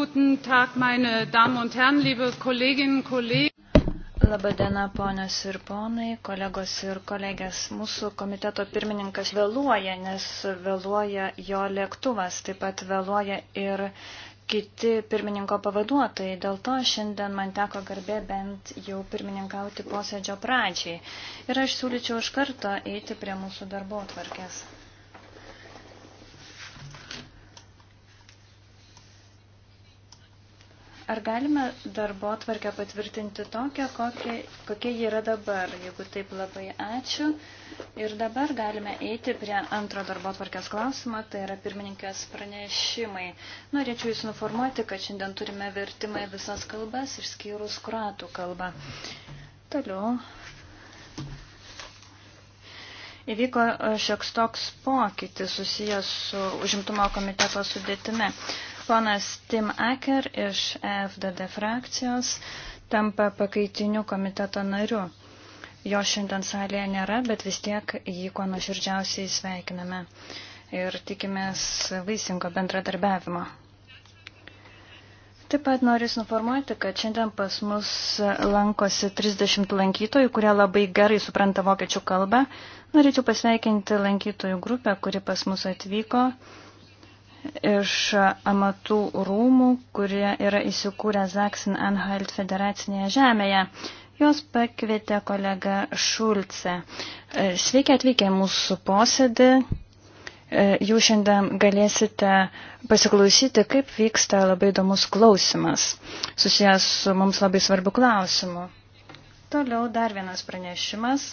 Guten Tag, meine Damen und Herren, liebe Kolleginnen und Kollegen. Labadiena, ponios ir ponai, kolegos ir kolegės. Mūsų komiteto pirmininkas vėluoja, nes vėluoja jo lėktuvas, taip pat vėluoja ir kiti pirmininko pavaduotojai. Dėl to šiandien man teko garbė bent jau pirmininkauti posėdžio pradžiai. Ir aš siūlyčiau iš karto eiti prie mūsų darbo atvarkės. Ar galime darbo tvarkę patvirtinti tokią, kokia, kokia ji yra dabar? Jeigu taip, labai ačiū. Ir dabar galime eiti prie antro darbo tvarkės klausimo, tai yra pirmininkės pranešimai. Norėčiau Jūs informuoti, kad šiandien turime vertimą į visas kalbas, išskyrus kuratų kalbą. Toliau. Įvyko šioks toks pokytis susijęs su užimtumo komiteto sudėtime. Ponas Tim Aker iš FDD frakcijos tampa pakaitiniu komiteto nariu. Jo šiandien salėje nėra, bet vis tiek jį kuo nuoširdžiausiai sveikiname ir tikimės vaisingo bendradarbiavimo. Taip pat noris nuformuoti, kad šiandien pas mus lankosi 30 lankytojų, kurie labai gerai supranta vokiečių kalbą. Norėčiau pasveikinti lankytojų grupę, kuri pas mus atvyko iš amatų rūmų, kurie yra įsikūrę Zaksin-Anhalt federacinėje žemėje. Jos pakvietė kolega Šulce. E, sveiki atvykę mūsų posėdį. E, jūs šiandien galėsite pasiklausyti, kaip vyksta labai įdomus klausimas, susijęs su mums labai svarbiu klausimu. Toliau dar vienas pranešimas.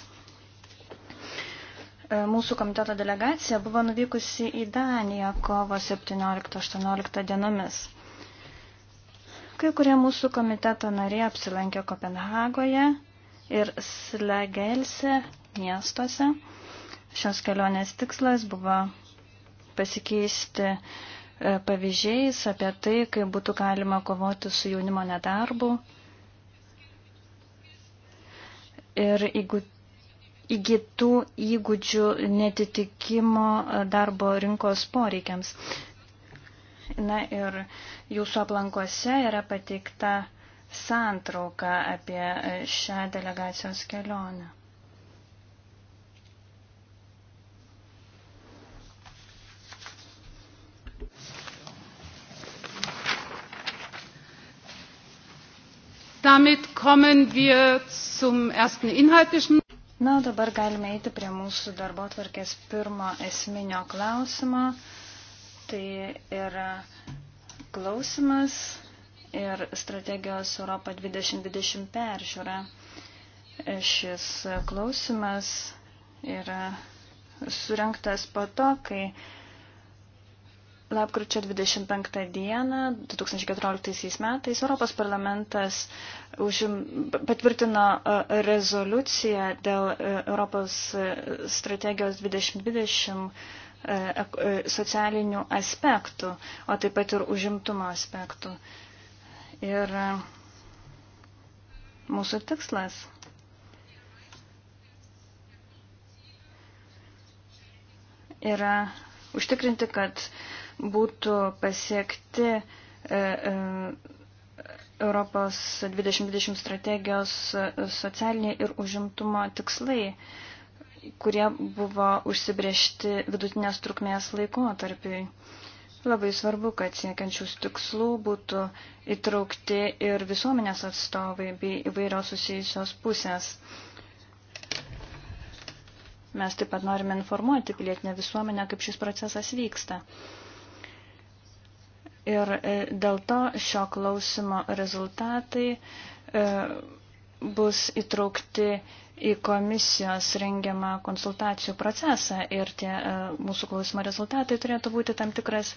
E, mūsų komiteto delegacija buvo nuvykusi į Daniją kovo 17-18 dienomis. Kai kurie mūsų komiteto nariai apsilankė Kopenhagoje ir Slagelse miestuose. Šios kelionės tikslas buvo pasikeisti e, pavyzdžiais apie tai, kaip būtų galima kovoti su jaunimo nedarbu ir įgūti įgytų įgūdžių netitikimo e, darbo rinkos poreikiams. Na ir jūsų aplankuose yra pateikta santrauka apie e, šią delegacijos kelionę. Damit kommen wir zum ersten inhaltlichen. Na, dabar galime eiti prie mūsų darbo tvarkės pirmo esminio klausimo. Tai yra klausimas ir strategijos Europa 2020 peržiūra. Šis klausimas yra surinktas po to, kai Lapkričio 25 dieną 2014 metais Europos parlamentas užim, patvirtino e, rezoliuciją dėl e, Europos e, strategijos 2020 socialinių aspektų, o taip pat ir užimtumo aspektų. Ir mūsų tikslas yra užtikrinti, kad uh, būtų pasiekti e, e, Europos 2020 strategijos e, socialiniai ir užimtumo tikslai, kurie buvo užsibriežti vidutinės trukmės laikotarpiui. Labai svarbu, kad siekiančius tikslų būtų įtraukti ir visuomenės atstovai bei įvairios susijusios pusės. Mes taip pat norime informuoti pilietinę visuomenę, kaip šis procesas vyksta. Ir e, dėl to šio klausimo rezultatai e, bus įtraukti į komisijos rengiamą konsultacijų procesą ir tie e, mūsų klausimo rezultatai turėtų būti tam tikras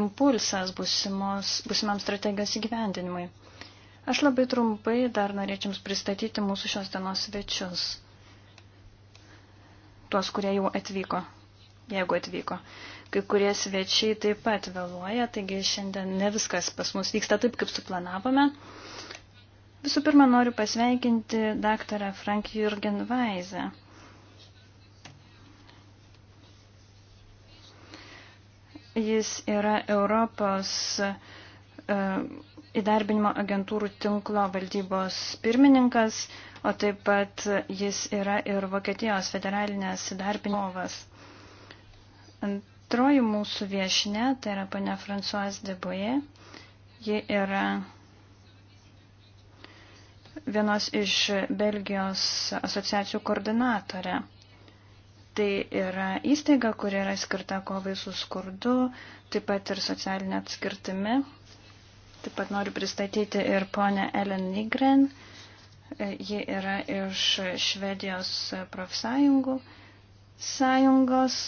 impulsas busimos, busimam strategijos įgyvendinimui. Aš labai trumpai dar norėčiau jums pristatyti mūsų šios dienos svečius, tuos, kurie jau atvyko jeigu atvyko. Kai kurie svečiai taip pat vėluoja, taigi šiandien ne viskas pas mus vyksta taip, kaip suplanavome. Visų pirma, noriu pasveikinti daktarą Frank Jürgen Weizę. Jis yra Europos e, įdarbinimo agentūrų tinklo valdybos pirmininkas, o taip pat jis yra ir Vokietijos federalinės įdarbinovas. Antroji mūsų viešinė, tai yra pane Fransuas Deboje. Ji yra vienos iš Belgijos asociacijų koordinatorė. Tai yra įstaiga, kuri yra skirta kovai su skurdu, taip pat ir socialinė atskirtimi. Taip pat noriu pristatyti ir ponę Ellen Nigren. Ji yra iš Švedijos profsąjungų sąjungos.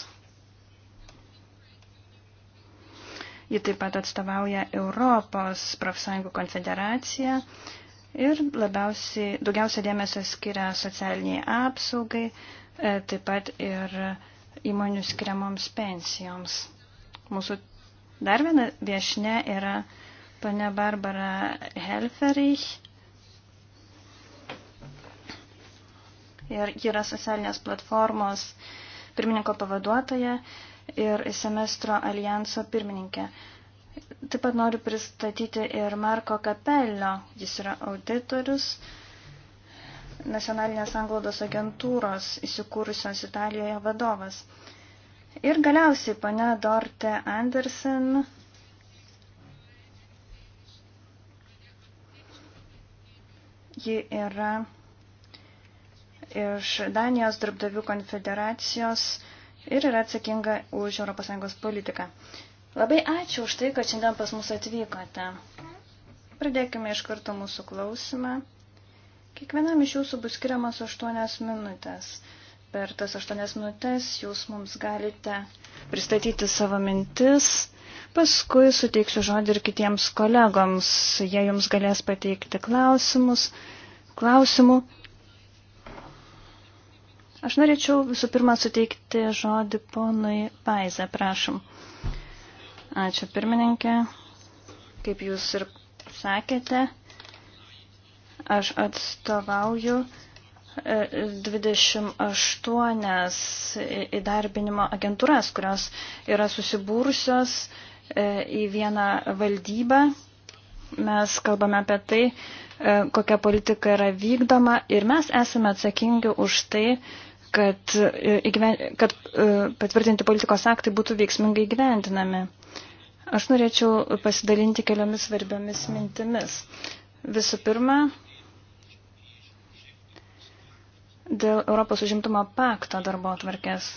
Ji taip pat atstovauja Europos profsąjungų konfederaciją ir labiausiai, daugiausia dėmesio skiria socialiniai apsaugai, e, taip pat ir įmonių skiriamoms pensijoms. Mūsų dar viena viešne yra pane Barbara Helferich. Ir ji yra socialinės platformos pirmininko pavaduotoja ir semestro alijanso pirmininkė. Taip pat noriu pristatyti ir Marko Kapello, jis yra auditorius nacionalinės anglodos agentūros įsikūrusios Italijoje vadovas. Ir galiausiai pane Dorte Andersen, ji yra iš Danijos darbdavių konfederacijos ir yra atsakinga už ES politiką. Labai ačiū už tai, kad šiandien pas mus atvykote. Pradėkime iš karto mūsų klausimą. Kiekvienam iš jūsų bus skiriamas 8 minutės. Per tas 8 minutės jūs mums galite pristatyti savo mintis. Paskui suteiksiu žodį ir kitiems kolegoms. Jie jums galės pateikti klausimus. Klausimų Aš norėčiau visų pirma suteikti žodį ponui Paizą, prašom. Ačiū pirmininkė, kaip jūs ir sakėte, aš atstovauju 28 e, įdarbinimo agentūras, kurios yra susibūrusios e, į vieną valdybą. Mes kalbame apie tai, e, kokia politika yra vykdoma ir mes esame atsakingi už tai, kad, e, kad e, patvirtinti politikos aktai būtų veiksmingai gyventinami. Aš norėčiau pasidalinti keliomis svarbiomis mintimis. Visų pirma, dėl Europos užimtumo pakto darbo atvarkės.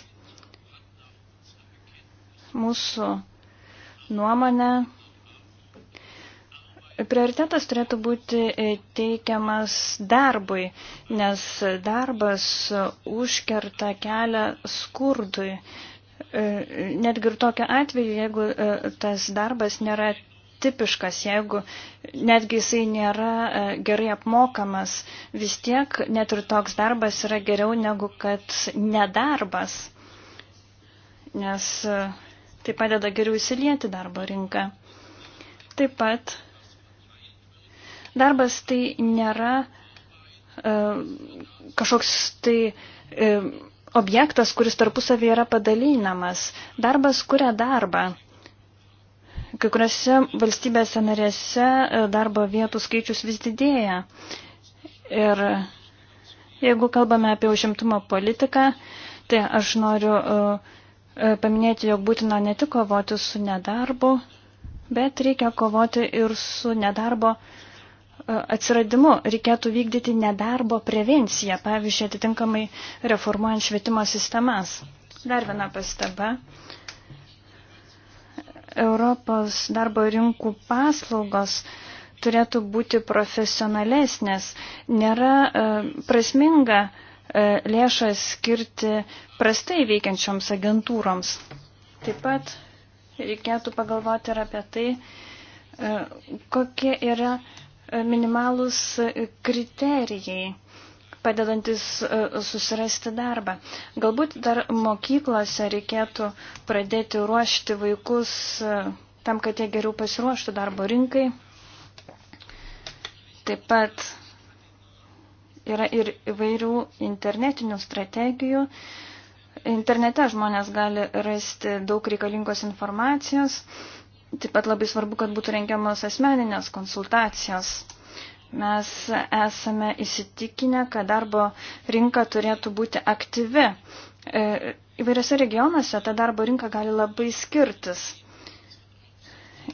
Mūsų nuomonė Prioritetas turėtų būti e, teikiamas darbui, nes darbas užkerta kelią skurdui. E, netgi ir tokiu atveju, jeigu e, tas darbas nėra tipiškas, jeigu netgi jisai nėra gerai apmokamas, vis tiek net ir toks darbas yra geriau negu kad nedarbas, nes tai padeda geriau įsilieti darbo rinką. Taip pat Darbas tai nėra e, kažkoks tai e, objektas, kuris tarpusavį yra padalinamas. Darbas kuria darbą. Kai kuriuose valstybėse narėse e, darbo vietų skaičius vis didėja. Ir jeigu kalbame apie užimtumo politiką, tai aš noriu paminėti, jog būtina ne tik kovoti su nedarbu, bet reikia kovoti ir su nedarbo uh, E, atsiradimu reikėtų vykdyti nedarbo prevenciją, pavyzdžiui, atitinkamai reformuojant švietimo sistemas. Dar viena pastaba. Europos darbo rinkų paslaugos turėtų būti profesionalesnės. Nėra e, prasminga e, lėšas skirti prastai veikiančioms agentūroms. Taip pat reikėtų pagalvoti ir apie tai, kokie yra minimalus kriterijai padedantis e, susirasti darbą. Galbūt dar mokyklose reikėtų pradėti ruošti vaikus e, tam, kad jie geriau pasiruoštų darbo rinkai. Taip pat yra ir įvairių internetinių strategijų. Internete žmonės gali rasti daug reikalingos informacijos, Taip pat labai svarbu, kad būtų rengiamas asmeninės konsultacijos. Mes esame įsitikinę, kad darbo rinka turėtų būti aktyvi. E, įvairiose regionuose ta darbo rinka gali labai skirtis.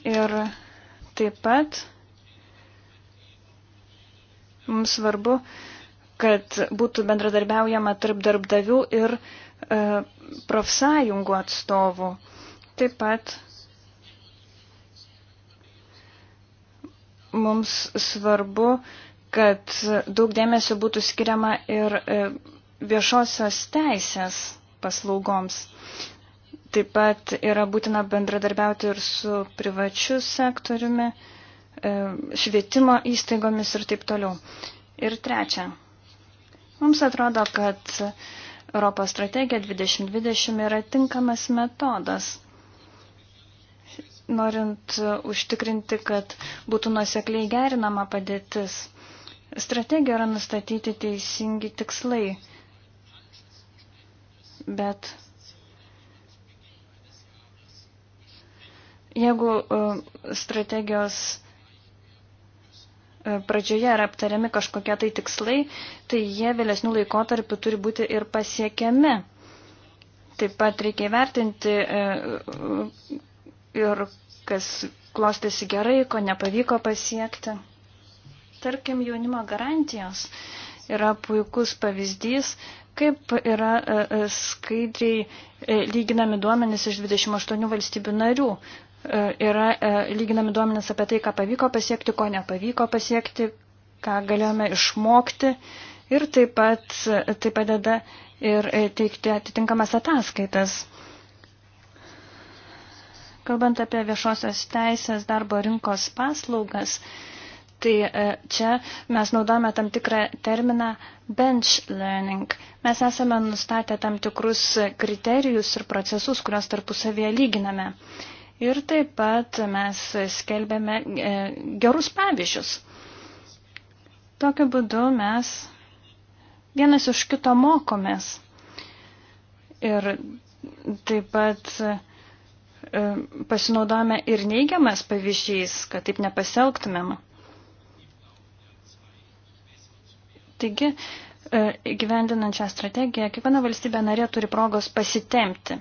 Ir taip pat mums svarbu, kad būtų bendradarbiaujama tarp darbdavių ir e, profsąjungų atstovų. Taip pat mums svarbu, kad daug dėmesio būtų skiriama ir e, viešosios teisės paslaugoms. Taip pat yra būtina bendradarbiauti ir su privačiu sektoriumi, e, švietimo įstaigomis ir taip toliau. Ir trečia, mums atrodo, kad Europos strategija 2020 yra tinkamas metodas norint užtikrinti, kad būtų nusekliai gerinama padėtis. Strategija yra nustatyti teisingi tikslai, bet jeigu e, strategijos e, pradžioje yra aptariami kažkokie tai tikslai, tai jie vėlesnių laikotarpių turi būti ir pasiekiami. Taip pat reikia įvertinti, e, ir kas klostėsi gerai, ko nepavyko pasiekti. Tarkim, jaunimo garantijos yra puikus pavyzdys, kaip yra e, e, skaidriai e, lyginami duomenys iš 28 valstybių narių. Yra lyginami duomenys apie tai, ką pavyko pasiekti, ko nepavyko pasiekti, ką galėjome išmokti ir taip pat tai padeda ir teikti atitinkamas ataskaitas. Kalbant apie viešosios teisės darbo rinkos paslaugas, tai e, čia mes naudojame tam tikrą terminą bench learning. Mes esame nustatę tam tikrus kriterijus ir procesus, kuriuos tarpusavėje lyginame. Ir taip pat mes skelbėme e, gerus pavyzdžius. Tokiu būdu mes vienas iš kito mokomės. Ir taip pat E, pasinaudojame ir neigiamas pavyzdžiais, kad taip nepaselgtumėm. Taigi, e, gyvendinant šią strategiją, kiekviena valstybė narė turi progos pasitemti.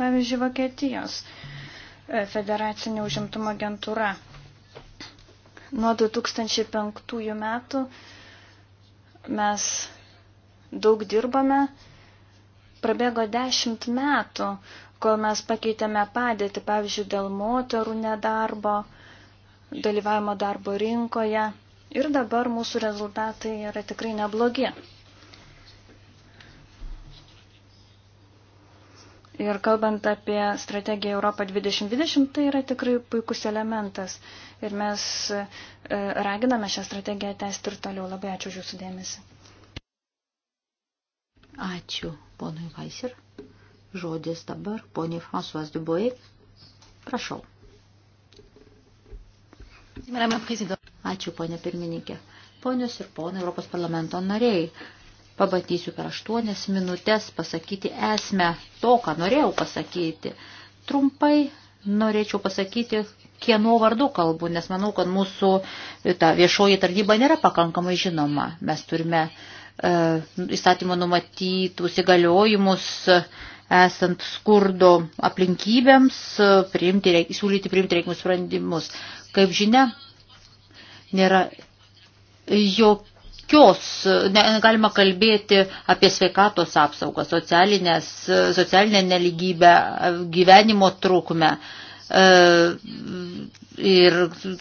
Pavyzdžiui, Vokietijos e, federacinė užimtumo agentūra nuo 2005 metų mes daug dirbame Prabėgo dešimt metų, kol mes pakeitėme padėtį, pavyzdžiui, dėl moterų nedarbo, dalyvavimo darbo rinkoje. Ir dabar mūsų rezultatai yra tikrai neblogi. Ir kalbant apie strategiją Europą 2020, tai yra tikrai puikus elementas. Ir mes e, raginame šią strategiją tęsti ir toliau. Labai ačiū už Jūsų dėmesį. Ačiū ponui Kaiser. Žodis dabar poniai François Dubois. Prašau. Ačiū, ponė pirmininkė. Ponios ir ponai Europos parlamento nariai, pabandysiu per aštuonias minutės pasakyti esmę to, ką norėjau pasakyti. Trumpai norėčiau pasakyti, kieno vardu kalbu, nes manau, kad mūsų ta viešoji tarnyba nėra pakankamai žinoma. Mes turime uh, E, įstatymo numatytus įgaliojimus e, esant skurdo aplinkybėms, e, priimti, siūlyti priimti reikimus sprendimus. Kaip žinia, nėra jokios, negalima kalbėti apie sveikatos apsaugą, socialinę neligybę, gyvenimo trukmę E, ir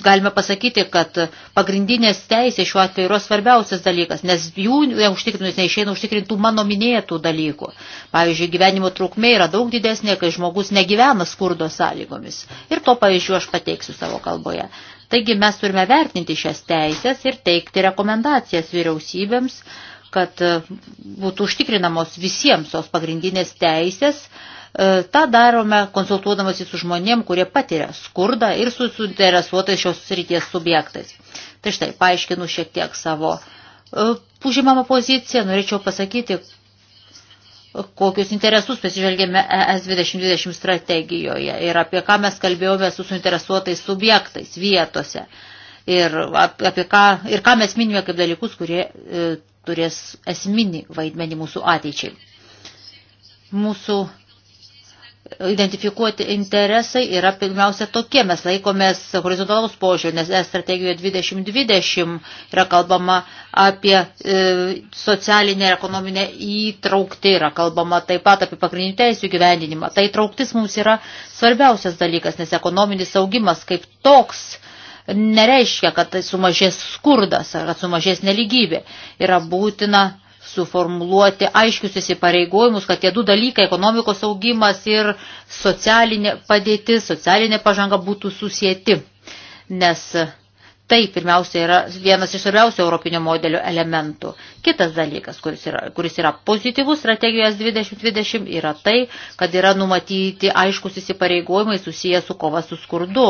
galime pasakyti, kad pagrindinės teisės šiuo atveju yra svarbiausias dalykas, nes jų neužtikrinus neišeina užtikrintų mano minėtų dalykų. Pavyzdžiui, gyvenimo trukmė yra daug didesnė, kai žmogus negyvena skurdo sąlygomis. Ir to pavyzdžių aš pateiksiu savo kalboje. Taigi mes turime vertinti šias teisės ir teikti rekomendacijas vyriausybėms, kad būtų užtikrinamos visiems tos pagrindinės teisės E, Ta darome konsultuodamasi su žmonėm, kurie patiria skurdą ir su suinteresuotais šios srities subjektais. Tai štai, paaiškinu šiek tiek savo e, užimamą poziciją, norėčiau pasakyti, kokius interesus pasižvelgėme ES 2020 strategijoje ir apie ką mes kalbėjome su suinteresuotais subjektais vietose ir, apie ką, ir ką mes minime kaip dalykus, kurie e, turės esminį vaidmenį mūsų ateičiai. Mūsų identifikuoti interesai yra pirmiausia tokie. Mes laikomės horizontalaus požiūrį, nes strategijoje 2020 yra kalbama apie e, socialinę ir ekonominę įtraukti, yra kalbama taip pat apie pagrindinių teisų gyvendinimą. Tai įtrauktis mums yra svarbiausias dalykas, nes ekonominis augimas kaip toks nereiškia, kad tai sumažės skurdas ar kad sumažės neligybė. Yra būtina suformuluoti aiškius įsipareigojimus, kad tie du dalykai - ekonomikos augimas ir socialinė padėtis, socialinė pažanga būtų susijęti. Nes tai pirmiausia yra vienas iš svarbiausių europinio modelio elementų. Kitas dalykas, kuris yra, kuris yra pozityvus strategijos 2020, yra tai, kad yra numatyti aiškus įsipareigojimai susiję su kova su skurdu.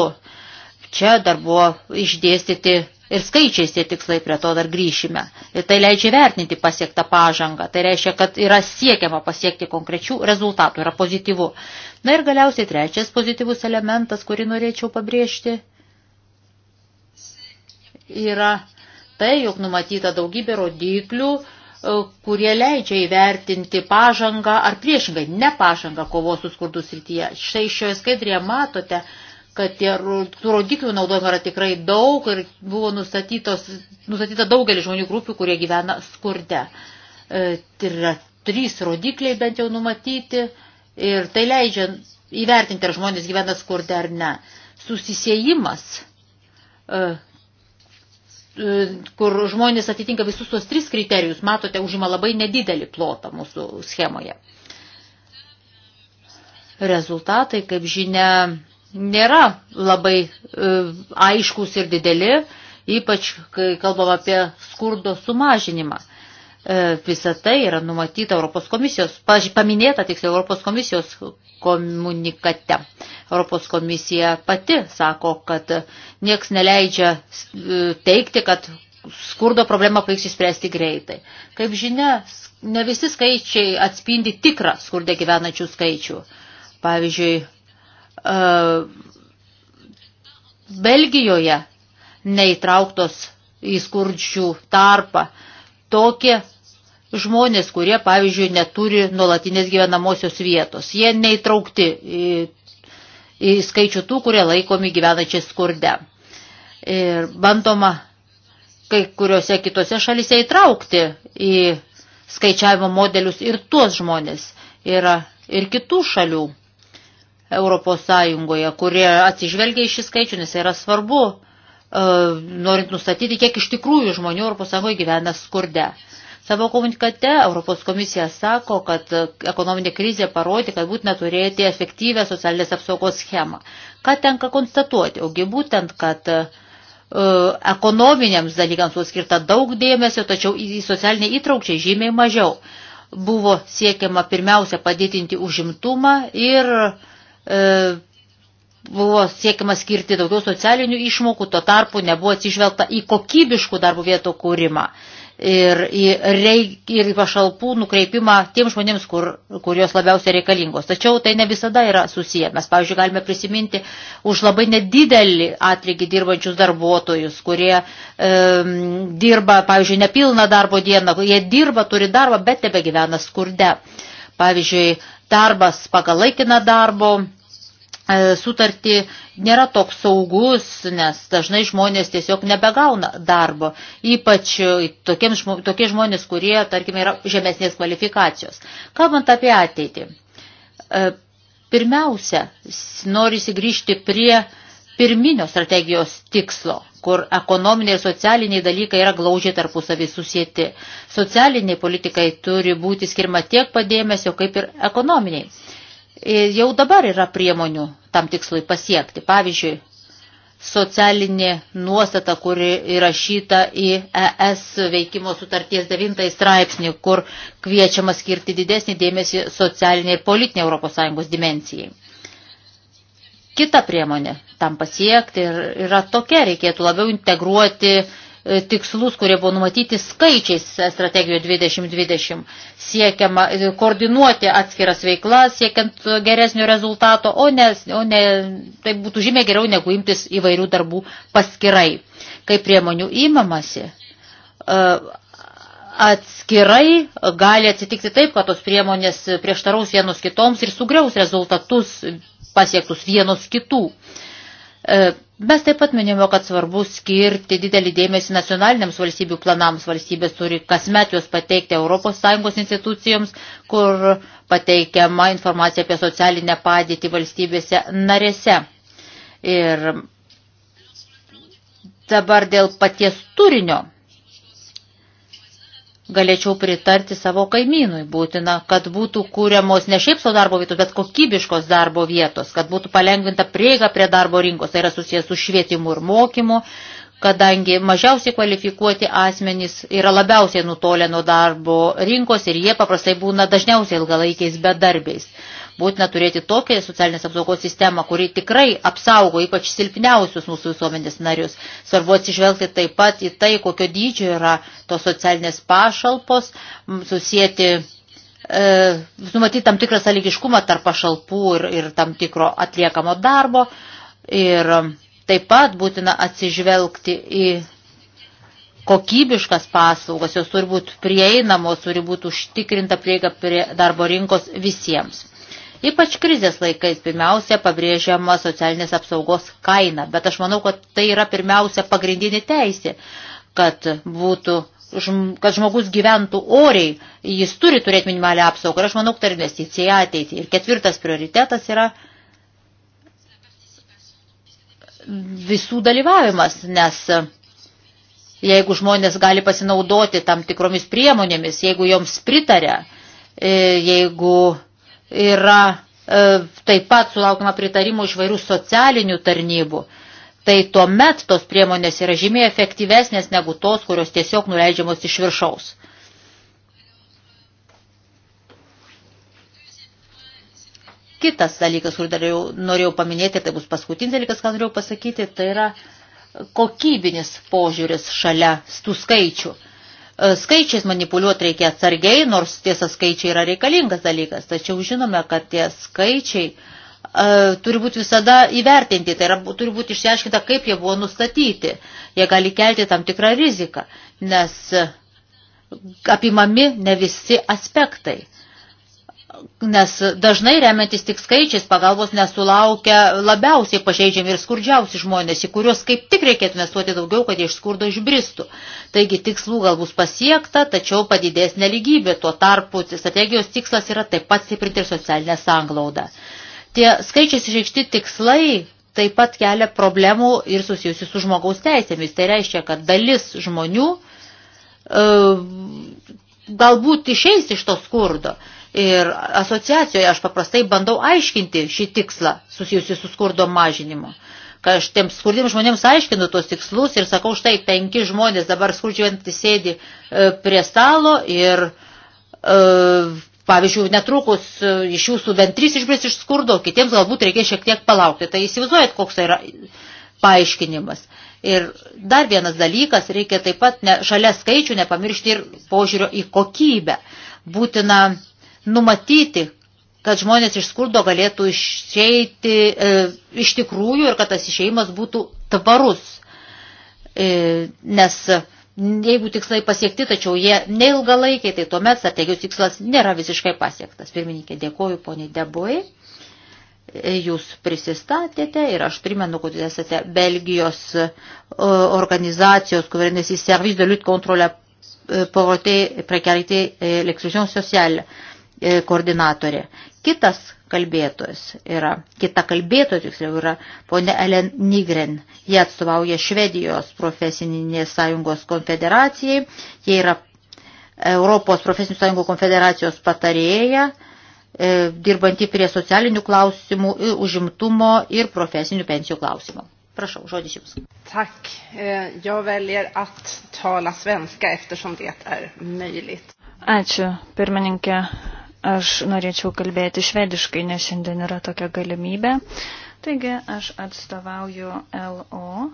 Čia dar buvo išdėstyti ir skaičiais tie tikslai prie to dar grįšime. Ir tai leidžia vertinti pasiektą pažangą. Tai reiškia, kad yra siekiama pasiekti konkrečių rezultatų, yra pozityvu. Na ir galiausiai trečias pozityvus elementas, kurį norėčiau pabrėžti, yra tai, jog numatyta daugybė rodiklių, e, kurie leidžia įvertinti pažangą ar priešingai nepažangą kovos su skurdu srityje. Štai šioje skaidrėje matote, kad tie, tų rodiklių naudojama yra tikrai daug ir buvo nustatyta daugelis žmonių grupių, kurie gyvena skurde. E, tai yra trys rodikliai bent jau numatyti ir tai leidžia įvertinti, ar žmonės gyvena skurde ar ne. Susisėjimas, e, e, kur žmonės atitinka visus tuos tris kriterijus, matote, užima labai nedidelį plotą mūsų schemoje. Rezultatai, kaip žinia, nėra labai e, aiškus ir dideli, ypač kai kalbam apie skurdo sumažinimą. E, visa tai yra numatyta Europos komisijos, paminėta tiksliau Europos komisijos komunikate. Europos komisija pati sako, kad nieks neleidžia e, teikti, kad skurdo problemą pavyks įspręsti greitai. Kaip žinia, ne visi skaičiai atspindi tikrą skurdė gyvenančių skaičių. Pavyzdžiui, E, Belgijoje neįtrauktos į skurdžių tarpą. Tokie žmonės, kurie, pavyzdžiui, neturi nuolatinės gyvenamosios vietos. Jie neįtraukti į, į skaičių tų, kurie laikomi gyvenančiai skurde. Ir bandoma kai kuriuose kitose šalise įtraukti į skaičiavimo modelius ir tuos žmonės. Yra ir kitų šalių Europos Sąjungoje, kurie atsižvelgia į šį skaičių, nes yra svarbu, e, norint nustatyti, kiek iš tikrųjų žmonių Europos Sąjungoje gyvena skurde. Savo komunikate Europos komisija sako, kad ekonominė krizė parodė, kad būtina turėti efektyvę socialinės apsaugos schemą. Ką tenka konstatuoti? Ogi būtent, kad e, ekonominiams dalykams buvo skirta daug dėmesio, tačiau į socialinę įtraukčią žymiai mažiau. Buvo siekiama pirmiausia padidinti užimtumą ir uh, E, buvo siekiama skirti daugiau socialinių išmokų, tuo tarpu nebuvo atsižvelgta į kokybiškų darbo vietų kūrimą ir į, reik, ir į pašalpų nukreipimą tiems žmonėms, kur, kur jos labiausiai reikalingos. Tačiau tai ne visada yra susiję. Mes, pavyzdžiui, galime prisiminti už labai nedidelį atlygį dirbančius darbuotojus, kurie e, dirba, pavyzdžiui, nepilną darbo dieną, jie dirba, turi darbą, bet tebe gyvena skurde. Pavyzdžiui, darbas pagal laikiną darbo e, sutartį nėra toks saugus, nes dažnai žmonės tiesiog nebegauna darbo, ypač e, žmo, tokie žmonės, kurie, tarkime, yra žemesnės kvalifikacijos. Kalbant apie ateitį, e, pirmiausia, nori įsigrįžti prie pirminio strategijos tikslo kur ekonominiai ir socialiniai dalykai yra glaužiai tarpusavį susijęti. Socialiniai politikai turi būti skirma tiek padėmesio, kaip ir ekonominiai. Ir jau dabar yra priemonių tam tikslui pasiekti. Pavyzdžiui, socialinė nuostata, kuri įrašyta į ES veikimo sutarties 9 straipsnį, kur kviečiama skirti didesnį dėmesį socialiniai ir politinė ES dimencijai. Kita priemonė tam pasiekti ir yra tokia, reikėtų labiau integruoti e, tikslus, kurie buvo numatyti skaičiais strategijoje 2020. Siekiama e, koordinuoti atskiras veiklas, siekiant geresnio rezultato, o ne, o ne tai būtų žymiai geriau negu imtis įvairių darbų paskirai. Kai priemonių įmamasi, e, atskirai gali atsitikti taip, kad tos priemonės prieštaraus vienos kitoms ir sugriaus rezultatus pasiektus vienos kitų. E, mes taip pat minėjome, kad svarbu skirti didelį dėmesį nacionaliniams valstybių planams. Valstybės turi kasmet juos pateikti ES institucijoms, kur pateikiama informacija apie socialinę padėtį valstybėse narėse. Ir dabar dėl paties turinio galėčiau pritarti savo kaimynui. Būtina, kad būtų kūriamos ne šiaip savo darbo vietos, bet kokybiškos darbo vietos, kad būtų palengvinta prieiga prie darbo rinkos. Tai yra susijęs su švietimu ir mokymu, kadangi mažiausiai kvalifikuoti asmenys yra labiausiai nutolę nuo darbo rinkos ir jie paprastai būna dažniausiai ilgalaikiais bedarbiais. Būtina turėti tokią socialinės apsaugos sistemą, kuri tikrai apsaugo ypač silpniausius mūsų visuomenės narius. Svarbu atsižvelgti taip pat į tai, kokio dydžio yra tos socialinės pašalpos, susijęti, e, numatyti tam tikrą sąlygiškumą tarp pašalpų ir, ir tam tikro atliekamo darbo. Ir taip pat būtina atsižvelgti į kokybiškas paslaugas, jos turi būti prieinamos, turi būti užtikrinta prieiga prie darbo rinkos visiems. Ypač krizės laikais pirmiausia pabrėžiama socialinės apsaugos kaina, bet aš manau, kad tai yra pirmiausia pagrindinė teisė, kad būtų kad žmogus gyventų oriai, jis turi turėti minimalią apsaugą. Ir aš manau, kad tai investicija į ateitį. Ir ketvirtas prioritetas yra visų dalyvavimas, nes jeigu žmonės gali pasinaudoti tam tikromis priemonėmis, jeigu joms pritaria, e, jeigu yra e, taip pat sulaukama pritarimų iš vairių socialinių tarnybų, tai tuomet tos priemonės yra žymiai efektyvesnės negu tos, kurios tiesiog nuleidžiamos iš viršaus. Kitas dalykas, kurį darėjau, norėjau paminėti, tai bus paskutinis dalykas, ką norėjau pasakyti, tai yra kokybinis požiūris šalia tų skaičių. E, skaičiais manipuliuoti reikia atsargiai, nors tiesa skaičiai yra reikalingas dalykas, tačiau žinome, kad tie skaičiai uh, turi būti visada įvertinti, tai yra, turi būti išsiaiškinta, kaip jie buvo nustatyti. Jie gali kelti tam tikrą riziką, nes e, apimami ne visi aspektai. Nes dažnai remiantis tik skaičiais pagalbos nesulaukia labiausiai pažeidžiami ir skurdžiausi žmonės, į kuriuos kaip tik reikėtų investuoti daugiau, kad jie iš skurdo išbristų. Taigi tikslų gal bus pasiekta, tačiau padidės neligybė. Tuo tarpu strategijos tikslas yra taip pat stiprinti ir socialinę sanglaudą. Tie skaičiais išreikšti tikslai taip pat kelia problemų ir susijusių su žmogaus teisėmis. Tai reiškia, kad dalis žmonių e, galbūt išeis iš to skurdo Ir asociacijoje aš paprastai bandau aiškinti šį tikslą susijusi su skurdo mažinimu. Kai aš tiems skurdiems žmonėms aiškinu tos tikslus ir sakau, štai penki žmonės dabar skurdžiuojantys sėdi e, prie stalo ir, e, pavyzdžiui, netrukus e, iš jūsų bent trys išbris iš skurdo, kitiems galbūt reikės šiek tiek palaukti. Tai įsivaizduojat, koks tai yra paaiškinimas. Ir dar vienas dalykas, reikia taip pat ne, šalia skaičių nepamiršti ir požiūrio į kokybę. Būtina numatyti, kad žmonės iš skurdo galėtų išeiti e, iš tikrųjų ir kad tas išeimas būtų tvarus. E, nes jeigu tikslai pasiekti, tačiau jie neilgalaikiai, tai tuomet strategijos tikslas nėra visiškai pasiektas. Pirmininkė, dėkoju poniai Debui. E, jūs prisistatėte ir aš primenu, kad jūs esate Belgijos e, organizacijos, kuri nesiservis de lutte contre la e, pauvreté précarité et l'exclusion sociale. E, koordinatorė. Kitas kalbėtojas yra, kita kalbėtoja tiksliau yra ponė Elen Nigren. Jie atstovauja Švedijos profesinės sąjungos konfederacijai. Jie yra Europos profesinių sąjungų konfederacijos patarėja, e, dirbanti prie socialinių klausimų, užimtumo ir profesinių pensijų klausimų. Prašau, žodis jums. Tak, e, jag väljer att tala svenska eftersom det är möjligt. Ačiū, pirmininkė. Aš norėčiau kalbėti švediškai, nes šiandien yra tokia galimybė. Taigi aš atstovauju LO,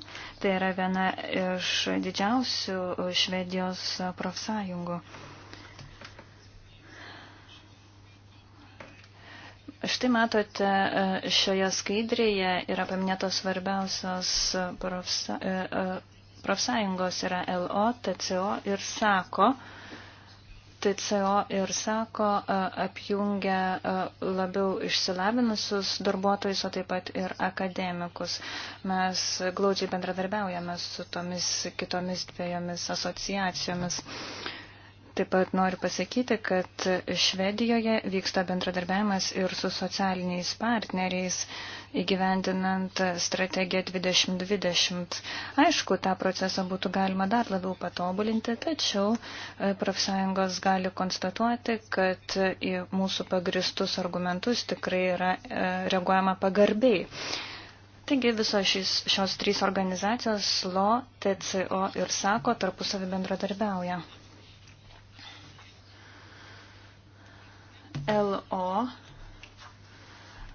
tai yra viena iš didžiausių Švedijos profsąjungų. Štai matote, šioje skaidrėje yra paminėtos svarbiausios profsa, e, e, profsąjungos yra LO, TCO ir SAKO. TCO ir sako e, apjungia e, labiau išsilavinusius darbuotojus, o taip pat ir akademikus. Mes glaudžiai bendradarbiaujame su tomis kitomis dviejomis asociacijomis. Uh, Taip pat noriu pasakyti, kad Švedijoje vyksta bendradarbiavimas ir su socialiniais partneriais įgyvendinant strategiją 2020. Aišku, tą procesą būtų galima dar labiau patobulinti, tačiau e, profsąjungos gali konstatuoti, kad į mūsų pagristus argumentus tikrai yra e, reaguojama pagarbiai. Taigi visos šis, šios trys organizacijos SLO, TCO ir SAKO tarpusavį bendradarbiauja. LO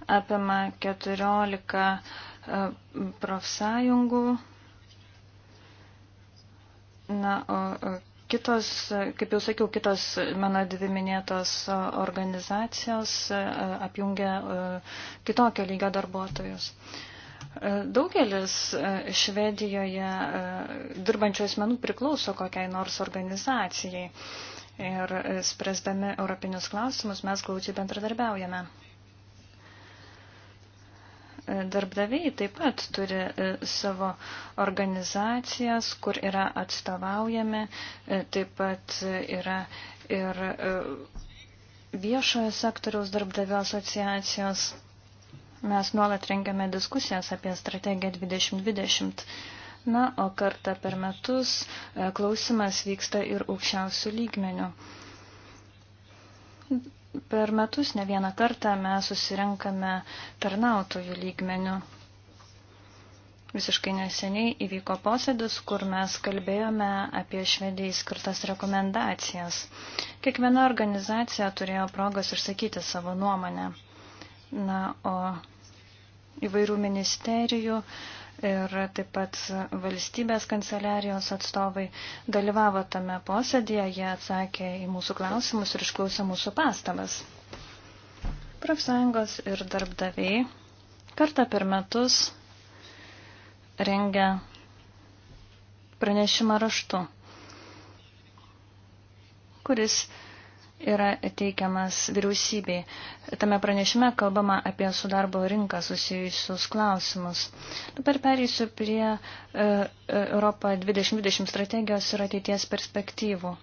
apima 14 e, profsąjungų. Na, o e, kitos, kaip jau sakiau, kitos mano dvi minėtos organizacijos e, apjungia kitokio lygio darbuotojus. Daugelis Švedijoje dirbančių asmenų priklauso kokiai nors organizacijai ir spręsdami europinius klausimus mes glaučiai bendradarbiaujame. Darbdaviai taip pat turi e, savo organizacijas, kur yra atstovaujami, e, taip pat yra ir e, viešojo sektoriaus darbdavio asociacijos. Mes nuolat rengiame diskusijas apie strategiją 2020 Na, o kartą per metus e, klausimas vyksta ir aukščiausių lygmenių. Per metus ne vieną kartą mes susirinkame tarnautojų lygmenių. Visiškai neseniai įvyko posėdis, kur mes kalbėjome apie švedijai skirtas rekomendacijas. Kiekviena organizacija turėjo progos išsakyti savo nuomonę. Na, o įvairių ministerijų uh, ir taip pat valstybės kanceliarijos atstovai dalyvavo tame posėdėje, jie atsakė į mūsų klausimus ir išklausė mūsų pastabas. Profsąjungos ir darbdaviai kartą per metus rengia pranešimą raštu, kuris yra teikiamas vyriausybei. Tame pranešime kalbama apie su darbo rinką susijusius klausimus. Dabar pereisiu prie e, e, Europą 2020 strategijos ir ateities perspektyvų.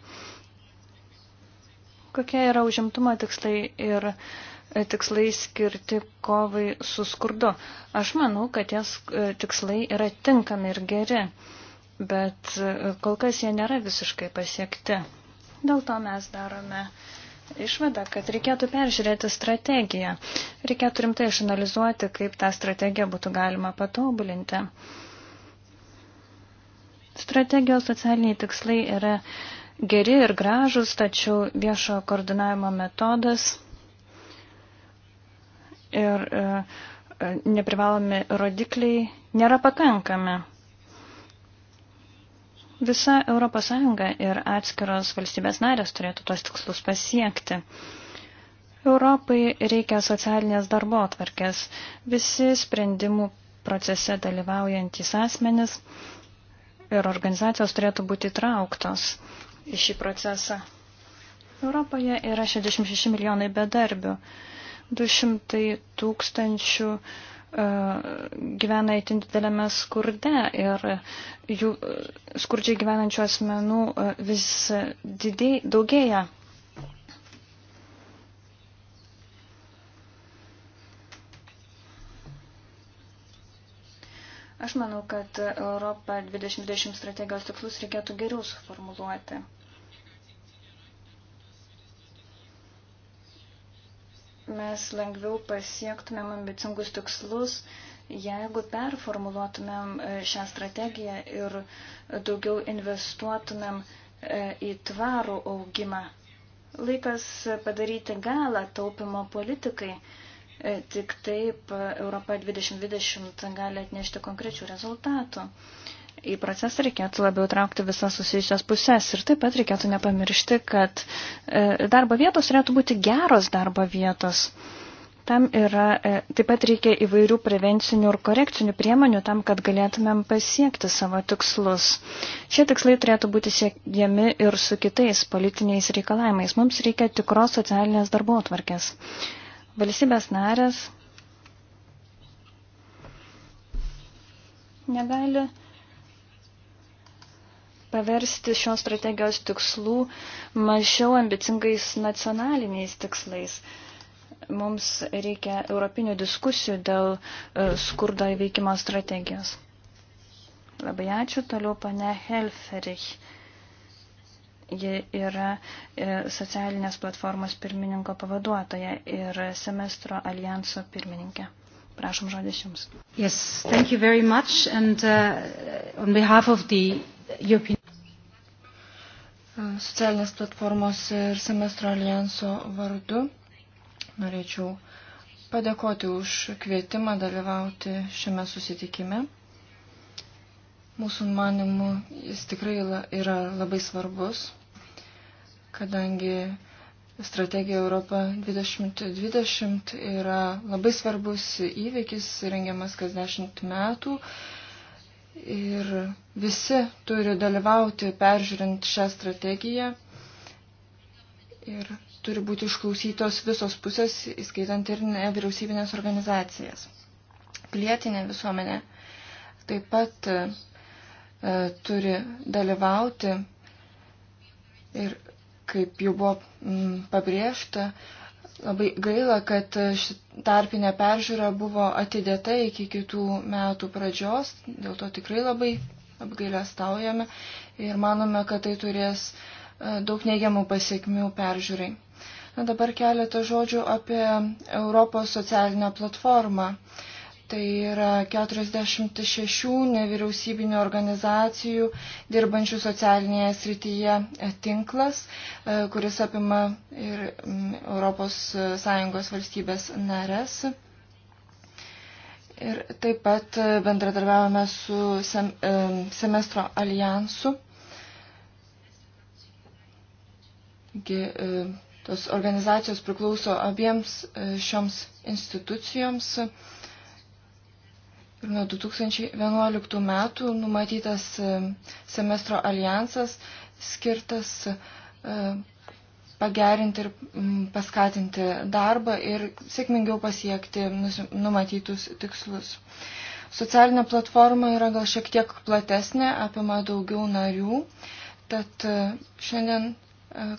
Kokie yra užimtumo tikslai ir e, tikslai skirti kovai su skurdu? Aš manau, kad ties tikslai yra tinkami ir geri, bet kol kas jie nėra visiškai pasiekti. Dėl to mes darome išvadą, kad reikėtų peržiūrėti strategiją. Reikėtų rimtai išanalizuoti, kaip tą strategiją būtų galima patobulinti. Strategijos socialiniai tikslai yra geri ir gražus, tačiau viešo koordinavimo metodas ir e, e neprivalomi rodikliai nėra pakankami. Visa ES ir atskiros valstybės narės turėtų tuos tikslus pasiekti. Europai reikia socialinės darbo atvarkės. Visi sprendimų procese dalyvaujantys asmenis ir organizacijos turėtų būti įtrauktos į šį procesą. Europoje yra 66 milijonai bedarbių, 200 tūkstančių 000 gyvena įtin didelėme skurde ir jų skurdžiai gyvenančių asmenų e, vis didėj, daugėja. Aš manau, kad Europą 2020 strategijos tikslus reikėtų geriau suformuluoti. mes lengviau pasiektumėm ambicingus tikslus, jeigu performuluotumėm e, šią strategiją ir daugiau investuotumėm e, į tvarų augimą. Laikas padaryti galą taupimo politikai. E, tik taip Europa 2020 gali atnešti konkrečių rezultatų į procesą reikėtų labiau traukti visas susijusios pusės ir taip pat reikėtų nepamiršti, kad e, darbo vietos turėtų būti geros darbo vietos. Tam yra, e, taip pat reikia įvairių prevencinių ir korekcinių priemonių tam, kad galėtumėm pasiekti savo tikslus. Šie tikslai turėtų būti siekiami ir su kitais politiniais reikalavimais. Mums reikia tikros socialinės darbo atvarkės. Valstybės narės negali paversti šios strategijos tikslų mažiau ambicingais nacionaliniais tikslais. Mums reikia europinių diskusijų dėl e, skurdo įveikimo strategijos. Labai ačiū. Toliau pane Helferich. Ji yra e, socialinės platformos pirmininko pavaduotoja ir semestro alijanso pirmininkė. Prašom žodis Jums. Yes, thank you very much and uh, on behalf of the European socialinės platformos ir semestro alijanso vardu. Norėčiau padėkoti už kvietimą dalyvauti šiame susitikime. Mūsų manimu jis tikrai yra labai svarbus, kadangi strategija Europa 2020 yra labai svarbus įvykis, rengiamas kas dešimt metų Ir visi turi dalyvauti peržiūrint šią strategiją. Ir turi būti išklausytos visos pusės, įskaitant ir nevyriausybinės organizacijas. Pilietinė visuomenė taip pat e, turi dalyvauti ir, kaip jau buvo m, pabrėžta, e, Labai gaila, kad tarpinė peržiūra buvo atidėta iki kitų metų pradžios, dėl to tikrai labai apgailestaujame ir manome, kad tai turės e, daug neigiamų pasiekmių peržiūrai. Na, dabar keletą žodžių apie Europos socialinę platformą. Uh, Tai yra 46 nevyriausybinio organizacijų dirbančių socialinėje srityje e, tinklas, e, kuris apima ir ES e, valstybės narės. Ir taip pat bendradarbiavame su sem, semestro alijansu. Taigi, tos organizacijos priklauso abiems šioms institucijoms. Nuo 2011 metų numatytas e, semestro alijansas skirtas e, pagerinti ir paskatinti darbą ir sėkmingiau pasiekti numatytus tikslus. Socialinė platforma yra gal šiek tiek platesnė, apima daugiau narių, tad e, šiandien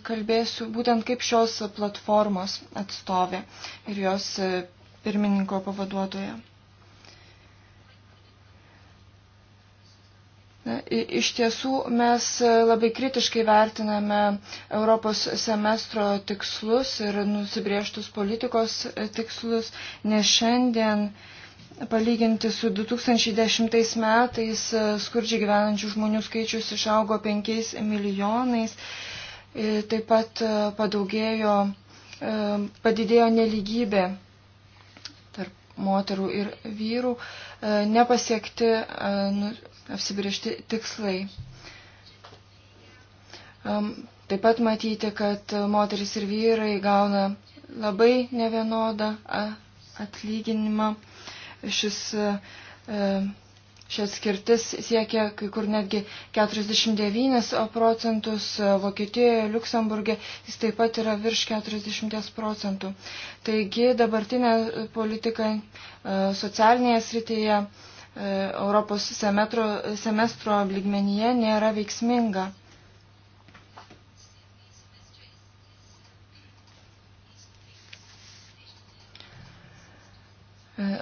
kalbėsiu būtent kaip šios platformos atstovė ir jos pirmininko pavaduotoja. Na, iš tiesų mes labai kritiškai vertiname Europos semestro tikslus ir nusibrieštus politikos tikslus, nes šiandien palyginti su 2010 metais skurdžiai gyvenančių žmonių skaičius išaugo 5 milijonais, taip pat e, padaugėjo, e, padidėjo neligybė moterų ir vyrų, e, nepasiekti e, nu, apsibriežti tikslai. Taip pat matyti, kad moteris ir vyrai gauna labai nevienodą atlyginimą. Šis e, Šias skirtis siekia kai kur netgi 49 procentus, e, Vokietijoje, Luksemburgė jis taip pat yra virš 40 procentų. Taigi dabartinė politika e, socialinėje srityje e, Europos semestro, semestro lygmenyje nėra veiksminga.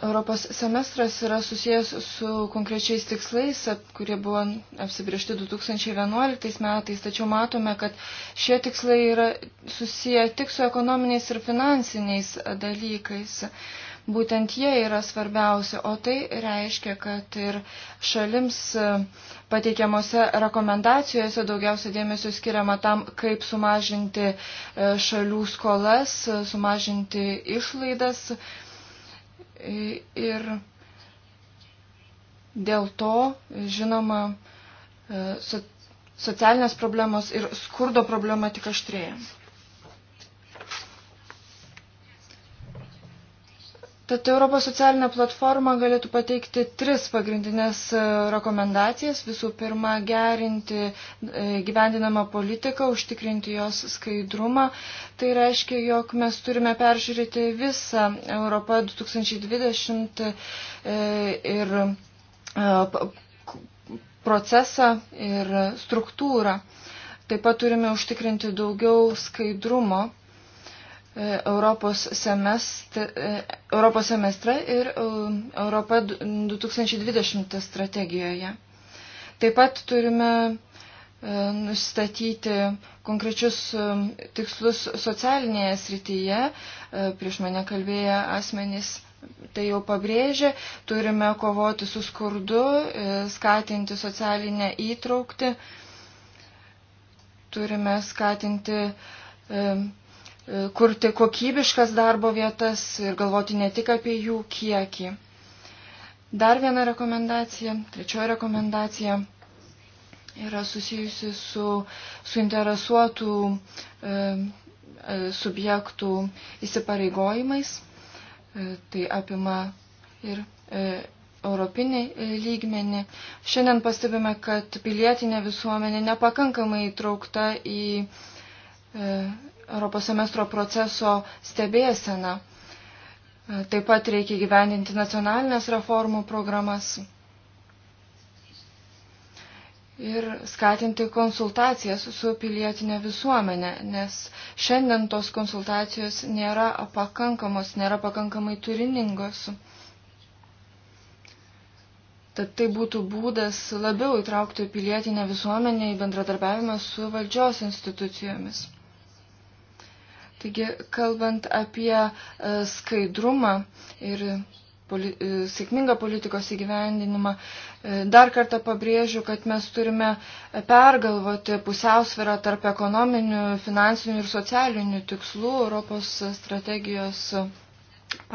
Europos semestras yra susijęs su konkrečiais tikslais, kurie buvo apsibriežti 2011 metais, tačiau matome, kad šie tikslai yra susiję tik su ekonominiais ir finansiniais dalykais. Būtent jie yra svarbiausi, o tai reiškia, kad ir šalims e, pateikiamose rekomendacijose daugiausia dėmesio skiriama tam, kaip sumažinti e, šalių skolas, e, sumažinti išlaidas Ir dėl to, žinoma, e, socialinės problemos ir skurdo problema tik aštrėja. Tad Europos socialinė platforma galėtų pateikti tris pagrindinės e, rekomendacijas. Visų pirma, gerinti e, gyvendinamą politiką, užtikrinti jos skaidrumą. Tai reiškia, jog mes turime peržiūrėti visą Europą 2020 e, ir procesą ir struktūrą. Taip pat turime užtikrinti daugiau skaidrumo E, Europos, semestr, e, Europos semestre ir e, Europa 2020 strategijoje. Taip pat turime nustatyti konkrečius tikslus socialinėje srityje. Prieš mane kalbėję asmenys tai jau pabrėžė. Turime kovoti su skurdu, skatinti socialinę įtraukti. Turime skatinti E, kurti kokybiškas darbo vietas ir galvoti ne tik apie jų kiekį. Dar viena rekomendacija, trečioji rekomendacija yra susijusi su suinteresuotų e, e subjektų įsipareigojimais. E, tai apima ir e, europinį e, lygmenį. Šiandien pastebime, kad pilietinė visuomenė nepakankamai įtraukta į e, Europos semestro proceso stebėseną. Taip pat reikia gyveninti nacionalinės reformų programas ir skatinti konsultacijas su pilietinė visuomenė, nes šiandien tos konsultacijos nėra pakankamos, nėra pakankamai turiningos. Tad tai būtų būdas labiau įtraukti pilietinę visuomenę į bendradarbiavimą su valdžios institucijomis. Taigi, kalbant apie e, skaidrumą ir poli e, sėkmingą politikos įgyvendinimą, e, dar kartą pabrėžiu, kad mes turime pergalvoti pusiausvyrą tarp ekonominių, finansinių ir socialinių tikslų Europos strategijos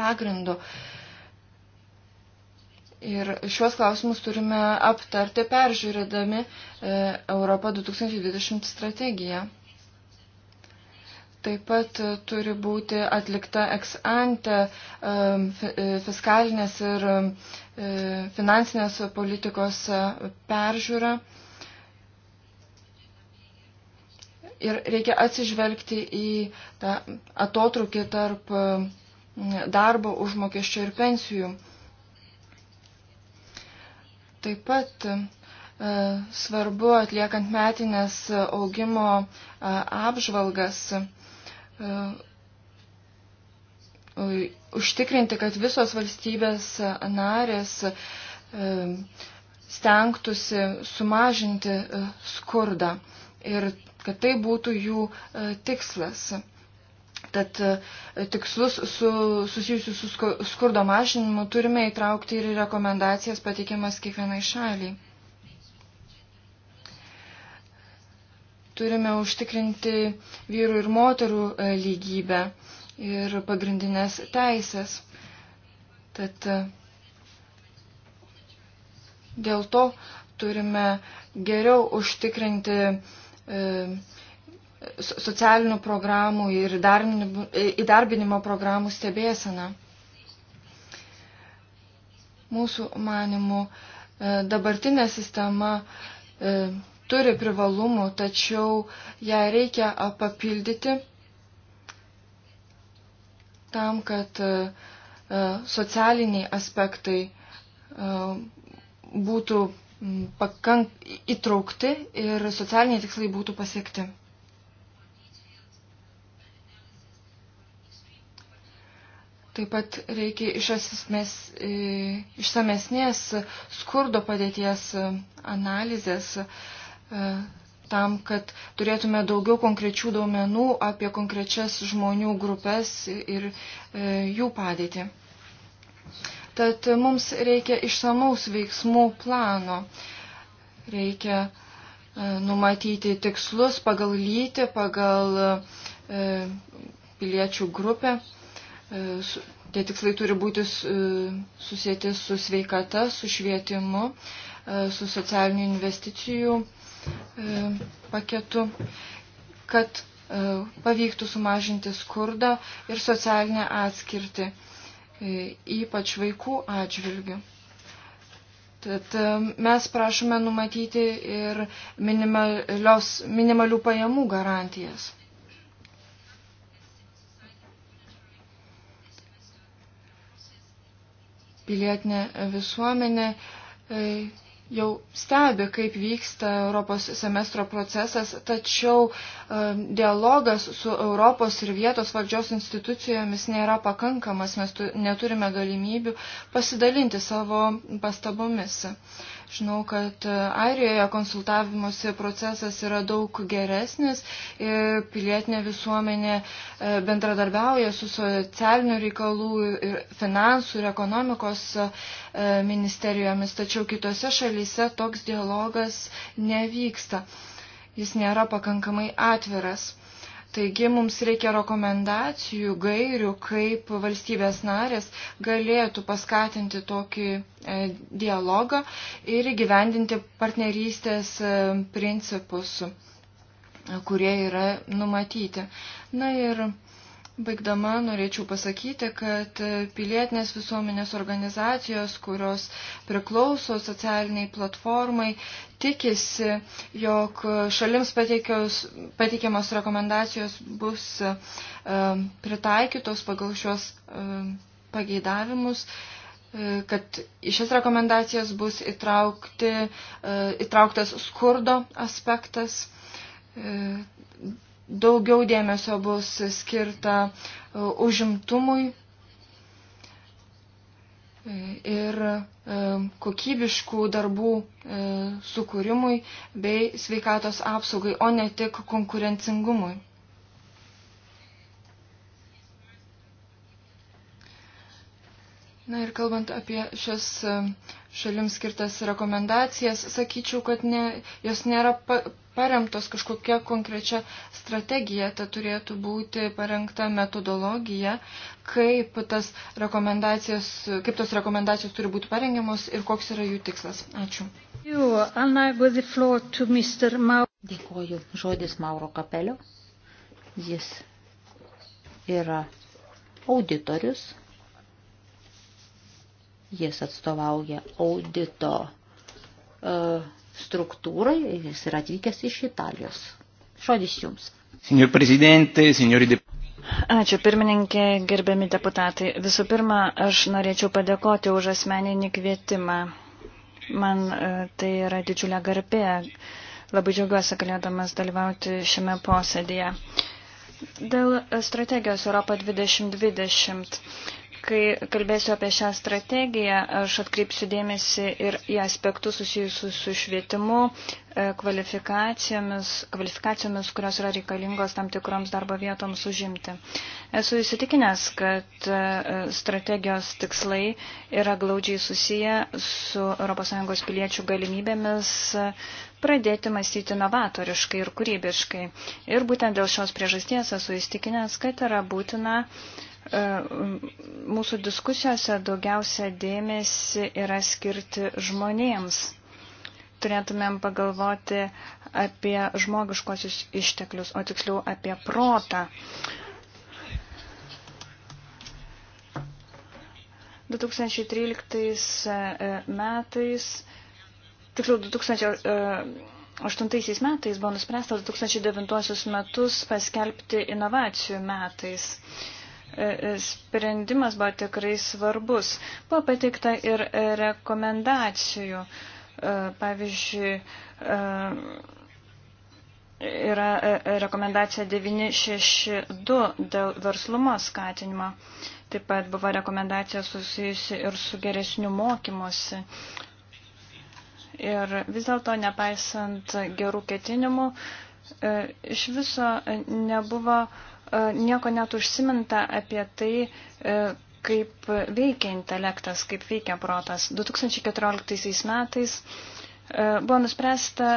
pagrindu. Ir šiuos klausimus turime aptarti peržiūrėdami Europą 2020 strategiją. Taip pat e, turi būti atlikta ex ante e, e, fiskalinės ir finansinės politikos peržiūra. Ir reikia atsižvelgti į tą atotrukį tarp darbo užmokesčio ir pensijų. Taip pat svarbu atliekant metinės augimo apžvalgas E, e, užtikrinti, kad visos valstybės narės e, stengtųsi sumažinti skurdą ir kad tai būtų jų tikslas. Tad tikslus su, susijusius su skurdo mažinimu turime įtraukti ir rekomendacijas patikimas kiekvienai šaliai. turime užtikrinti vyrų ir moterų e, lygybę ir pagrindinės teisės. Tad e, dėl to turime geriau užtikrinti e, socialinių programų ir įdarbinimo programų stebėseną. Mūsų manimų dabartinė sistema turi privalumų, tačiau ją reikia papildyti tam, kad e, socialiniai aspektai e, būtų pakank, įtraukti ir socialiniai tikslai būtų pasiekti. Taip pat reikia iš esmės e, išsamesnės skurdo padėties analizės, E, tam, kad turėtume daugiau konkrečių duomenų apie konkrečias žmonių grupės ir e, jų padėtį. Tad mums reikia išsamaus veiksmų plano. Reikia e, numatyti tikslus pagal lytį, pagal piliečių grupę. Tie tikslai turi būti susijęti su sveikata, su švietimu, su socialinių investicijų E, paketu, kad e, pavyktų sumažinti skurdą ir socialinę atskirtį, e, ypač vaikų atžvilgių. Tad mes prašome numatyti ir minimalių pajamų garantijas. Pilietinė visuomenė jau stebi, kaip vyksta Europos semestro procesas, tačiau e, dialogas su Europos ir vietos valdžios institucijomis nėra pakankamas, mes neturime galimybių pasidalinti savo pastabomis. Žinau, kad e, Airijoje konsultavimuose procesas yra daug geresnis ir pilietinė visuomenė e, bendradarbiauja su socialinių reikalų ir finansų ir ekonomikos e, ministerijomis, tačiau kitose šalyse toks dialogas nevyksta. Jis nėra pakankamai atviras. Taigi mums reikia rekomendacijų, gairių, kaip valstybės narės galėtų paskatinti tokį e, dialogą ir įgyvendinti partnerystės e, principus, kurie yra numatyti. Na ir Baigdama norėčiau pasakyti, kad pilietinės visuomenės organizacijos, kurios priklauso socialiniai platformai, tikisi, jog šalims pateikiamos rekomendacijos bus e, pritaikytos pagal šios e, pageidavimus, e, kad į šias rekomendacijas bus įtraukti, e, įtrauktas skurdo aspektas e, daugiau dėmesio bus skirta e, užimtumui ir e, kokybiškų darbų e, sukūrimui bei sveikatos apsaugai, o ne tik konkurencingumui. Na ir kalbant apie šias e, šalims skirtas rekomendacijas, sakyčiau, kad ne, jos nėra pa, paremtos kažkokia konkrečia strategija, ta turėtų būti parengta metodologija, kaip, tas kaip tos rekomendacijos turi būti parengiamos ir koks yra jų tikslas. Ačiū. Dėkoju. Žodis Mauro Kapelio. Jis yra auditorius Jis atstovauja audito e, struktūrai ir jis yra atvykęs iš Italijos. Šodis jums. Signor Presidente, signori deputatai. Ačiū pirmininkė, gerbiami deputatai. Visų pirma, aš norėčiau padėkoti už asmeninį kvietimą. Man e, tai yra didžiulė garbė. Labai džiaugiuosi galėdamas dalyvauti šiame posėdėje. Dėl strategijos Europa 2020. Kai kalbėsiu apie šią strategiją, aš atkreipsiu dėmesį ir į aspektus susijusius su švietimu, e, kvalifikacijomis, kvalifikacijomis, kurios yra reikalingos tam tikroms darbo vietoms užimti. Esu įsitikinęs, kad e, strategijos tikslai yra glaudžiai susiję su ES piliečių galimybėmis e, pradėti mąstyti novatoriškai ir kūrybiškai. Ir būtent dėl šios priežasties esu įsitikinęs, kad yra būtina uh, E, mūsų diskusijose daugiausia dėmesį yra skirti žmonėms. Turėtumėm pagalvoti apie žmogiškosius išteklius, o tiksliau apie protą. 2013 e, metais, tiksliau 2000 2008 metais buvo nuspręsta 2009 metus paskelbti inovacijų metais. E, e, sprendimas buvo tikrai svarbus. Buvo pateikta ir rekomendacijų. E, pavyzdžiui, yra rekomendacija 962 dėl verslumo skatinimo. Taip pat buvo rekomendacija susijusi ir su geresniu mokymosi. Ir vis dėlto, nepaisant gerų ketinimų, iš viso nebuvo uh, E, nieko net užsiminta apie tai, e, kaip veikia intelektas, kaip veikia protas. 2014 metais e, buvo nuspręsta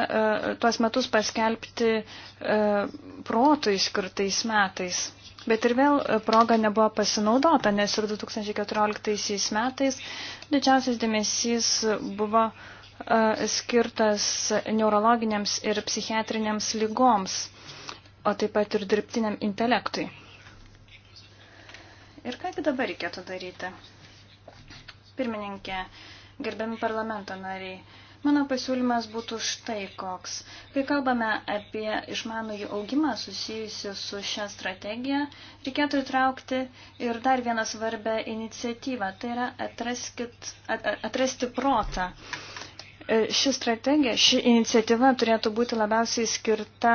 tuos metus paskelbti protui skirtais metais. Bet ir vėl proga nebuvo pasinaudota, nes ir 2014 metais didžiausias dėmesys buvo skirtas neurologiniams ir psichiatriniams lygoms o taip pat ir dirbtiniam intelektui. Ir kągi dabar reikėtų daryti? Pirmininkė, gerbiami parlamento nariai, mano pasiūlymas būtų štai koks. Kai kalbame apie išmanųjį augimą susijusi su šią strategiją, reikėtų įtraukti ir dar vieną svarbę iniciatyvą, tai yra atraskit, at, atrasti protą. Uh, E, ši strategija, ši iniciatyva turėtų būti labiausiai skirta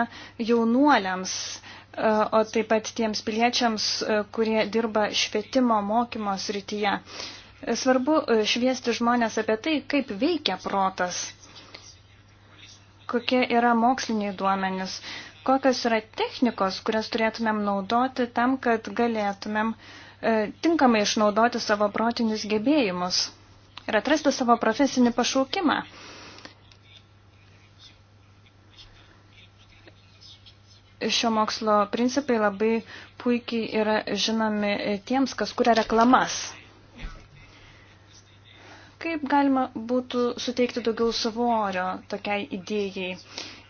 jaunuoliams, e, o taip pat tiems piliečiams, e, kurie dirba švietimo mokymo srityje. Svarbu šviesti žmonės apie tai, kaip veikia protas, kokie yra moksliniai duomenys, kokios yra technikos, kurias turėtumėm naudoti tam, kad galėtumėm tinkamai išnaudoti savo protinius gebėjimus ir atrasti savo profesinį pašaukimą. Šio mokslo principai labai puikiai yra žinomi tiems, kas kuria reklamas. Kaip galima būtų suteikti daugiau svorio tokiai idėjai?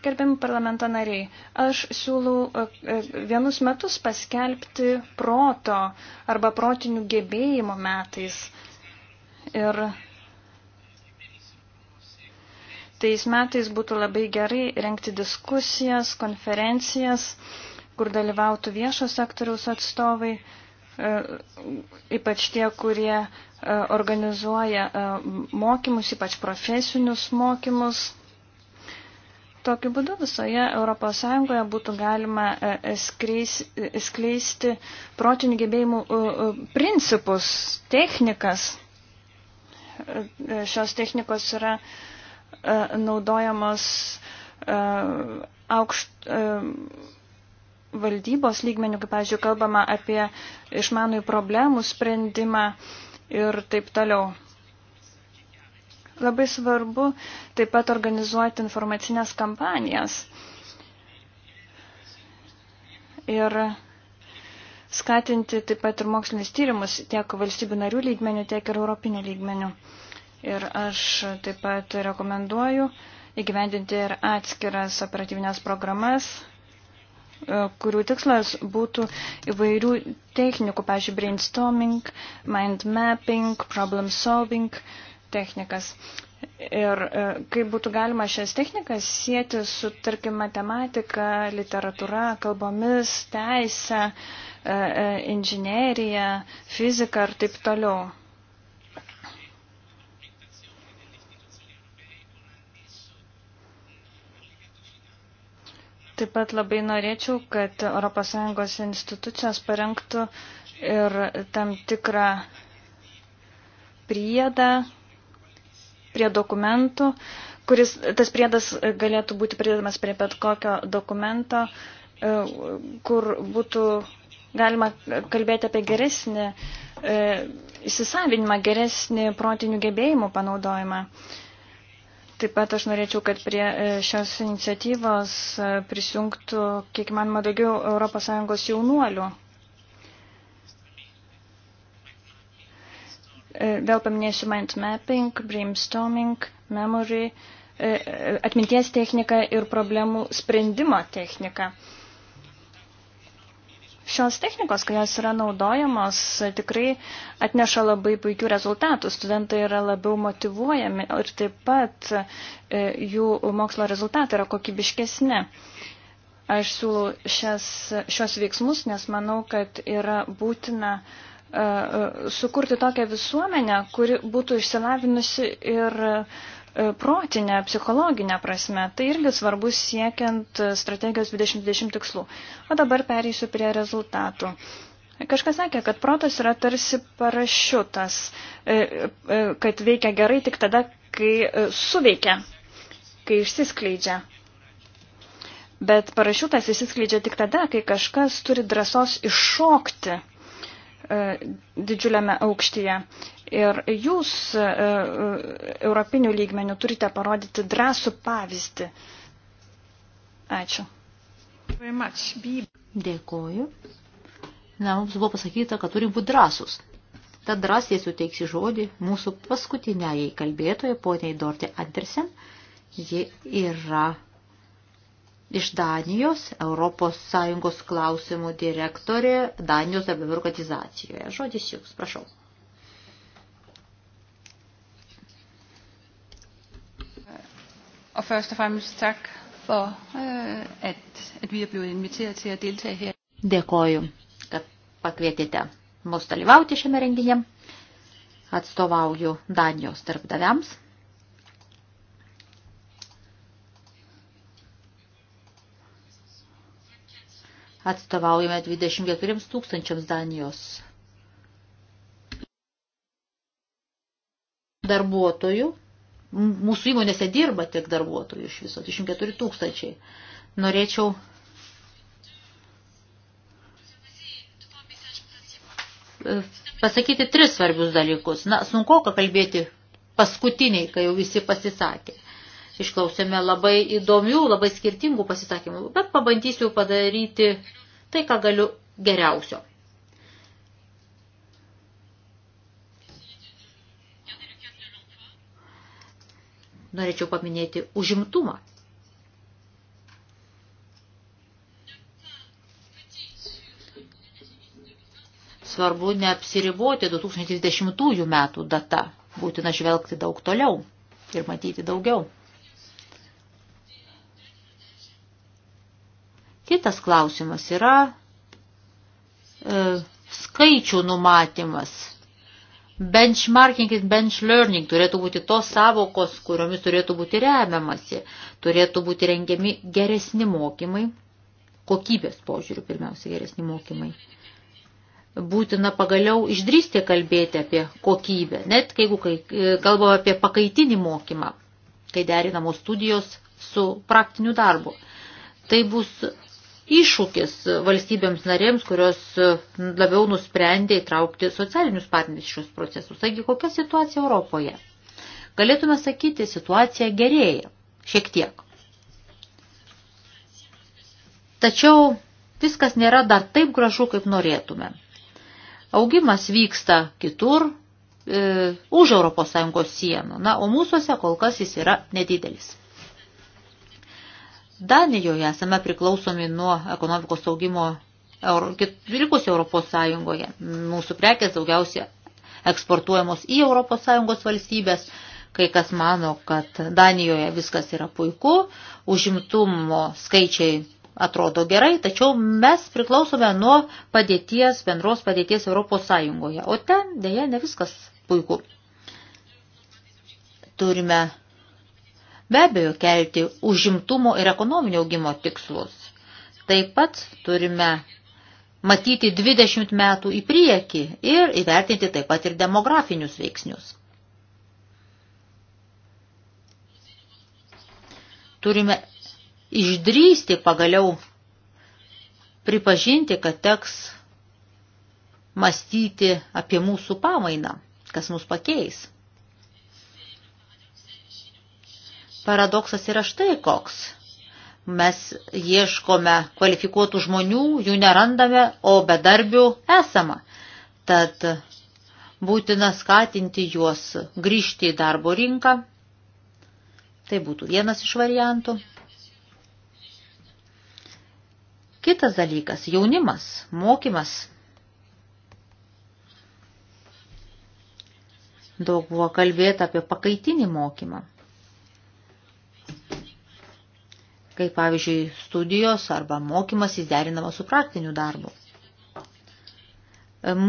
Gerbiami parlamento nariai, aš siūlau e, e, vienus metus paskelbti proto arba protinių gebėjimų metais. Ir tais metais būtų labai gerai renkti diskusijas, konferencijas, kur dalyvautų viešo sektoriaus atstovai, e, ypač tie, kurie e, organizuoja e, mokymus, ypač profesinius mokymus. Tokiu būdu visoje ES būtų galima skleisti protinių gebėjimų principus, technikas. Šios technikos yra uh, E, naudojamos e, aukšt e, valdybos lygmenių, kaip, pavyzdžiui, kalbama apie išmanųjų problemų sprendimą ir taip toliau. Labai svarbu taip pat organizuoti informacinės kampanijas ir skatinti taip pat ir mokslinis tyrimus tiek valstybių narių lygmenių, tiek ir europinių lygmenių. Ir aš taip pat rekomenduoju įgyvendinti ir atskiras operatyvinės programas, e, kurių tikslas būtų įvairių technikų, pavyzdžiui, brainstorming, mind mapping, problem solving technikas. Ir e, kaip būtų galima šias technikas sieti su, tarkim, matematika, literatūra, kalbomis, teisė, e, inžinierija, fizika ir taip toliau. Taip pat labai norėčiau, kad ES institucijos parengtų ir tam tikrą priedą prie dokumentų, kuris, tas priedas galėtų būti pridedamas prie bet kokio dokumento, e, kur būtų galima kalbėti apie geresnį e, įsisavinimą, geresnį protinių gebėjimų panaudojimą. E, Taip pat aš norėčiau, kad prie e, šios iniciatyvos e, prisijungtų kiek manoma daugiau ES jaunuolių. E, vėl paminėsiu mind mapping, brainstorming, memory, atminties techniką ir problemų sprendimo techniką. Šios technikos, kurios yra naudojamos, tikrai atneša labai puikių rezultatų. Studentai yra labiau motivuojami ir taip pat e, jų mokslo rezultatai yra kokybiškesni. Aš siūlau šias, šios veiksmus, nes manau, kad yra būtina e, e, sukurti tokią visuomenę, kuri būtų išsilavinusi ir uh, E, protinė, psichologinė prasme. Tai irgi svarbus siekiant strategijos 2020 tikslų. O dabar pereisiu prie rezultatų. Kažkas sakė, kad protas yra tarsi parašiutas, e, e, kad veikia gerai tik tada, kai suveikia, kai išsiskleidžia. Bet parašiutas įsiskleidžia tik tada, kai kažkas turi drąsos iššokti didžiuliame aukštyje. Ir jūs e, e, europinių lygmenių turite parodyti drąsų pavyzdį. Ačiū. Dėkoju. Na, mums buvo pasakyta, kad turi būti drąsus. Tad drąsiai suteiksi žodį mūsų paskutiniai kalbėtojai, poniai Dortė Andersen. Ji yra iš Danijos, ES klausimų direktorė Danijos darbdavių organizacijoje. Žodis jums, prašau. Og først og fremmest tak for, øh, at, at vi er blevet inviteret til at deltage her. Dėkoju, kad pakvietėte mus dalyvauti šiame renginėje. Atstovauju Danijos darbdaviams. Atstovaujame 24 tūkstančiams Danijos darbuotojų mūsų įmonėse dirba tiek darbuotojų iš viso, 24 tūkstančiai. Norėčiau e, pasakyti tris svarbius dalykus. Na, sunku ką kalbėti paskutiniai, kai jau visi pasisakė. Išklausėme labai įdomių, labai skirtingų pasisakymų, bet pabandysiu padaryti tai, ką galiu geriausio. norėčiau paminėti užimtumą. Svarbu neapsiriboti 2020 metų data, būtina žvelgti daug toliau ir matyti daugiau. Kitas klausimas yra e, skaičių numatymas Benchmarking ir bench learning turėtų būti tos savokos, kuriomis turėtų būti remiamasi, turėtų būti rengiami geresni mokymai, kokybės požiūrių pirmiausia geresni mokymai. Būtina pagaliau išdrysti kalbėti apie kokybę, net jeigu kai, kalbame apie pakaitinį mokymą, kai derinamos studijos su praktiniu darbu. Tai bus iššūkis valstybėms narėms, kurios labiau nusprendė įtraukti socialinius partnerius šios procesus. Taigi, kokia situacija Europoje? Galėtume sakyti, situacija gerėja. Šiek tiek. Tačiau viskas nėra dar taip gražu, kaip norėtume. Augimas vyksta kitur, e, už ES sienų, na, o mūsųse kol kas jis yra nedidelis. Danijoje esame priklausomi nuo ekonomikos saugimo likusioje Europos Sąjungoje. Mūsų prekės daugiausia eksportuojamos į Europos Sąjungos valstybės. Kai kas mano, kad Danijoje viskas yra puiku, užimtumo skaičiai atrodo gerai, tačiau mes priklausome nuo padėties, bendros padėties Europos Sąjungoje, o ten dėja ne viskas puiku. Turime be abejo kelti užimtumo ir ekonominio augimo tikslus. Taip pat turime matyti 20 metų į priekį ir įvertinti taip pat ir demografinius veiksnius. Turime išdrysti pagaliau pripažinti, kad teks mąstyti apie mūsų pamainą, kas mus pakeis. Paradoksas yra štai koks. Mes ieškome kvalifikuotų žmonių, jų nerandame, o bedarbių esama. Tad būtina skatinti juos grįžti į darbo rinką. Tai būtų vienas iš variantų. Kitas dalykas – jaunimas, mokymas. Daug buvo kalbėta apie pakaitinį mokymą. kai, pavyzdžiui, studijos arba mokymas įderinamas su praktiniu darbu.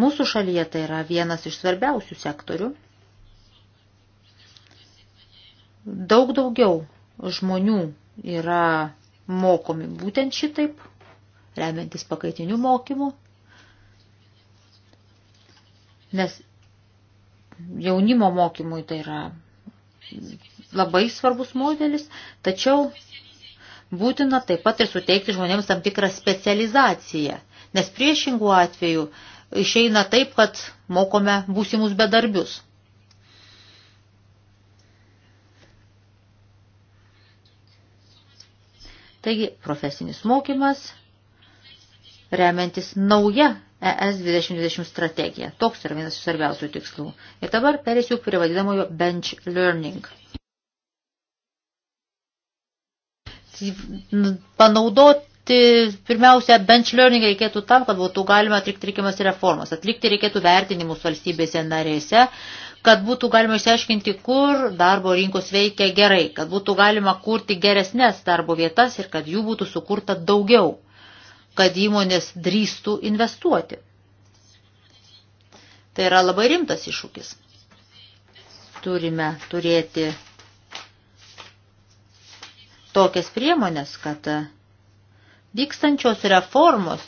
Mūsų šalyje tai yra vienas iš svarbiausių sektorių. Daug daugiau žmonių yra mokomi būtent šitaip, remiantis pakaitiniu mokymu, nes jaunimo mokymui tai yra labai svarbus modelis, tačiau būtina taip pat ir suteikti žmonėms tam tikrą specializaciją, nes priešingų atveju išeina taip, kad mokome būsimus bedarbius. Taigi, profesinis mokymas remiantis nauja ES 2020 strategija. Toks yra vienas iš svarbiausių tikslų. Ir dabar perėsiu prie vadinamojo bench learning – panaudoti pirmiausia bench learning reikėtų tam, kad būtų galima atlikti reikiamas reformas. Atlikti reikėtų vertinimus valstybėse narėse, kad būtų galima išsiaiškinti, kur darbo rinkos veikia gerai, kad būtų galima kurti geresnės darbo vietas ir kad jų būtų sukurta daugiau, kad įmonės drįstų investuoti. Tai yra labai rimtas iššūkis. Turime turėti tokias priemonės, kad e, vykstančios reformos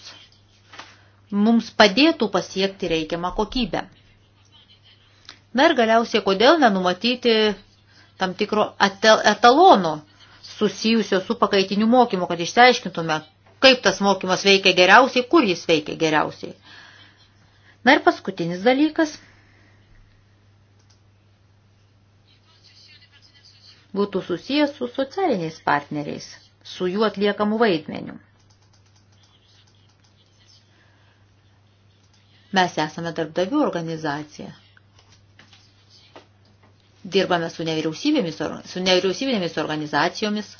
mums padėtų pasiekti reikiamą kokybę. Na ir galiausiai, kodėl nenumatyti tam tikro etalono susijusio su pakaitiniu mokymu, kad išsiaiškintume, kaip tas mokymas veikia geriausiai, kur jis veikia geriausiai. Na ir paskutinis dalykas – būtų susijęs su socialiniais partneriais, su jų atliekamu vaidmeniu. Mes esame darbdavių organizacija. Dirbame su nevyriausybėmis, su nevyriausybinėmis organizacijomis.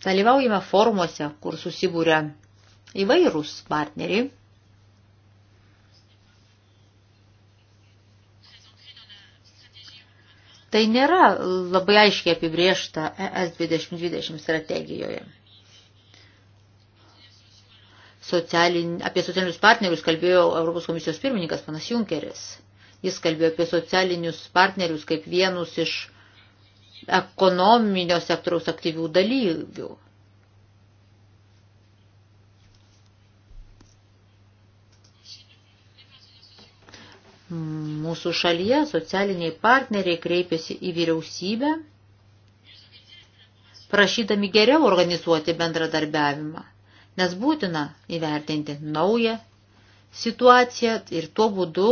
Dalyvaujame formuose, kur susibūrė įvairūs partneriai. Tai nėra labai aiškiai apibriešta ES 2020 strategijoje. Socialin, apie socialinius partnerius kalbėjo Europos komisijos pirmininkas panas Junkeris. Jis kalbėjo apie socialinius partnerius kaip vienus iš ekonominio sektoriaus aktyvių dalyvių. Mūsų šalyje socialiniai partneriai kreipėsi į vyriausybę, prašydami geriau organizuoti bendradarbiavimą, nes būtina įvertinti naują situaciją ir tuo būdu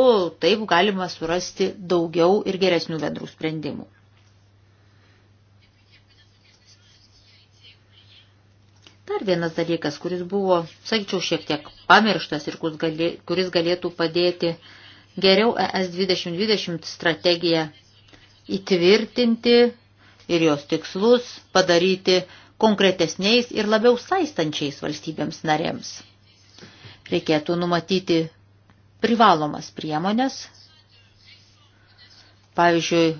taip galima surasti daugiau ir geresnių bendrų sprendimų. Dar vienas dalykas, kuris buvo, sakyčiau, šiek tiek pamirštas ir kuris galėtų padėti uh, geriau ES 2020 strategiją įtvirtinti ir jos tikslus padaryti konkretesniais ir labiau saistančiais valstybėms narėms. Reikėtų numatyti privalomas priemonės. Pavyzdžiui,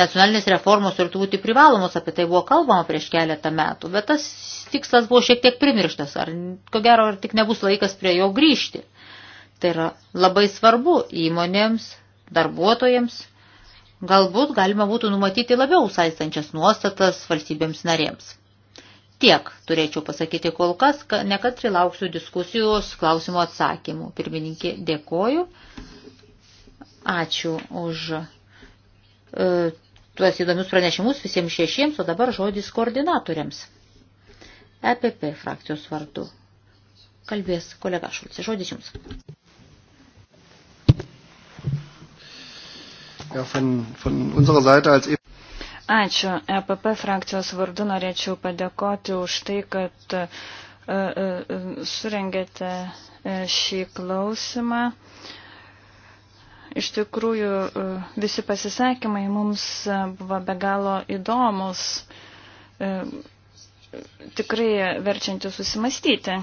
nacionalinės reformos turėtų būti privalomos, apie tai buvo kalbama prieš keletą metų, bet tas tikslas buvo šiek tiek primirštas, ar ko gero, ar tik nebus laikas prie jo grįžti. Tai yra labai svarbu įmonėms, darbuotojams. Galbūt galima būtų numatyti labiau saistančias nuostatas valstybėms narėms. Tiek turėčiau pasakyti kol kas, nekantri lauksiu diskusijos klausimų atsakymų. Pirmininkė, dėkoju. Ačiū už e, tuos įdomius pranešimus visiems šešiems, o dabar žodis koordinatoriams. EPP frakcijos vardu. Kalbės kolega Šulcė. Žodis jums. Ja, von, von unserer Seite als e Ačiū. EPP frakcijos vardu norėčiau padėkoti už tai, kad uh, uh, surengėte šį klausimą. Iš tikrųjų, uh, visi pasisakymai mums buvo be galo įdomus, tikrai verčianti susimastyti.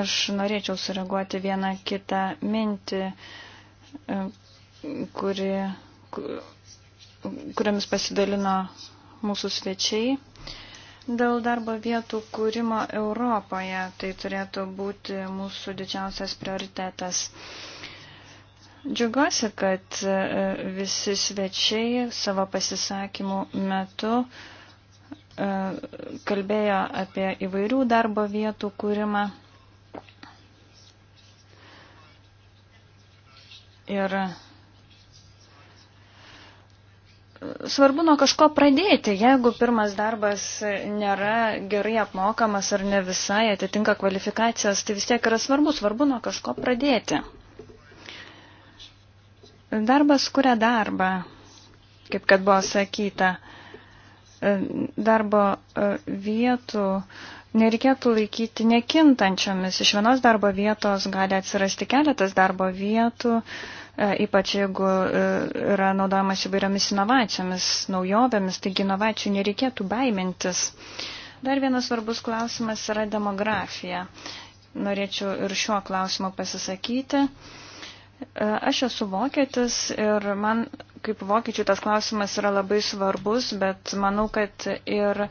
Aš norėčiau sureaguoti vieną kitą mintį kuri, kuriamis pasidalino mūsų svečiai. Dėl darbo vietų kūrimo Europoje tai turėtų būti mūsų didžiausias prioritetas. Džiugiuosi, kad e, visi svečiai savo pasisakymų metu e, kalbėjo apie įvairių darbo vietų kūrimą. Ir svarbu nuo kažko pradėti, jeigu pirmas darbas nėra gerai apmokamas ar ne visai atitinka kvalifikacijas, tai vis tiek yra svarbu, svarbu nuo kažko pradėti. Darbas kuria darbą, kaip kad buvo sakyta, darbo vietų nereikėtų laikyti nekintančiomis. Iš vienos darbo vietos gali atsirasti keletas darbo vietų, E, ypač jeigu e, yra naudojamas įvairiomis inovacijomis, naujovėmis, taigi inovacijų nereikėtų baimintis. Dar vienas svarbus klausimas yra demografija. Norėčiau ir šiuo klausimu pasisakyti. E, aš esu vokietis ir man kaip vokiečių tas klausimas yra labai svarbus, bet manau, kad ir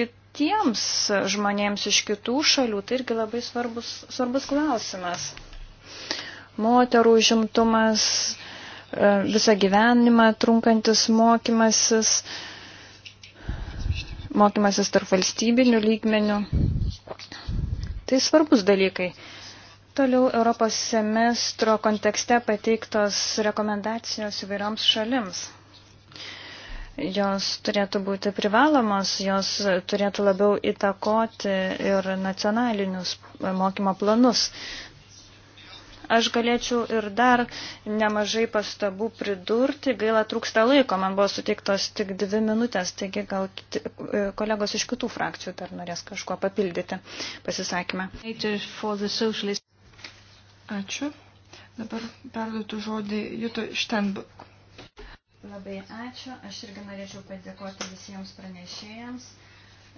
kitiems žmonėms iš kitų šalių tai irgi labai svarbus, svarbus klausimas moterų žimtumas, e, visą gyvenimą trunkantis mokymasis, mokymasis tarp valstybinių lygmenių. Tai svarbus dalykai. Toliau Europos semestro kontekste pateiktos rekomendacijos įvairioms šalims. Jos turėtų būti privalomos, jos turėtų labiau įtakoti ir nacionalinius mokymo planus. Aš galėčiau ir dar nemažai pastabų pridurti, gaila trūksta laiko, man buvo suteiktos tik dvi minutės, taigi gal kiti, e, kolegos iš kitų frakcijų dar norės kažkuo papildyti pasisakymą. Ačiū. Dabar perduotų žodį Juto Štenbuk. Labai ačiū. Aš irgi norėčiau padėkoti visiems pranešėjams.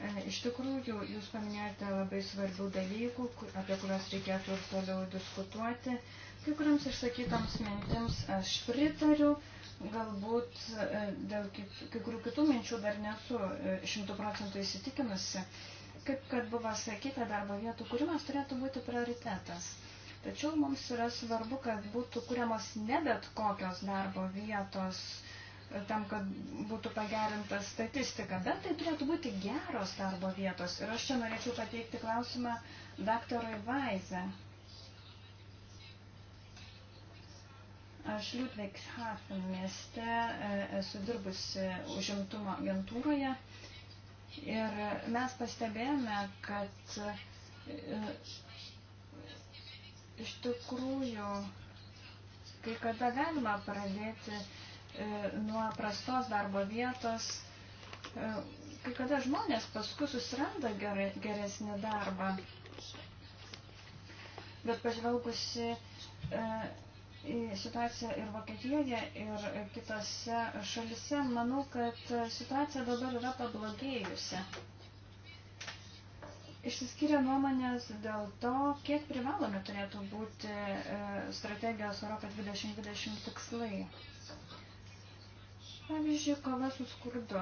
E, iš tikrųjų, jūs paminėjote labai svarbių dalykų, apie kuriuos reikėtų ir toliau diskutuoti. Kai kuriams išsakytoms mintims aš pritariu, galbūt e, dėl kit, kai kurių kitų minčių dar nesu e, šimtų procentų įsitikinusi. Kaip kad buvo sakyta, darbo vietų kūrimas turėtų būti prioritetas. Tačiau mums yra svarbu, kad būtų kuriamos ne bet kokios darbo vietos tam, kad būtų pagerinta statistika, bet tai turėtų būti geros darbo vietos. Ir aš čia norėčiau pateikti klausimą daktarui Vaize. Aš Ludwigshafen mieste e, esu dirbusi užimtumo agentūroje ir mes pastebėjome, kad e, iš tikrųjų kai kada galima pradėti E, nuo prastos darbo vietos. E, kai kada žmonės paskui susiranda gerai, geresnį darbą. Bet pažvelgusi e, į situaciją ir Vokietijoje, ir kitose šalise, manau, kad situacija dabar yra pablogėjusi. Išsiskiria nuomonės dėl to, kiek privalomi turėtų būti strategijos Europa 2020 tikslai. Pavyzdžiui, kova su skurdu.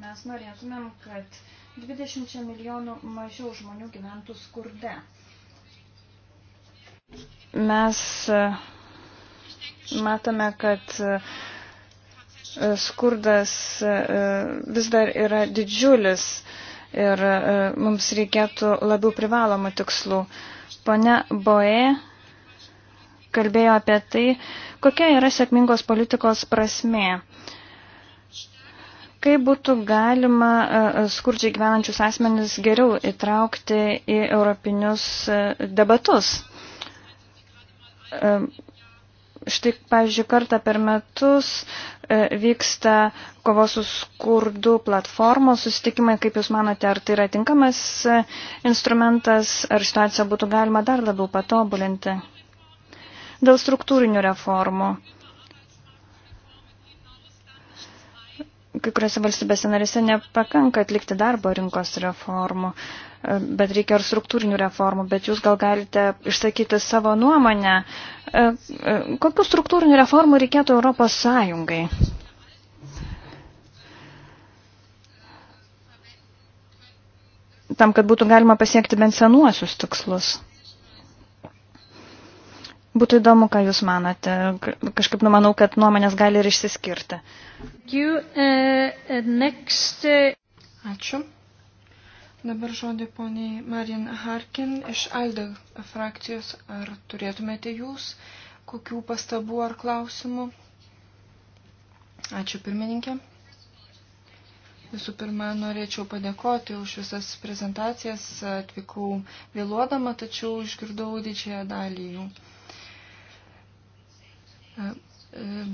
Mes norėtumėm, kad 20 milijonų mažiau žmonių gyventų skurde. Mes e, matome, kad e, skurdas e, vis dar yra didžiulis ir mums reikėtų labiau privalomų tikslų. Pone Boe kalbėjo apie tai, kokia yra sėkmingos politikos prasmė. Kaip būtų galima e, e, skurdžiai gyvenančius asmenis geriau įtraukti į europinius e, debatus? Štai, pavyzdžiui, kartą per metus vyksta kovos su skurdu platformos susitikimai. Kaip Jūs manote, ar tai yra tinkamas instrumentas, ar situaciją būtų galima dar labiau patobulinti? dėl struktūrinių reformų. Kai kuriuose valstybėse narėse nepakanka atlikti darbo rinkos reformų, bet reikia ir struktūrinių reformų, bet jūs gal galite išsakyti savo nuomonę, e, e, kokių struktūrinių reformų reikėtų Europos Sąjungai. tam, kad būtų galima pasiekti bent senuosius tikslus. Būtų įdomu, ką Jūs manote. Kažkaip numanau, kad nuomonės gali ir išsiskirti. Uh, uh, uh, Ačiū. Dabar žodį poniai Marin Harkin iš Alde frakcijos. Ar turėtumėte Jūs kokių pastabų ar klausimų? Ačiū pirmininkė. Visų pirma, norėčiau padėkoti už visas prezentacijas. Atvykau vėluodama, tačiau išgirdau didžiąją dalį jų. E, e,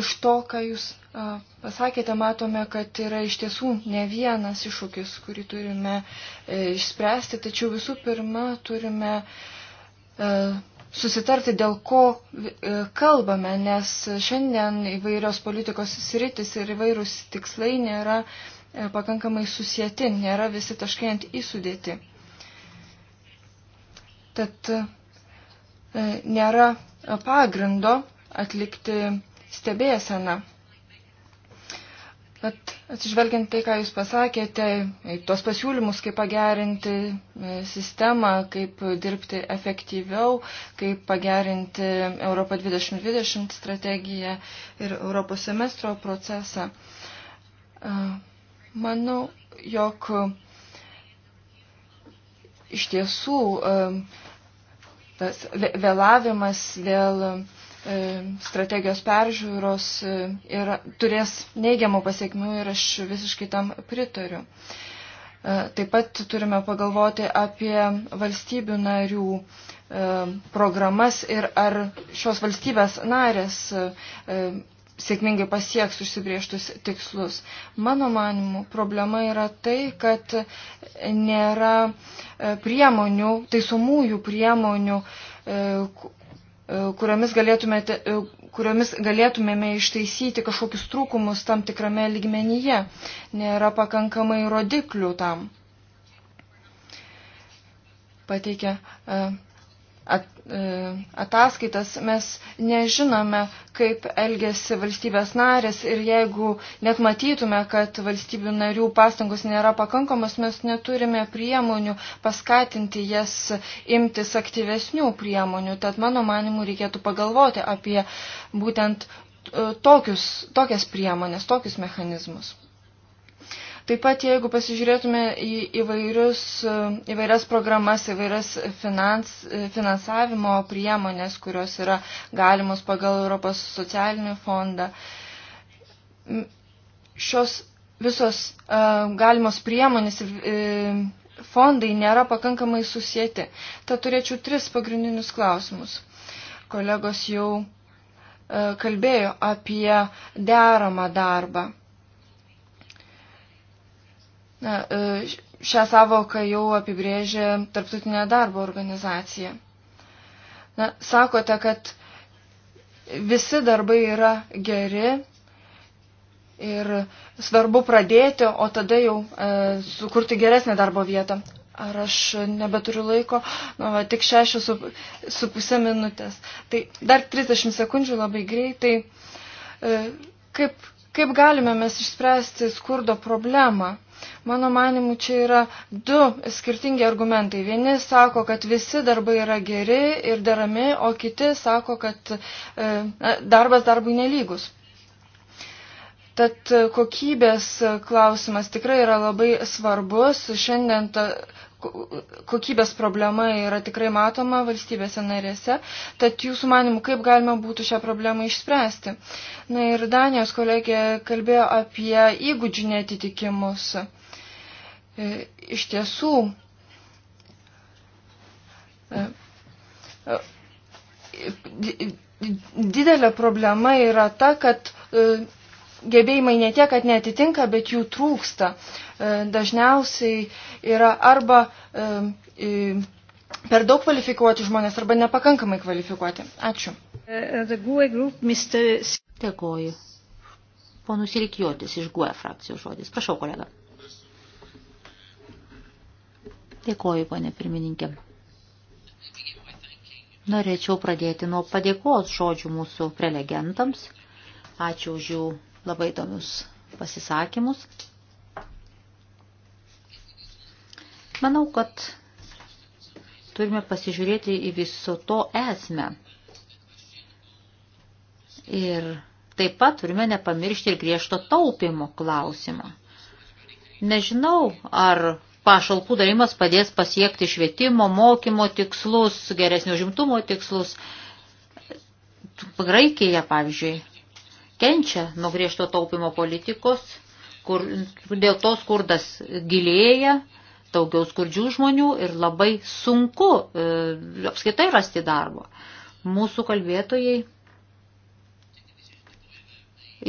iš to, ką Jūs e, pasakėte, matome, kad yra iš tiesų ne vienas iššūkis, kurį turime išspręsti, tačiau visų pirma turime susitarti, dėl ko kalbame, nes šiandien įvairios politikos sritis ir įvairūs tikslai nėra pakankamai susijęti, nėra visi taškai ant įsudėti. Tad nėra pagrindo atlikti stebėseną. Bet atsižvelgiant tai, ką Jūs pasakėte, tuos pasiūlymus, kaip pagerinti e, sistemą, kaip dirbti efektyviau, kaip pagerinti Europą 2020 strategiją ir Europos semestro procesą, e, manau, jog iš tiesų e, tas vėlavimas dėl e, strategijos peržiūros ir e, turės neigiamų pasiekmių ir aš visiškai tam pritariu. E, taip pat turime pagalvoti apie valstybių narių programas ir ar šios valstybės narės sėkmingai pasieks užsibrieštus tikslus. Mano manimu, problema yra tai, kad nėra e, priemonių, taisomųjų priemonių, e, e, kuriomis, kuriomis galėtumėme ištaisyti kažkokius trūkumus tam tikrame lygmenyje. Nėra pakankamai rodiklių tam. Pateikia at, e, ataskaitas, mes nežinome, kaip elgesi valstybės narės ir jeigu net matytume, kad valstybių narių pastangos nėra pakankamos, mes neturime priemonių paskatinti jas imtis aktyvesnių priemonių. Tad mano manimu reikėtų pagalvoti apie būtent e, tokius, tokias priemonės, tokius mechanizmus. Taip pat, jeigu pasižiūrėtume į įvairius, e, įvairias programas, įvairias finans, e, finansavimo priemonės, kurios yra galimos pagal Europos socialinį fondą, šios visos uh, galimos priemonės ir uh, fondai nėra pakankamai susijęti. Tad turėčiau tris pagrindinius klausimus. Kolegos jau kalbėjo apie deramą darbą. Na, e, šią savoką jau apibrėžė Tarptautinė darbo organizacija. Na, sakote, kad visi darbai yra geri ir svarbu pradėti, o tada jau e, sukurti geresnę darbo vietą. Ar aš nebeturiu laiko? Nu, va, tik šešios su, su pusė minutės. Tai dar 30 sekundžių labai greitai. E, kaip, kaip galime mes išspręsti skurdo problemą? Mano manimu, čia yra du skirtingi argumentai. Vieni sako, kad visi darbai yra geri ir derami, o kiti sako, kad e, darbas darbui nelygus. Tad kokybės klausimas tikrai yra labai svarbus. Šiandien ta, kokybės problema yra tikrai matoma valstybėse narėse, tad jūsų manimu, kaip galima būtų šią problemą išspręsti. Na ir Danijos kolegė kalbėjo apie įgūdžių netitikimus. E, iš tiesų, e, e, didelė problema yra ta, kad gebėjimai ne tiek, kad netitinka, bet jų trūksta. E, dažniausiai yra arba e, e, per daug kvalifikuoti žmonės, arba nepakankamai kvalifikuoti. Ačiū. Dėkoju. Ponus Ilikijotis iš GUE frakcijos žodis. Prašau, kolega. Dėkoju, ponė pirmininkė. Norėčiau pradėti nuo padėkos žodžių mūsų prelegentams. Ačiū už jų labai įdomius pasisakymus. Manau, kad turime pasižiūrėti į viso to esmę. Ir taip pat turime nepamiršti ir griežto taupimo klausimą. Nežinau, ar pašalpų darimas padės pasiekti švietimo, mokymo tikslus, geresnio žimtumo tikslus. Graikija, pavyzdžiui, kenčia nuo griežto taupimo politikos, kur dėl to skurdas gilėja, daugiau skurdžių žmonių ir labai sunku e, apskaitai rasti darbo. Mūsų kalbėtojai,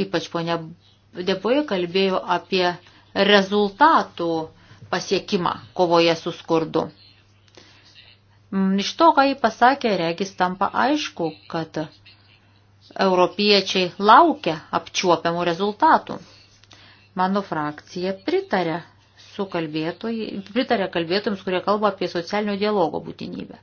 ypač ponia Deboje, kalbėjo apie rezultatų pasiekimą kovoje su skurdu. Mm, iš to, ką jį pasakė, regis tampa aišku, kad europiečiai laukia apčiuopiamų rezultatų. Mano frakcija pritarė su kalbėtojai, pritarė kalbėtojams, kurie kalba apie socialinio dialogo būtinybę.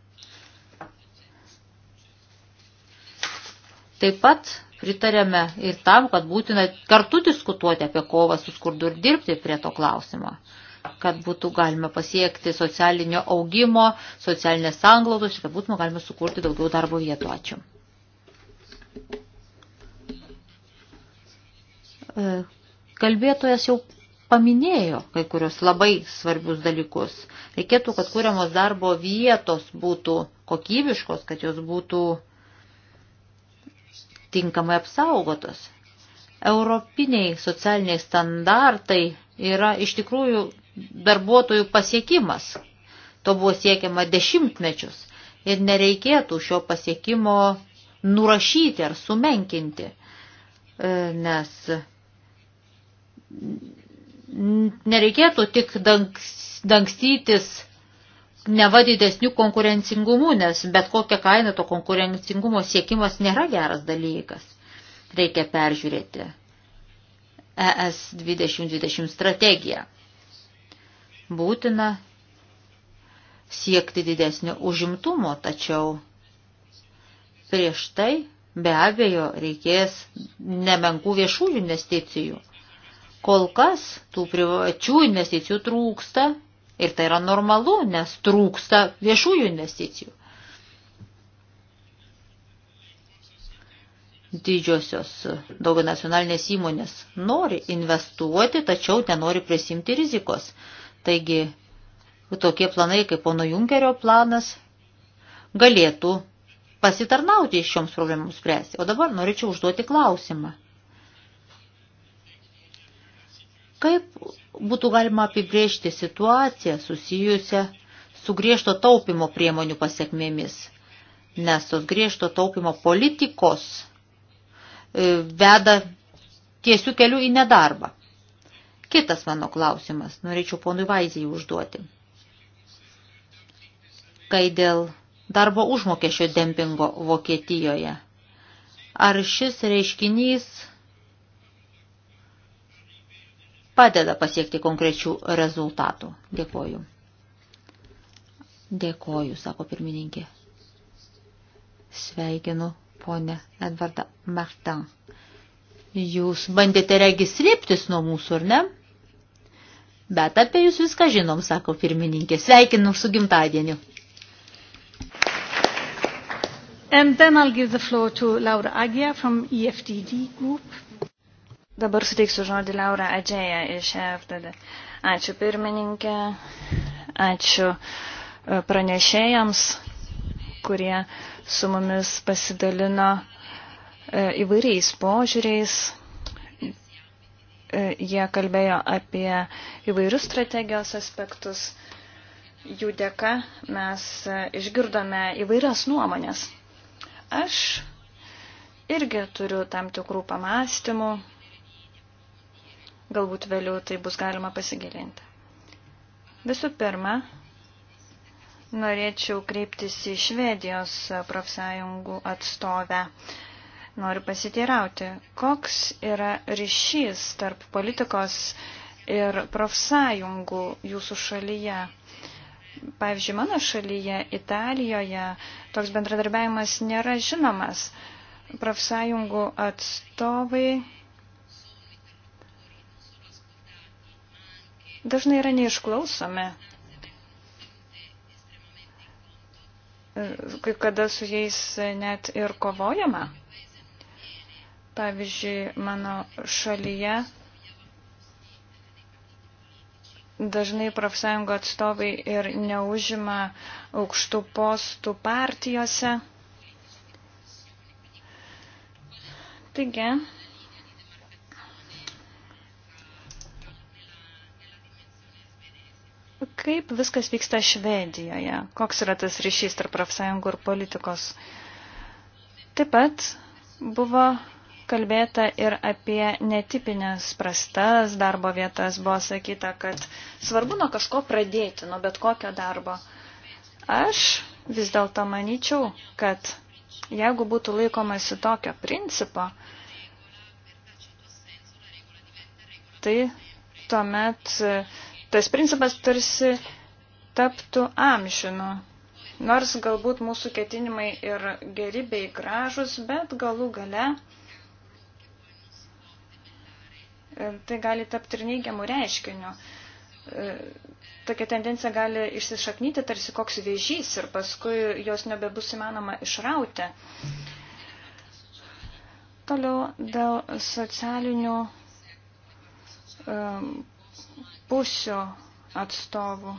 Taip pat pritarėme ir tam, kad būtina kartu diskutuoti apie kovą su skurdu ir dirbti prie to klausimo, kad būtų galima pasiekti socialinio augimo, socialinės sanglaudos ir kad būtų galima sukurti daugiau darbo vietų. Ačiū. E, kalbėtojas jau paminėjo kai kurios labai svarbius dalykus. Reikėtų, kad kūriamos darbo vietos būtų kokybiškos, kad jos būtų tinkamai apsaugotos. Europiniai socialiniai standartai yra iš tikrųjų darbuotojų pasiekimas. To buvo siekiama dešimtmečius ir nereikėtų šio pasiekimo nurašyti ar sumenkinti, e, nes nereikėtų tik dangstytis neva didesnių konkurencingumų, nes bet kokia kaina to konkurencingumo siekimas nėra geras dalykas. Reikia peržiūrėti ES 2020 strategiją. Būtina siekti didesnio užimtumo, tačiau prieš tai be abejo reikės nemenkų viešųjų investicijų. Kol kas tų privačių investicijų trūksta ir tai yra normalu, nes trūksta viešųjų investicijų. Didžiosios dauginacionalinės įmonės nori investuoti, tačiau nenori prisimti rizikos. Taigi tokie planai kaip pono Junkerio planas galėtų pasitarnauti šioms problemams spręsti. O dabar norėčiau užduoti klausimą. Kaip būtų galima apibrėžti situaciją susijusią su griežto taupimo priemonių pasiekmėmis? Nes tos griežto taupimo politikos e, veda tiesių kelių į nedarbą. Kitas mano klausimas, norėčiau ponui Vaizijai užduoti. Kai dėl darbo užmokesčio dempingo Vokietijoje, ar šis reiškinys padeda pasiekti konkrečių rezultatų. Dėkoju. Dėkoju, sako pirmininkė. Sveikinu, ponė Edvardą Martin. Jūs bandėte registrėptis nuo mūsų, ar ne? Bet apie jūs viską žinom, sako pirmininkė. Sveikinu su gimtadieniu. And then I'll give the floor to Laura Agia from EFDD Group. Dabar suteiksiu žodį Laura Adžėja iš EFTD. Ačiū pirmininkė, ačiū e, pranešėjams, kurie su mumis pasidalino e, įvairiais požiūriais. E, jie kalbėjo apie įvairius strategijos aspektus. Jų dėka mes išgirdome įvairias nuomonės. Aš irgi turiu tam tikrų pamastymų Galbūt vėliau tai bus galima pasigilinti. Visų pirma, norėčiau kreiptis į Švedijos profsąjungų atstovę. Noriu pasiteirauti, koks yra ryšys tarp politikos ir profsąjungų jūsų šalyje. Pavyzdžiui, mano šalyje, Italijoje, toks bendradarbiavimas nėra žinomas. Profsąjungų atstovai dažnai yra neišklausomi. Kai kada su jais net ir kovojama. Pavyzdžiui, mano šalyje dažnai profsąjungo atstovai ir neužima aukštų postų partijose. Taigi, Kaip viskas vyksta Švedijoje? Koks yra tas ryšys tarp profsąjungų ir politikos? Taip pat buvo kalbėta ir apie netipinės prastas darbo vietas. Buvo sakyta, kad svarbu nuo kažko pradėti, nuo bet kokio darbo. Aš vis dėlto manyčiau, kad jeigu būtų laikomasi tokio principo, tai tuomet tas principas tarsi taptų amžinu. Nors galbūt mūsų ketinimai ir geri bei gražus, bet galų gale e, tai gali tapti ir neigiamų reiškinių. E, tokia tendencija gali išsišaknyti tarsi koks vėžys ir paskui jos nebebus įmanoma išrauti. Toliau dėl socialinių um, pusio atstovų.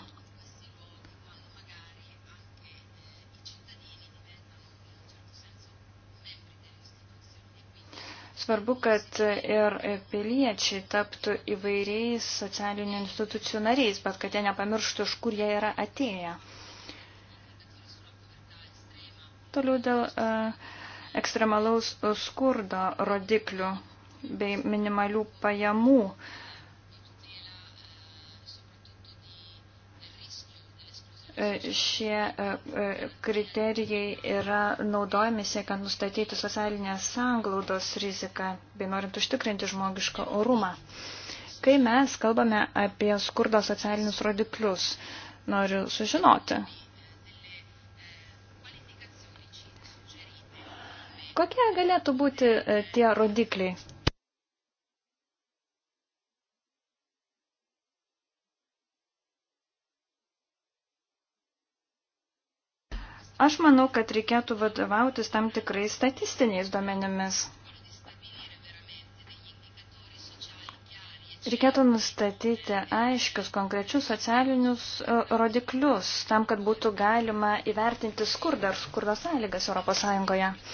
Svarbu, kad ir piliečiai taptų įvairiais socialinių institucijų nariais, bet kad jie nepamirštų, iš kur jie yra atėję. Toliau dėl e, ekstremalaus skurdo rodiklių bei minimalių pajamų uh, E, šie e, e, kriterijai yra naudojami siekiant nustatyti socialinės sanglaudos riziką bei norint užtikrinti žmogišką orumą. Kai mes kalbame apie skurdo socialinius rodiklius, noriu sužinoti, kokie galėtų būti tie rodikliai Aš manau, kad reikėtų vadovautis tam tikrai statistiniais duomenimis. Reikėtų nustatyti aiškius, konkrečius socialinius e, rodiklius, tam, kad būtų galima įvertinti skurdą ar skurdo sąlygas ES.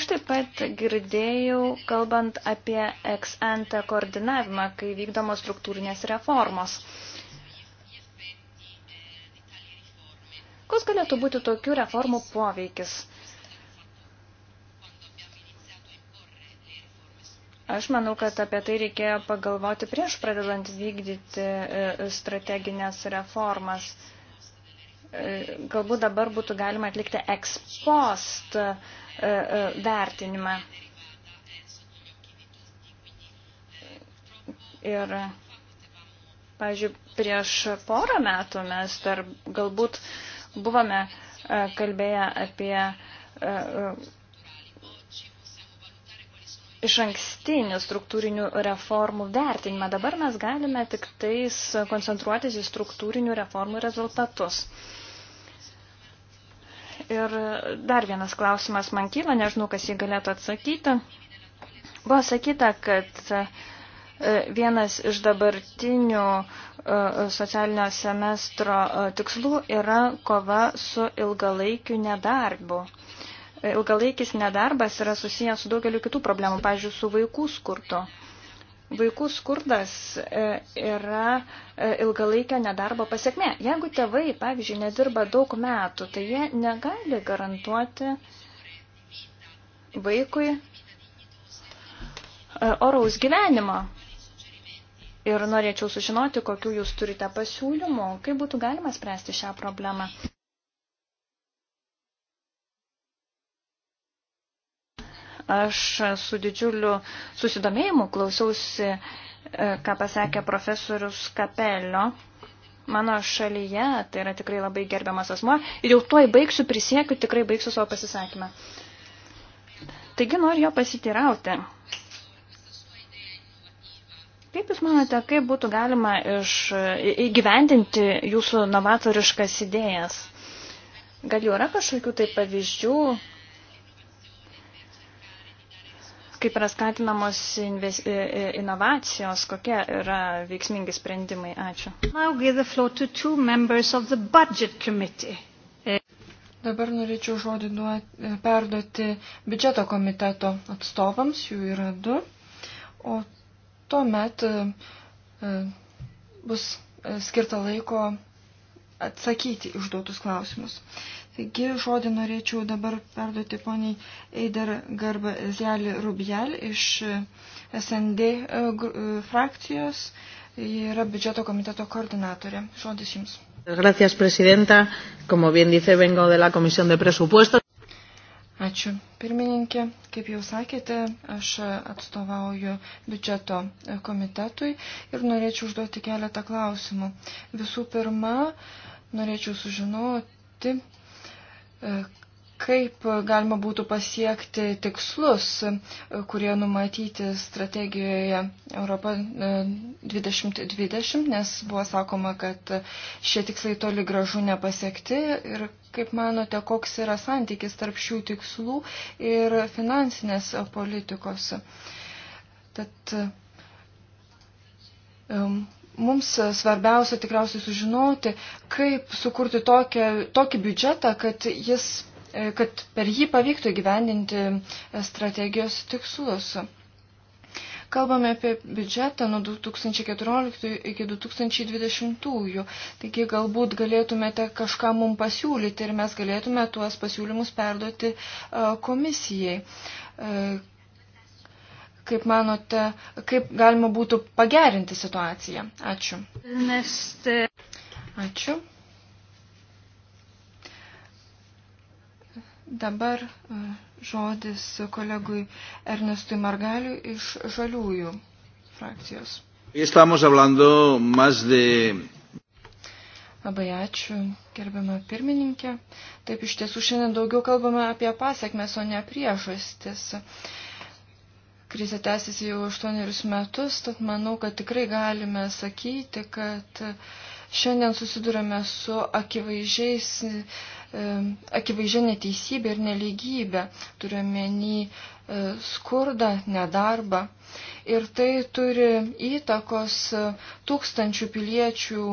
Aš taip pat girdėjau, kalbant apie ex ante koordinavimą, kai vykdomos struktūrinės reformos. Koks galėtų būti tokių reformų poveikis? Aš manau, kad apie tai reikėjo pagalvoti prieš pradedant vykdyti e, strateginės reformas. E, galbūt dabar būtų galima atlikti ex post e, vertinimą. Ir, pavyzdžiui, prieš porą metų mes dar galbūt uh, Buvome e, kalbėję apie e, e, iš ankstinių struktūrinių reformų vertinimą. Dabar mes galime tik tais koncentruotis į struktūrinių reformų rezultatus. Ir dar vienas klausimas man kyla, nežinau, kas jį galėtų atsakyti. Buvo sakyta, kad E, vienas iš dabartinių e, socialinio semestro e, tikslų yra kova su ilgalaikiu nedarbu. Ilgalaikis nedarbas yra susijęs su daugeliu kitų problemų, pavyzdžiui, su vaikų skurtu. Vaikų skurdas yra ilgalaikio nedarbo pasiekmė. Jeigu tėvai, pavyzdžiui, nedirba daug metų, tai jie negali garantuoti vaikui oraus gyvenimo. Ir norėčiau sužinoti, kokiu jūs turite pasiūlymų, kaip būtų galima spręsti šią problemą. Aš su didžiuliu susidomėjimu klausiausi, e, ką pasakė profesorius Kapelio. Mano šalyje tai yra tikrai labai gerbiamas asmo ir jau tuoj baigsiu, prisiekiu, tikrai baigsiu savo pasisakymą. Taigi noriu jo pasitirauti Kaip Jūs manote, kaip būtų galima iš, įgyvendinti Jūsų novatoriškas idėjas? Gal jau yra kažkokių tai pavyzdžių, kaip yra skatinamos inves, inovacijos, kokie yra veiksmingi sprendimai? Ačiū. Dabar norėčiau žodį perduoti biudžeto komiteto atstovams, jų yra du. O tuomet e, e, bus e, skirta laiko atsakyti užduotus klausimus. Taigi žodį norėčiau dabar perduoti poniai Eider Garba Zelį Rubjel iš SND frakcijos. Ji yra biudžeto komiteto koordinatorė. Žodis jums. Gracias, presidenta. Como bien dice, vengo de la Comisión de Presupuestos. Ačiū. Pirmininkė, kaip jau sakėte, aš atstovauju biudžeto komitetui ir norėčiau užduoti keletą klausimų. Visų pirma, norėčiau sužinoti, kaip galima būtų pasiekti tikslus, kurie numatyti strategijoje Europa 2020, e, nes buvo sakoma, kad šie tikslai toli gražu nepasiekti. Ir kaip manote, koks yra santykis tarp šių tikslų ir finansinės politikos? Tad, um, mums svarbiausia tikriausiai sužinoti, kaip sukurti tokią, tokį biudžetą, kad jis E, kad per jį pavyktų gyvendinti e, strategijos tikslus. Kalbame apie biudžetą nuo 2014 iki 2020. Taigi galbūt galėtumėte kažką mum pasiūlyti ir mes galėtume tuos pasiūlymus perduoti e, komisijai. Kaip manote, kaip galima būtų pagerinti situaciją? Ačiū. Ačiū. Dabar e, žodis kolegui Ernestui Margaliu iš Žaliųjų frakcijos. Labai ačiū, gerbiama pirmininkė. Taip iš tiesų šiandien daugiau kalbame apie pasiekmes, o ne priežastis. Krizė tęsiasi jau aštuonerius metus, tad manau, kad tikrai galime sakyti, kad šiandien susidurame su akivaizdžiais E, akivaizdžia neteisybė ir neligybė, turiuomenį e, skurdą, nedarbą. Ir tai turi įtakos tūkstančių piliečių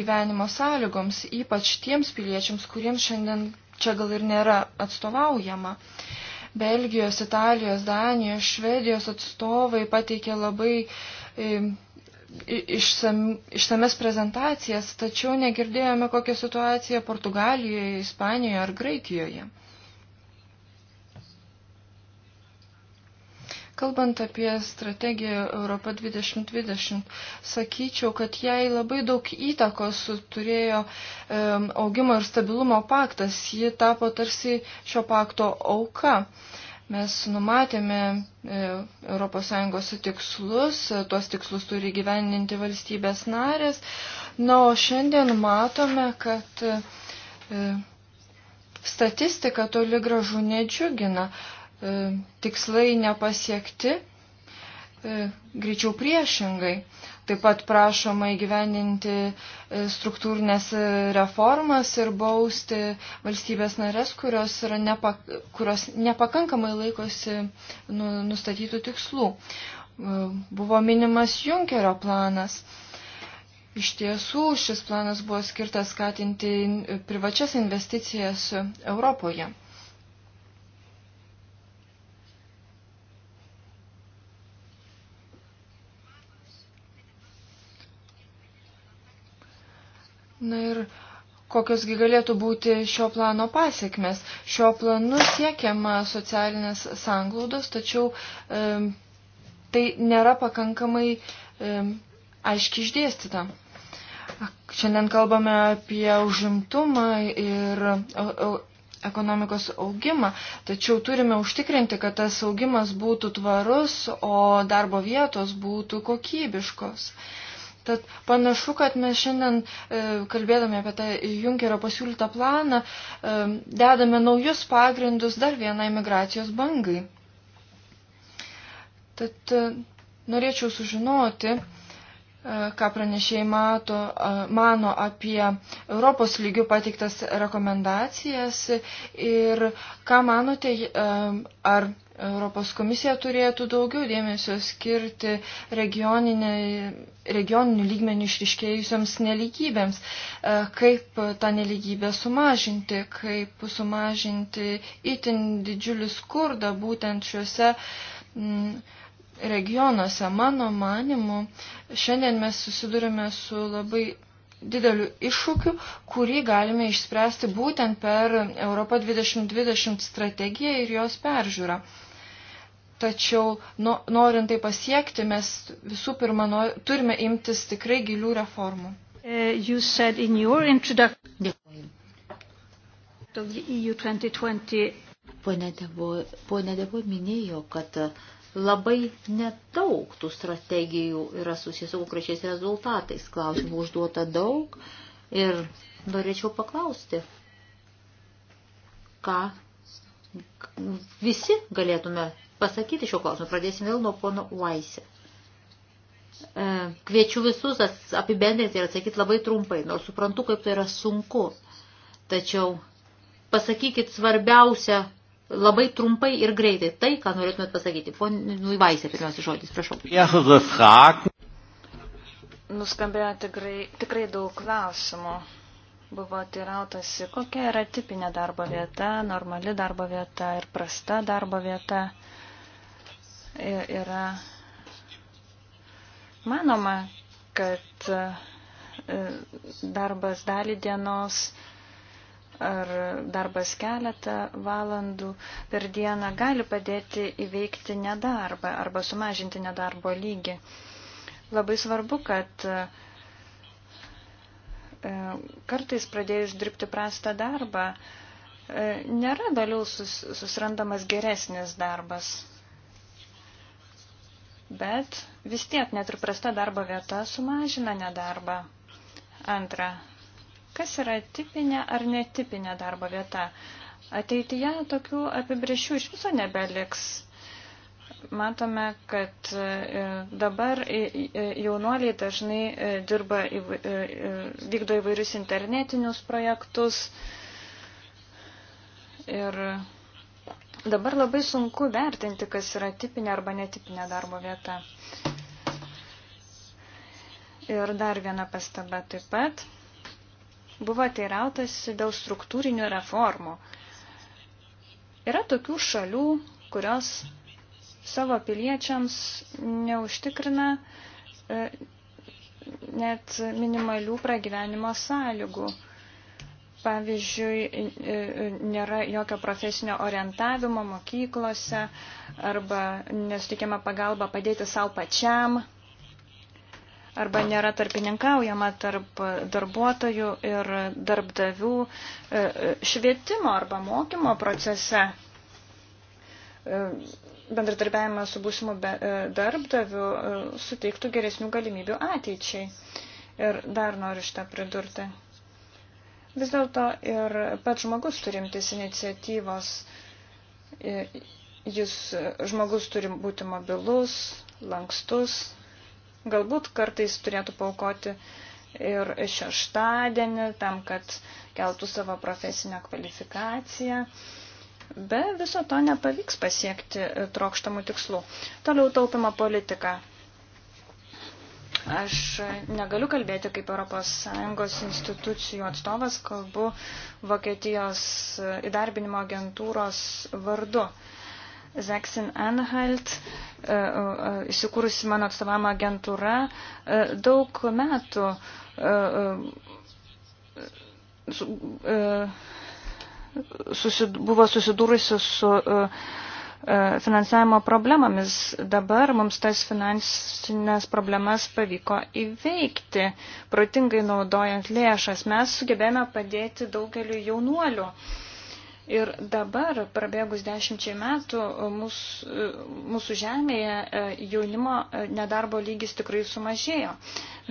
gyvenimo sąlygoms, ypač tiems piliečiams, kuriems šiandien čia gal ir nėra atstovaujama. Belgijos, Italijos, Danijos, Švedijos atstovai pateikė labai e, išsam, išsames prezentacijas, tačiau negirdėjome kokią situaciją Portugalijoje, Ispanijoje ar Graikijoje. Kalbant apie strategiją Europa 2020, sakyčiau, kad jai labai daug įtakos turėjo e, augimo ir stabilumo paktas. Ji tapo tarsi šio pakto auka. E, Mes numatėme e, ES tikslus, e, tuos tikslus turi gyveninti valstybės narės. Na, o šiandien matome, kad e, statistika toli gražu nedžiugina. Tikslai nepasiekti, greičiau priešingai. Taip pat prašoma įgyvendinti e, struktūrinės e, reformas ir bausti valstybės narės, kurios, yra nepak kurios nepakankamai laikosi nu, nustatytų tikslų. E, buvo minimas Junkerio planas. Iš tiesų, šis planas buvo skirtas skatinti privačias investicijas Europoje. Na ir kokiosgi galėtų būti šio plano pasiekmes. Šio planu siekiama socialinės sanglaudos, tačiau e, tai nėra pakankamai e, aiškiai išdėstyta. Šiandien kalbame apie užimtumą ir ekonomikos augimą, tačiau turime užtikrinti, kad tas augimas būtų tvarus, o darbo vietos būtų kokybiškos. E, Tad panašu, kad mes šiandien, e, kalbėdami apie tą Junkerio pasiūlytą planą, e, dedame naujus pagrindus dar vienai migracijos bangai. Tad e, norėčiau sužinoti, ką pranešėjai mato, mano apie Europos lygių pateiktas rekomendacijas ir ką manote, ar Europos komisija turėtų daugiau dėmesio skirti regioninių lygmenių išriškėjusiams neligybėms, e, kaip tą neligybę sumažinti, kaip sumažinti itin didžiulį skurdą būtent šiuose regionuose. Mano manimu, šiandien mes susidurime su labai dideliu iššūkiu, kurį galime išspręsti būtent per Europą 2020 strategiją ir jos peržiūrą. Tačiau no, norint tai pasiekti, mes visų pirma no, turime imtis tikrai gilių reformų. Uh, Dėkuoju. E pone Devo minėjo, kad uh, Labai nedaug tų strategijų yra susijęs su konkrečiais rezultatais. Klausimų užduota daug ir norėčiau paklausti, ką visi galėtume pasakyti šio klausimu. Pradėsim vėl nuo pono Vaisė. E, kviečiu visus apibendrinti ir atsakyti labai trumpai, nors suprantu, kaip tai yra sunku. Tačiau pasakykit svarbiausią labai trumpai ir greitai tai, ką norėtumėt pasakyti. Pone Vaisė, pirmiausia žodis, prašau. Nuskambėjo tikrai, tikrai daug klausimų. Buvo teirautasi, kokia yra tipinė darbo vieta, normali darbo vieta ir prasta darbo vieta. Ir yra manoma, kad e, darbas dalį dienos ar darbas keletą valandų per dieną gali padėti įveikti nedarbą arba sumažinti nedarbo lygį. Labai svarbu, kad e, kartais pradėjus dirbti prastą darbą, e, nėra daliau sus, susrandamas geresnis darbas. Bet vis tiek net ir prasta darbo vieta sumažina nedarbą. Antra, Kas yra tipinė ar netipinė darbo vieta? Ateityje tokių apibriešių iš viso nebeliks. Matome, kad e, dabar e, e, jaunuoliai dažnai dirba, vykdo įvairius internetinius projektus ir Dabar labai sunku vertinti, kas yra tipinė arba netipinė darbo vieta. Ir dar viena pastaba taip pat buvo teirautas dėl struktūrinių reformų. Yra tokių šalių, kurios savo piliečiams neužtikrina e, net minimalių pragyvenimo sąlygų. Pavyzdžiui, nėra jokio profesinio orientavimo mokyklose arba nesutikiama pagalba padėti savo pačiam arba nėra tarpininkaujama tarp darbuotojų ir darbdavių e, e, švietimo arba mokymo procese. E, bendradarbiavimas su būsimu darbdaviu suteiktų geresnių galimybių ateičiai. Ir dar noriu šitą pridurti. Vis dėlto ir pats žmogus turimtis iniciatyvos, jis žmogus turi būti mobilus, lankstus, Galbūt kartais turėtų paukoti ir šeštadienį tam, kad keltų savo profesinę kvalifikaciją. Be viso to nepavyks pasiekti trokštamų tikslų. Toliau taupimo politika. Aš negaliu kalbėti kaip ES institucijų atstovas, kalbu Vokietijos įdarbinimo agentūros vardu. Uh, Zaksin-Anhalt, e, įsikūrusi mano atstovama agentūra, e, daug metų e, susid, buvo susidūrusi su finansavimo problemomis. Dabar mums tas finansinės problemas pavyko įveikti, protingai naudojant lėšas. Mes sugebėjome padėti daugeliu jaunuolių. Uh, Ir dabar, prabėgus dešimčiai metų, mūsų, mūsų žemėje e, jaunimo e, nedarbo lygis tikrai sumažėjo.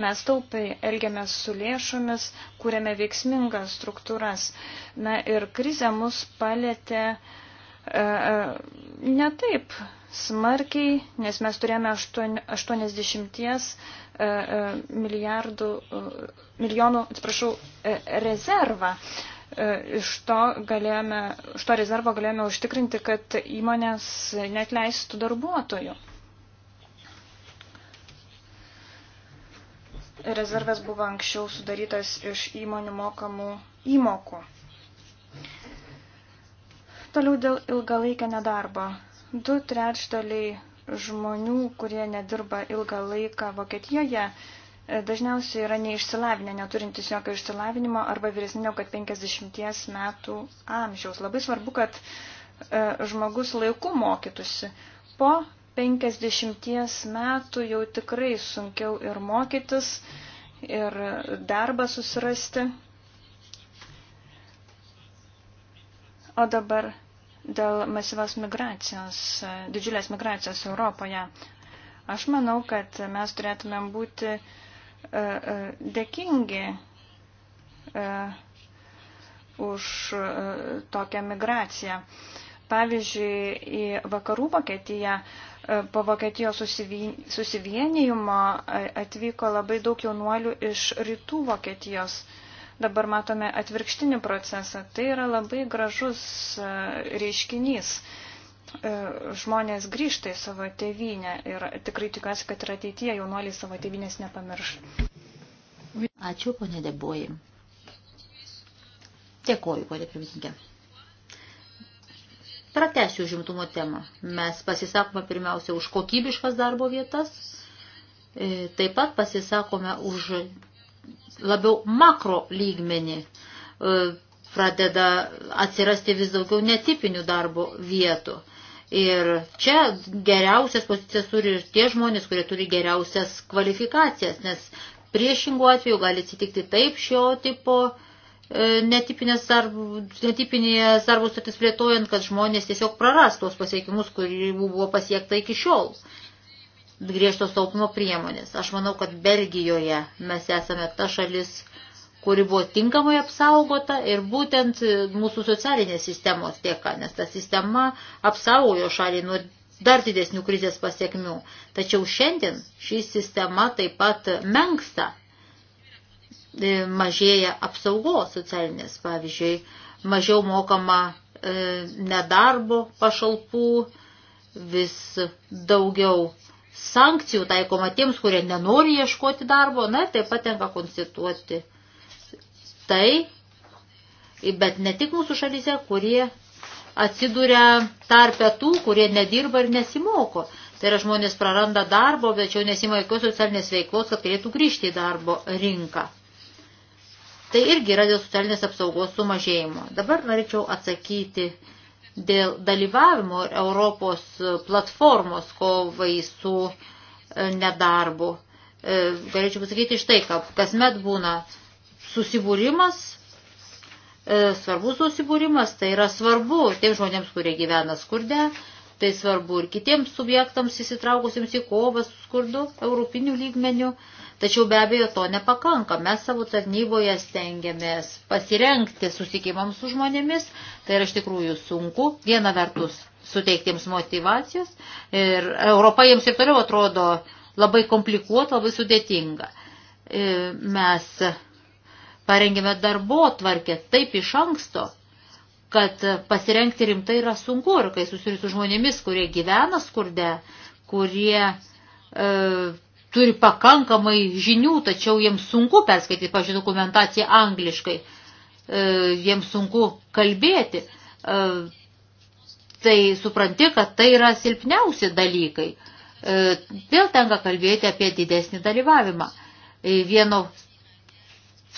Mes taupiai elgiamės su lėšomis, kūrėme veiksmingas struktūras. Na ir krizė mus palėtė e, ne taip smarkiai, nes mes turėjome 80 milijardų, milijonų, atsiprašau, rezervą. E, iš to, galėjome, iš to rezervo galėjome užtikrinti, kad įmonės net leistų darbuotojų. Rezervas buvo anksčiau sudarytas iš įmonių mokamų įmokų. Toliau dėl ilgalaikio nedarbo. Du trečdaliai žmonių, kurie nedirba ilgą laiką Vokietijoje, dažniausiai yra neišsilavinę, neturintys jokio išsilavinimo arba vyresnio, kad 50 metų amžiaus. Labai svarbu, kad e, žmogus laiku mokytųsi. Po 50 metų jau tikrai sunkiau ir mokytis, ir darbą susirasti. O dabar dėl masyvios migracijos, didžiulės migracijos Europoje. Aš manau, kad mes turėtumėm būti uh, E, e, dėkingi e, už tokią migraciją. Pavyzdžiui, į vakarų Vokietiją po Vokietijos susivienijimo atvyko labai daug jaunuolių iš rytų Vokietijos. Dabar matome atvirkštinį procesą. Tai yra labai gražus reiškinys. E, žmonės grįžta į savo tėvynę ir tikrai tikiuosi, kad ir ateityje jaunuoliai savo tėvynės nepamirš. Ačiū, ponė Deboji. Dėkoju, ponė pirmininkė. Pratesiu užimtumo temą. Mes pasisakome pirmiausia už kokybiškas darbo vietas, e, taip pat pasisakome už labiau makro lygmenį e, pradeda atsirasti vis daugiau netipinių darbo vietų. Ir čia geriausias pozicijas turi ir tie žmonės, kurie turi geriausias kvalifikacijas, nes priešingų atveju gali atsitikti taip šio tipo e, netipinės darbo sutartis plėtojant, kad žmonės tiesiog praras tuos pasiekimus, kurių buvo pasiekta iki šiol. Griežtos taupimo priemonės. Aš manau, kad Belgijoje mes esame ta šalis, kuri buvo tinkamai apsaugota ir būtent e, mūsų socialinės sistemos dėka, nes ta sistema apsaugojo šalį nuo dar didesnių krizės pasiekmių. Tačiau šiandien ši sistema taip pat menksta, e, mažėja apsaugos socialinės, pavyzdžiui, mažiau mokama e, nedarbo pašalpų, vis daugiau sankcijų taikoma tiems, kurie nenori ieškoti darbo, na ir taip pat tenka konstituoti tai, bet ne tik mūsų šalyse, kurie atsiduria tarpe tų, kurie nedirba ir nesimoko. Tai yra žmonės praranda darbo, bet jau nesima jokios socialinės veiklos, kad galėtų grįžti į darbo rinką. Tai irgi yra dėl socialinės apsaugos sumažėjimo. Dabar norėčiau atsakyti dėl dalyvavimo Europos platformos kovai su e, nedarbu. E, galėčiau pasakyti štai, kad kasmet būna susibūrimas, e, svarbus susibūrimas, tai yra svarbu tiems žmonėms, kurie gyvena skurde, tai svarbu ir kitiems subjektams įsitraukusiems į kovą su skurdu europinių lygmenių, tačiau be abejo to nepakanka. Mes savo tarnyboje stengiamės pasirenkti susikimams su žmonėmis, tai yra iš tikrųjų sunku, viena vertus suteiktiems motivacijos ir Europa jiems ir toliau atrodo labai komplikuota, labai sudėtinga. E, mes parengėme darbo tvarkę taip iš anksto, kad pasirengti rimtai yra sunku ir kai susiri su žmonėmis, kurie gyvena skurde, kurie e, turi pakankamai žinių, tačiau jiems sunku perskaityti, pažiūrėjau, dokumentaciją angliškai, e, jiems sunku kalbėti, e, tai supranti, kad tai yra silpniausi dalykai. E, vėl tenka kalbėti apie didesnį dalyvavimą. E, vieno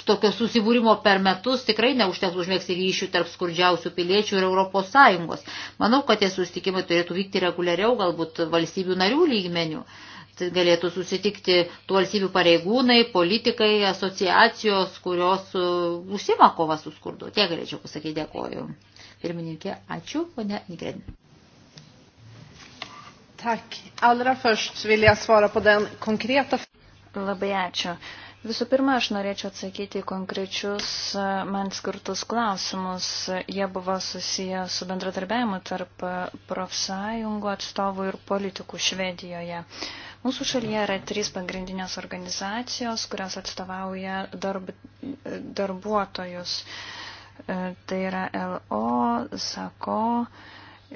tokio susibūrimo per metus tikrai neužteks užmėgsti ryšių tarp skurdžiausių piliečių ir Europos Sąjungos. Manau, kad tie susitikimai turėtų vykti reguliariau, galbūt valstybių narių lygmenių. Tai galėtų susitikti tų valstybių pareigūnai, politikai, asociacijos, kurios e, užsima kovą su skurdu. Tiek galėčiau pasakyti dėkoju. Pirmininkė, ačiū, ponė Nigren. Tack. Allra först vill jag svara på den konkreta Labai ačiū. Visų pirma, aš norėčiau atsakyti į konkrečius e, man skirtus klausimus. Jie buvo susiję su bendradarbiavimu tarp e, profsąjungų atstovų ir politikų Švedijoje. Mūsų šalyje yra trys pagrindinės organizacijos, kurios atstovauja darb, darbuotojus. E, tai yra LO, SAKO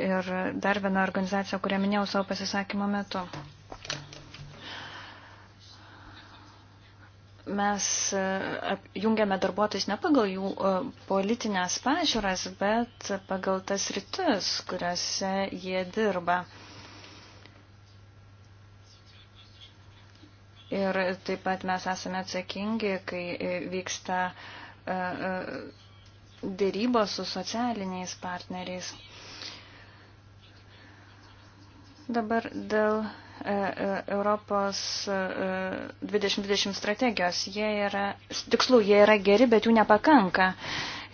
ir dar viena organizacija, kurią minėjau savo pasisakymo metu. mes e, jungiame darbuotojus ne pagal jų e, politinės pažiūras, bet pagal tas rytis, kuriuose jie dirba. Ir taip pat mes esame atsakingi, kai e, vyksta dėrybos su socialiniais partneriais. Dabar dėl E, e, Europos 2020 e, strategijos. Jie yra, tikslų, jie yra geri, bet jų nepakanka.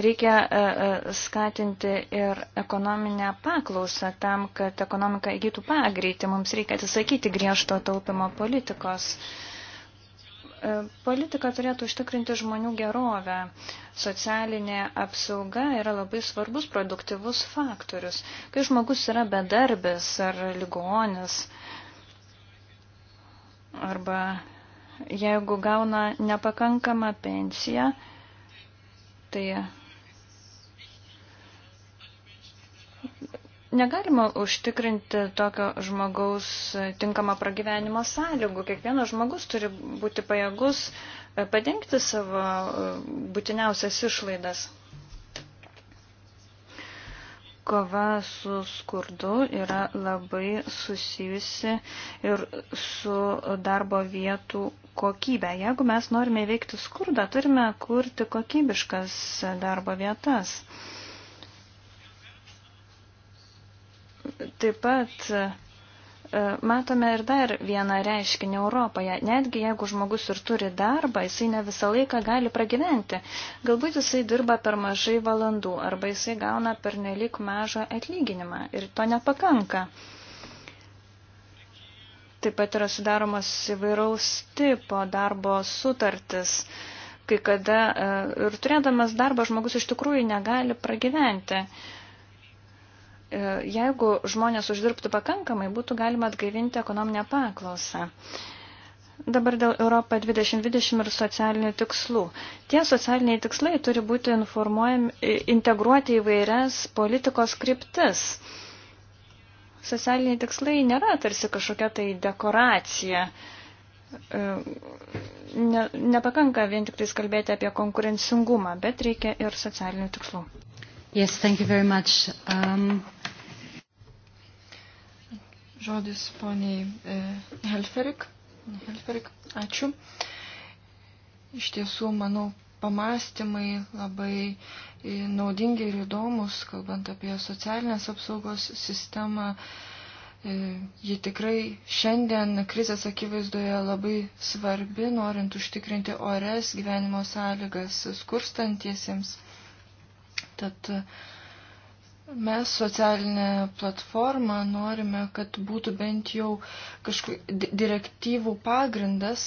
Reikia skatinti ir ekonominę paklausą tam, kad ekonomika įgytų pagreitį. Mums reikia atsisakyti griežto taupimo politikos. Politika turėtų užtikrinti žmonių gerovę. Socialinė apsauga yra labai svarbus produktyvus faktorius. Kai žmogus yra bedarbis ar ligonis, arba jeigu gauna nepakankamą pensiją, tai negalima užtikrinti tokio žmogaus tinkamą pragyvenimo sąlygų. Kiekvienas žmogus turi būti pajėgus padengti savo e, būtiniausias išlaidas kova su skurdu yra labai susijusi ir su darbo vietų kokybė. Jeigu mes norime įveikti skurdą, turime kurti kokybiškas darbo vietas. Taip pat E, matome ir dar vieną reiškinį Europoje. Netgi jeigu žmogus ir turi darbą, jisai ne visą laiką gali pragyventi. Galbūt jisai dirba per mažai valandų arba jisai gauna per nelik mažą atlyginimą ir to nepakanka. Taip pat yra sudaromos įvairaus tipo darbo sutartis. Kai kada e, ir turėdamas darbą žmogus iš tikrųjų negali pragyventi. E, jeigu žmonės uždirbtų pakankamai, būtų galima atgaivinti ekonominę paklausą. Dabar dėl Europą 2020 ir socialinių tikslų. Tie socialiniai tikslai turi būti integruoti į vairias politikos kryptis. Socialiniai tikslai nėra tarsi kažkokia tai dekoracija. E, ne, nepakanka vien tik tais kalbėti apie konkurencingumą, bet reikia ir socialinių tikslų. Yes, thank you very much. Um... Žodis poniai e, Helferik. Helferik, ačiū. Iš tiesų, manau, pamastymai labai e, naudingi ir įdomus, kalbant apie socialinės apsaugos sistemą. E, ji tikrai šiandien krizės akivaizdoje labai svarbi, norint užtikrinti ores gyvenimo sąlygas skurstantiesiems. Tad mes socialinę platformą norime, kad būtų bent jau kažkokių direktyvų pagrindas,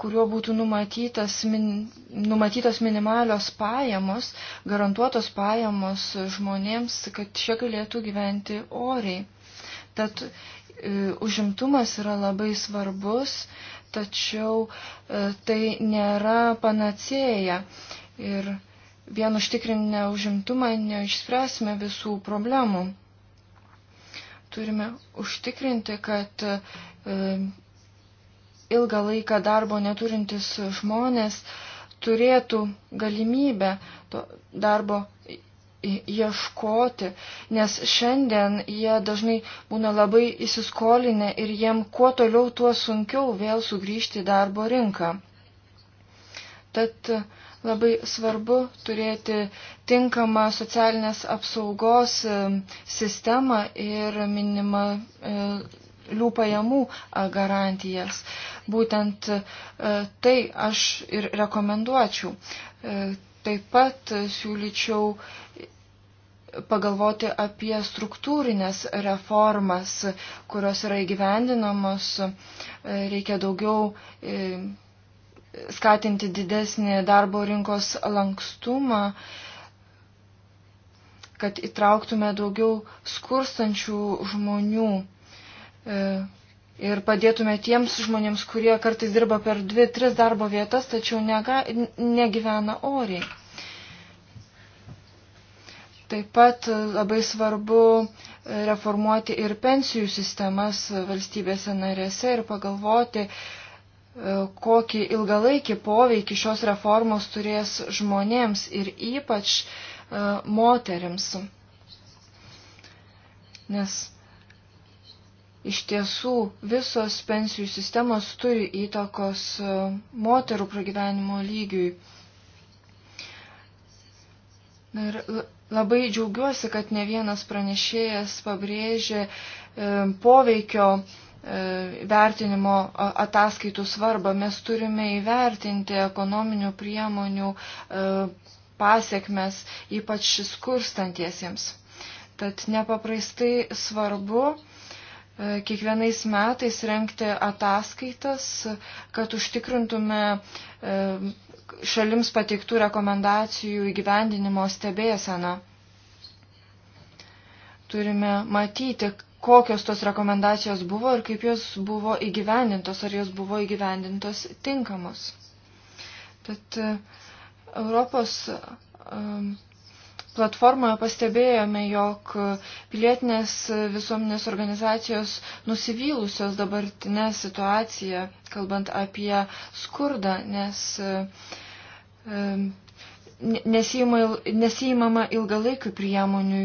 kuriuo būtų numatytas, min, numatytos minimalios pajamos, garantuotos pajamos žmonėms, kad šie galėtų gyventi oriai. Tad e, užimtumas yra labai svarbus, tačiau e, tai nėra panacėja. Ir e, vien užtikrinę užimtumą neišspręsime visų problemų. Turime užtikrinti, kad e, ilgą laiką darbo neturintis žmonės turėtų galimybę to darbo ieškoti, nes šiandien jie dažnai būna labai įsiskolinę ir jiem kuo toliau, tuo sunkiau vėl sugrįžti į darbo rinką. Tad uh, labai svarbu turėti tinkamą socialinės apsaugos sistemą ir minimalių e, pajamų garantijas. Būtent e, tai aš ir rekomenduočiau. E, taip pat siūlyčiau pagalvoti apie struktūrinės reformas, kurios yra įgyvendinamos. Reikia daugiau skatinti didesnį darbo rinkos lankstumą, kad įtrauktume daugiau skurstančių žmonių e, ir padėtume tiems žmonėms, kurie kartais dirba per dvi, tris darbo vietas, tačiau nega, negyvena oriai. Taip pat labai svarbu e, reformuoti ir pensijų sistemas valstybėse narėse ir pagalvoti, E, kokį ilgalaikį poveikį šios reformos turės žmonėms ir ypač e, moteriams. Nes iš tiesų visos pensijų sistemos turi įtakos e, moterų pragyvenimo lygiui. Ir labai džiaugiuosi, kad ne vienas pranešėjas pabrėžė poveikio vertinimo ataskaitų svarbą. Mes turime įvertinti ekonominių priemonių pasiekmes, ypač skurstantiesiems. Tad nepaprastai svarbu kiekvienais metais renkti ataskaitas, kad užtikrintume šalims pateiktų rekomendacijų įgyvendinimo stebėseną. Turime matyti, kokios tos rekomendacijos buvo ir kaip jos buvo įgyvendintos, ar jos buvo įgyvendintos tinkamos. Tad e, Europos e, platformoje pastebėjome, jog pilietinės visuomenės organizacijos nusivylusios dabartinę situaciją, kalbant apie skurdą, nes e, nesijimama ilgalaikių priemonių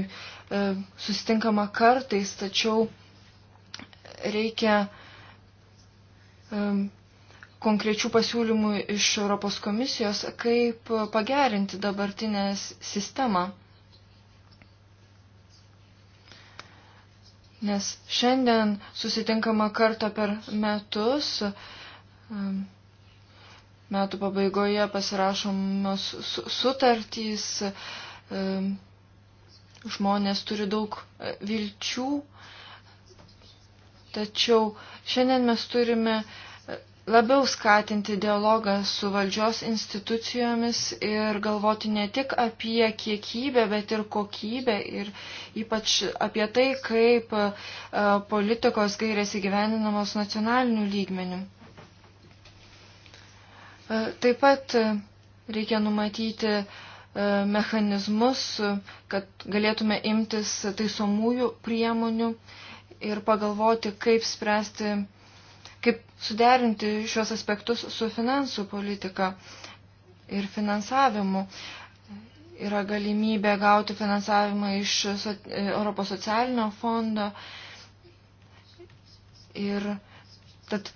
E, sustinkama kartais, tačiau reikia e, konkrečių pasiūlymų iš Europos komisijos, kaip pagerinti dabartinę sistemą. Nes šiandien susitinkama kartą per metus, e, metų pabaigoje pasirašomos sutartys, žmonės turi daug e, vilčių, tačiau šiandien mes turime e, labiau skatinti dialogą su valdžios institucijomis ir galvoti ne tik apie kiekybę, bet ir kokybę ir ypač apie tai, kaip e, politikos gairės įgyveninamos nacionalinių lygmenių. Taip pat reikia numatyti uh, E, mechanizmus, kad galėtume imtis taisomųjų priemonių ir pagalvoti, kaip spręsti, kaip suderinti šios aspektus su finansų politika ir finansavimu. Yra galimybė gauti finansavimą iš Europos socialinio fondo ir tad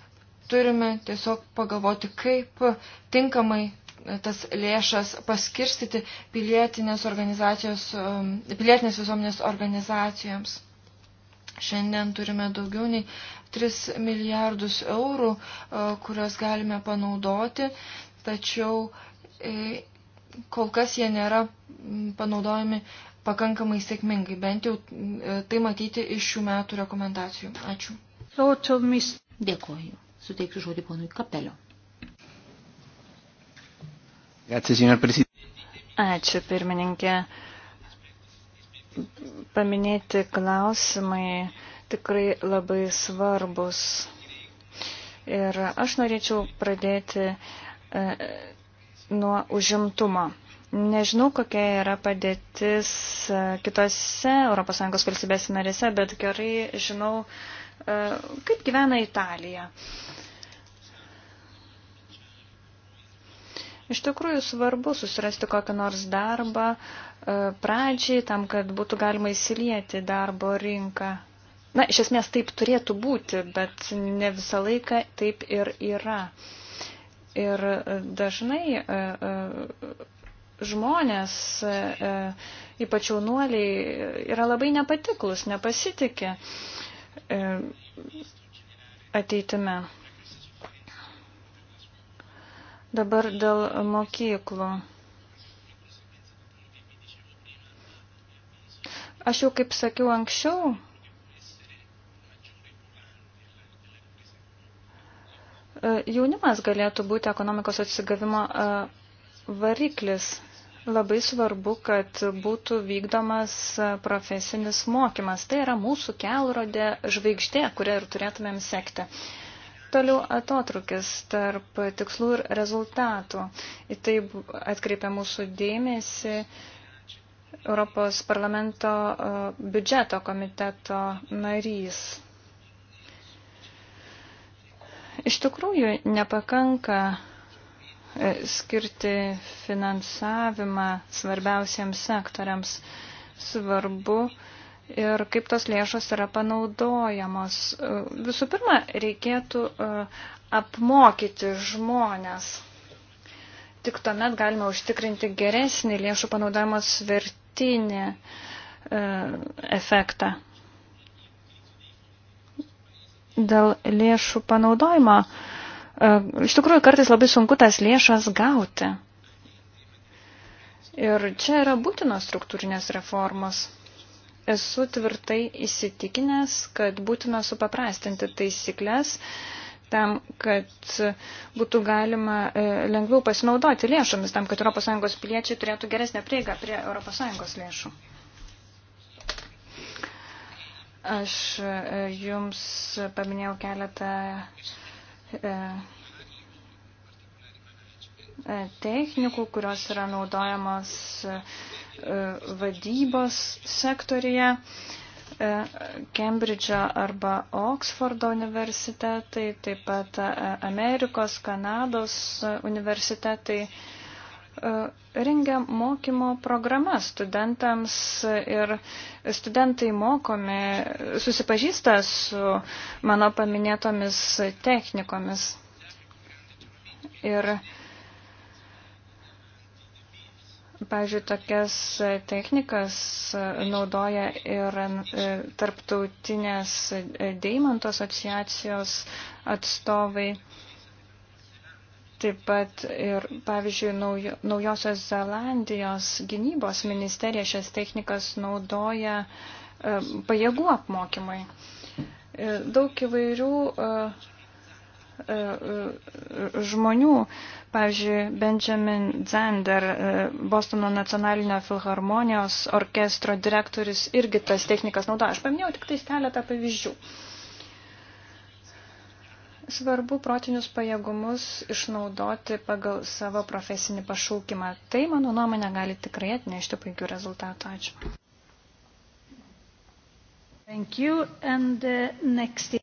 turime tiesiog pagalvoti, kaip tinkamai tas lėšas paskirstyti pilietinės, um, pilietinės visuomenės organizacijoms. Šiandien turime daugiau nei 3 milijardus eurų, uh, kuriuos galime panaudoti, tačiau e, kol kas jie nėra panaudojami pakankamai sėkmingai, bent jau e, tai matyti iš šių metų rekomendacijų. Ačiū. Dėkoju. Suteiksiu žodį ponui Kapelio. Ačiū, pirmininkė. Paminėti klausimai tikrai labai svarbus. Ir aš norėčiau pradėti e, nuo užimtumo. Nežinau, kokia yra padėtis e, kitose ES valstybės narėse, bet gerai žinau, e, kaip gyvena Italija. Uh, Iš tikrųjų svarbu susirasti kokį nors darbą e, pradžiai, tam, kad būtų galima įsilieti darbo rinką. Na, iš esmės taip turėtų būti, bet ne visą laiką taip ir yra. Ir dažnai e, e, žmonės, ypač jaunuoliai, yra labai nepatiklus, nepasitikė ateitime. Dabar dėl mokyklų. Aš jau kaip sakiau anksčiau, e, jaunimas galėtų būti ekonomikos atsigavimo e, variklis. Labai svarbu, kad būtų vykdomas e, profesinis mokymas. Tai yra mūsų kelrodė žvaigždė, kurią ir turėtumėm sekti. Uh, Toliau atotrukis tarp tikslų ir rezultatų. Į tai atkreipia mūsų dėmesį Europos parlamento e, biudžeto komiteto narys. Iš tikrųjų, nepakanka e, skirti finansavimą svarbiausiems sektoriams. Svarbu uh, ir kaip tos lėšos yra panaudojamos. E, visų pirma, reikėtų e, apmokyti žmonės. Tik tuomet galime užtikrinti geresnį lėšų panaudojimo svertinį e, efektą. Dėl lėšų panaudojimo. E, iš tikrųjų, kartais labai sunku tas lėšas gauti. Ir čia yra būtinos struktūrinės reformos esu tvirtai įsitikinęs, kad būtume supaprastinti taisyklės tam, kad būtų galima e, lengviau pasinaudoti lėšomis, tam, kad ES piliečiai turėtų geresnę prieigą prie ES lėšų. Aš e, jums paminėjau keletą e, technikų, kurios yra naudojamos E, vadybos sektorija. E, Kembridžo arba Oksfordo universitetai, taip pat e, Amerikos, Kanados universitetai rengia mokymo programas studentams ir studentai mokomi, susipažįsta su mano paminėtomis technikomis. Ir uh, Pavyzdžiui, tokias technikas naudoja ir e, tarptautinės deimantų asociacijos atstovai. Taip pat ir, pavyzdžiui, naujo, Naujosios Zelandijos gynybos ministerija šias technikas naudoja e, pajėgų apmokymai. E, daug įvairių e, E, e, žmonių. Pavyzdžiui, Benjamin Zander, e, Bostono nacionalinio filharmonijos orkestro direktorius, irgi tas technikas naudoja. Aš paminėjau tik tais keletą pavyzdžių. Svarbu protinius pajėgumus išnaudoti pagal savo profesinį pašaukimą. Tai, mano nuomonė, gali tikrai atnešti puikių rezultatų. Ačiū. Thank you. And, uh, next...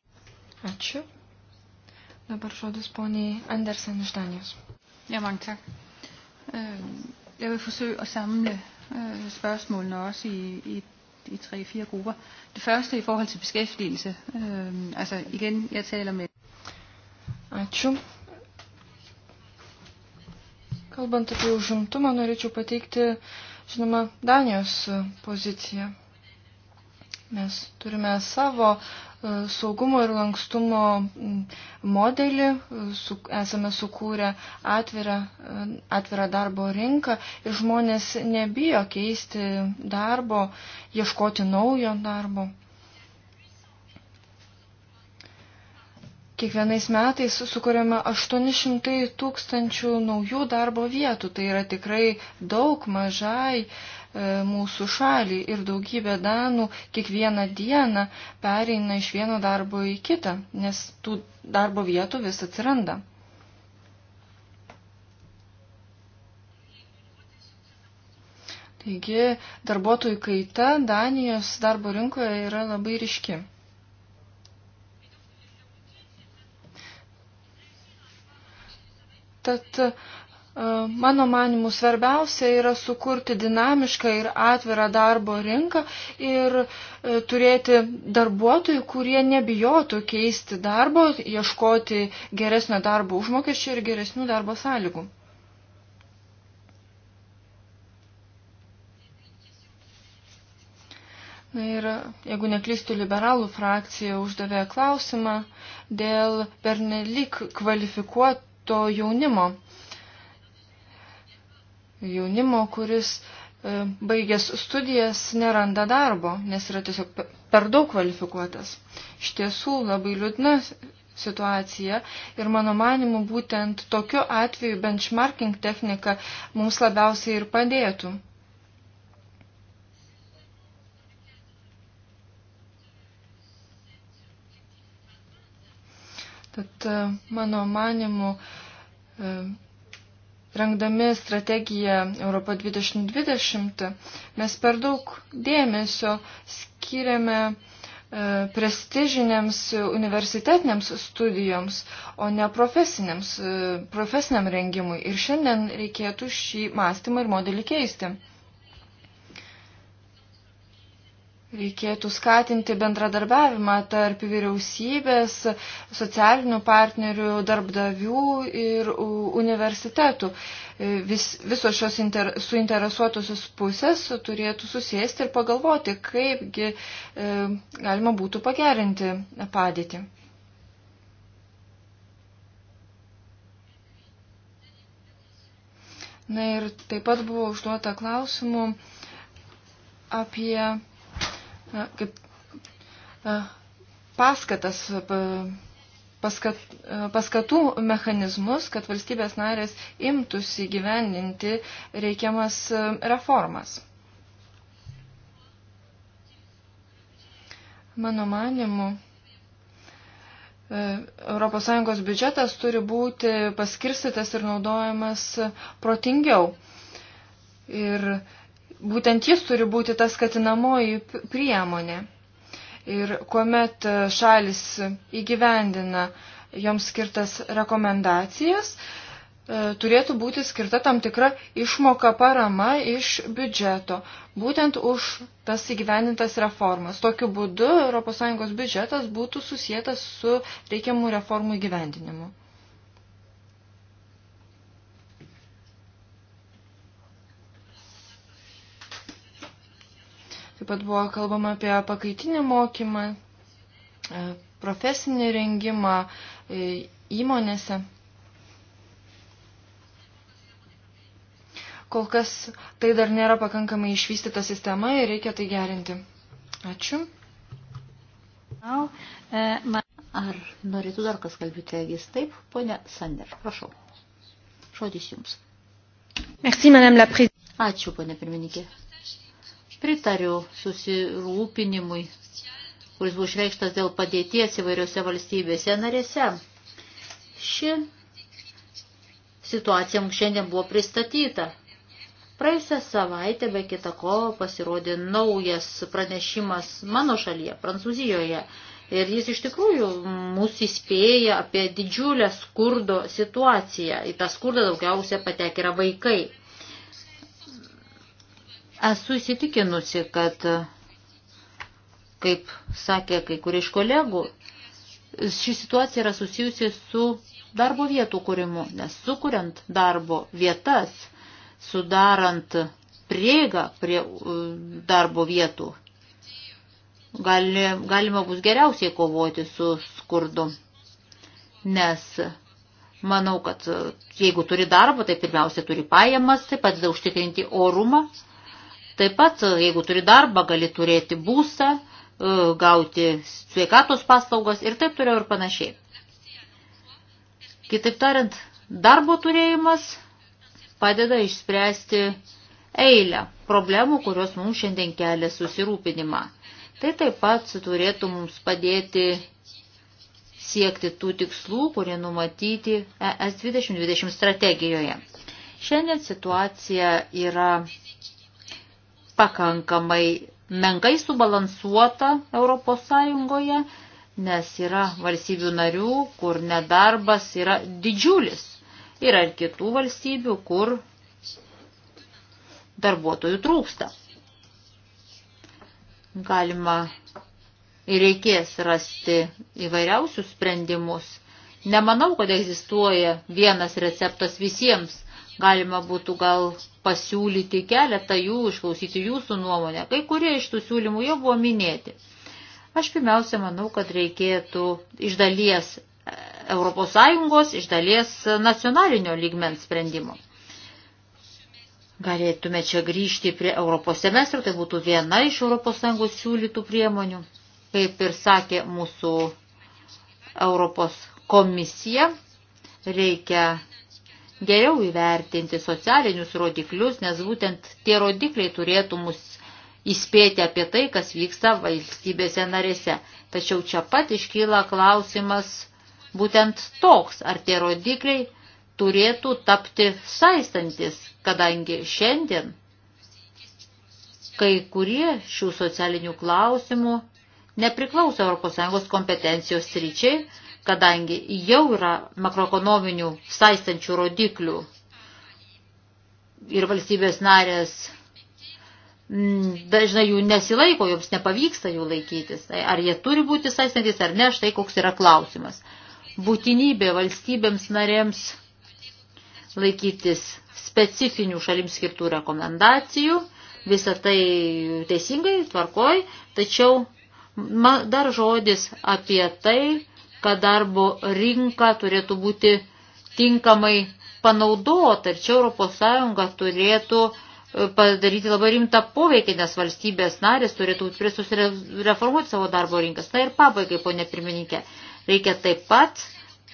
Ačiū. Dabar žodis poniai Andersen iš Danijos. Ja, mange tak. Øh, jeg vil forsøge at samle øh, spørgsmålene også i, i, i tre, fire grupper. Det første i forhold til beskæftigelse. Øh, altså igen, jeg taler med... Ačiū. Kalbant apie užimtumą, norėčiau pateikti, žinoma, Danijos poziciją. Mes turime savo e, saugumo ir lankstumo modelį, e, su, esame sukūrę atvirą, e, atvirą darbo rinką ir žmonės nebijo keisti darbo, ieškoti naujo darbo. Kiekvienais metais sukūrėme 800 tūkstančių naujų darbo vietų. Tai yra tikrai daug mažai uh, E, mūsų šalį ir daugybė Danų kiekvieną dieną pereina iš vieno darbo į kitą, nes tų darbo vietų vis atsiranda. Taigi darbuotojų kaita Danijos darbo rinkoje yra labai ryški. Tad E, mano manimu svarbiausia yra sukurti dinamišką ir atvirą darbo rinką ir e, turėti darbuotojų, kurie nebijotų keisti darbo, ieškoti geresnio darbo užmokesčio ir geresnių darbo sąlygų. Na ir, jeigu neklystų, liberalų frakcija uždavė klausimą dėl pernelik kvalifikuoto jaunimo jaunimo, kuris e, baigęs studijas neranda darbo, nes yra tiesiog per daug kvalifikuotas. Iš tiesų labai liūdna situacija ir mano manimu būtent tokiu atveju benchmarking technika mums labiausiai ir padėtų. Tad e, mano manimu e, Rengdami strategiją Europo 2020 mes per daug dėmesio skiriame e, prestižinėms universitetinėms studijoms, o ne profesiniams, e, profesiniam rengimui. Ir šiandien reikėtų šį mąstymą ir modelį keisti. Reikėtų skatinti bendradarbiavimą tarp vyriausybės, socialinių partnerių, darbdavių ir universitetų. E, vis, visos šios inter, suinteresuotusios pusės turėtų susėsti ir pagalvoti, kaipgi e, galima būtų pagerinti padėtį. Na ir taip pat buvo užduota klausimų apie kaip paskatas, paskat, e, paskatų mechanizmus, kad valstybės narės imtųsi gyvendinti reikiamas e, reformas. Mano manimu, ES biudžetas turi būti paskirstytas ir naudojamas protingiau. Ir uh, būtent jis turi būti tas skatinamoji priemonė. Ir kuomet e, šalis įgyvendina joms skirtas rekomendacijas, e, turėtų būti skirta tam tikra išmoka parama iš biudžeto, būtent už tas įgyvendintas reformas. Tokiu būdu ES biudžetas būtų susijęs su reikiamų reformų įgyvendinimu. Taip pat buvo kalbama apie pakaitinį mokymą, e, profesinį rengimą e, įmonėse. Kol kas tai dar nėra pakankamai išvystyta sistema ir reikia tai gerinti. Ačiū. E, Ar norėtų dar kas kalbėti, jis taip, ponia Sander, prašau. Žodis jums. Merci, madame la Ačiū, ponia pirmininkė. Pritariu susirūpinimui, kuris buvo išreikštas dėl padėties įvairiose valstybėse narėse. Ši situacija mums šiandien buvo pristatyta. Praėjusią savaitę be kita ko pasirodė naujas pranešimas mano šalyje, Prancūzijoje. Ir jis iš tikrųjų mūsų įspėja apie didžiulę skurdo situaciją. Į tą skurdą daugiausia patek yra vaikai. Esu įsitikinusi, kad, kaip sakė kai kurie iš kolegų, ši situacija yra susijusi su darbo vietų kūrimu, nes sukuriant darbo vietas, sudarant prieigą prie darbo vietų, gali, galima bus geriausiai kovoti su skurdu. Nes manau, kad jeigu turi darbą, tai pirmiausia turi pajamas, taip pat užtikrinti orumą Taip pat, e, jeigu turi darbą, gali turėti būstą, e, gauti sveikatos paslaugas ir taip turiu ir panašiai. Kitaip tariant, darbo turėjimas padeda išspręsti eilę problemų, kurios mums šiandien kelia susirūpinimą. Tai taip pat turėtų mums padėti siekti tų tikslų, kurie numatyti ES 2020 strategijoje. Šiandien situacija yra pakankamai menkai subalansuota Europos Sąjungoje, nes yra valstybių narių, kur nedarbas yra didžiulis. Yra ir kitų valstybių, kur darbuotojų trūksta. Galima ir reikės rasti įvairiausius sprendimus. Nemanau, kad egzistuoja vienas receptas visiems Galima būtų gal pasiūlyti keletą jų, išklausyti jūsų nuomonę. Kai kurie iš tų siūlymų jau buvo minėti. Aš pirmiausia manau, kad reikėtų iš dalies ES, iš dalies nacionalinio lygmens sprendimo. Galėtume čia grįžti prie Europos semestro, tai būtų viena iš ES siūlytų priemonių. Kaip ir sakė mūsų Europos komisija, reikia geriau įvertinti socialinius rodiklius, nes būtent tie rodikliai turėtų mus įspėti apie tai, kas vyksta valstybėse narėse. Tačiau čia pat iškyla klausimas būtent toks, ar tie rodikliai turėtų tapti saistantis, kadangi šiandien kai kurie šių socialinių klausimų nepriklauso ES kompetencijos sryčiai, kadangi jau yra makroekonominių saistančių rodiklių ir valstybės narės mm, dažnai jų nesilaiko, joms nepavyksta jų laikytis. Tai ar jie turi būti saistantis ar ne, štai koks yra klausimas. Būtinybė valstybėms narėms laikytis specifinių šalims skirtų rekomendacijų, visą tai teisingai, tvarkoj, tačiau dar žodis apie tai, kad darbo rinka turėtų būti tinkamai panaudota ir čia ES turėtų e, padaryti labai rimtą poveikį, nes valstybės narės turėtų būti priesus reformuoti savo darbo rinkas. Na ir pabaigai, ponė pirmininkė, reikia taip pat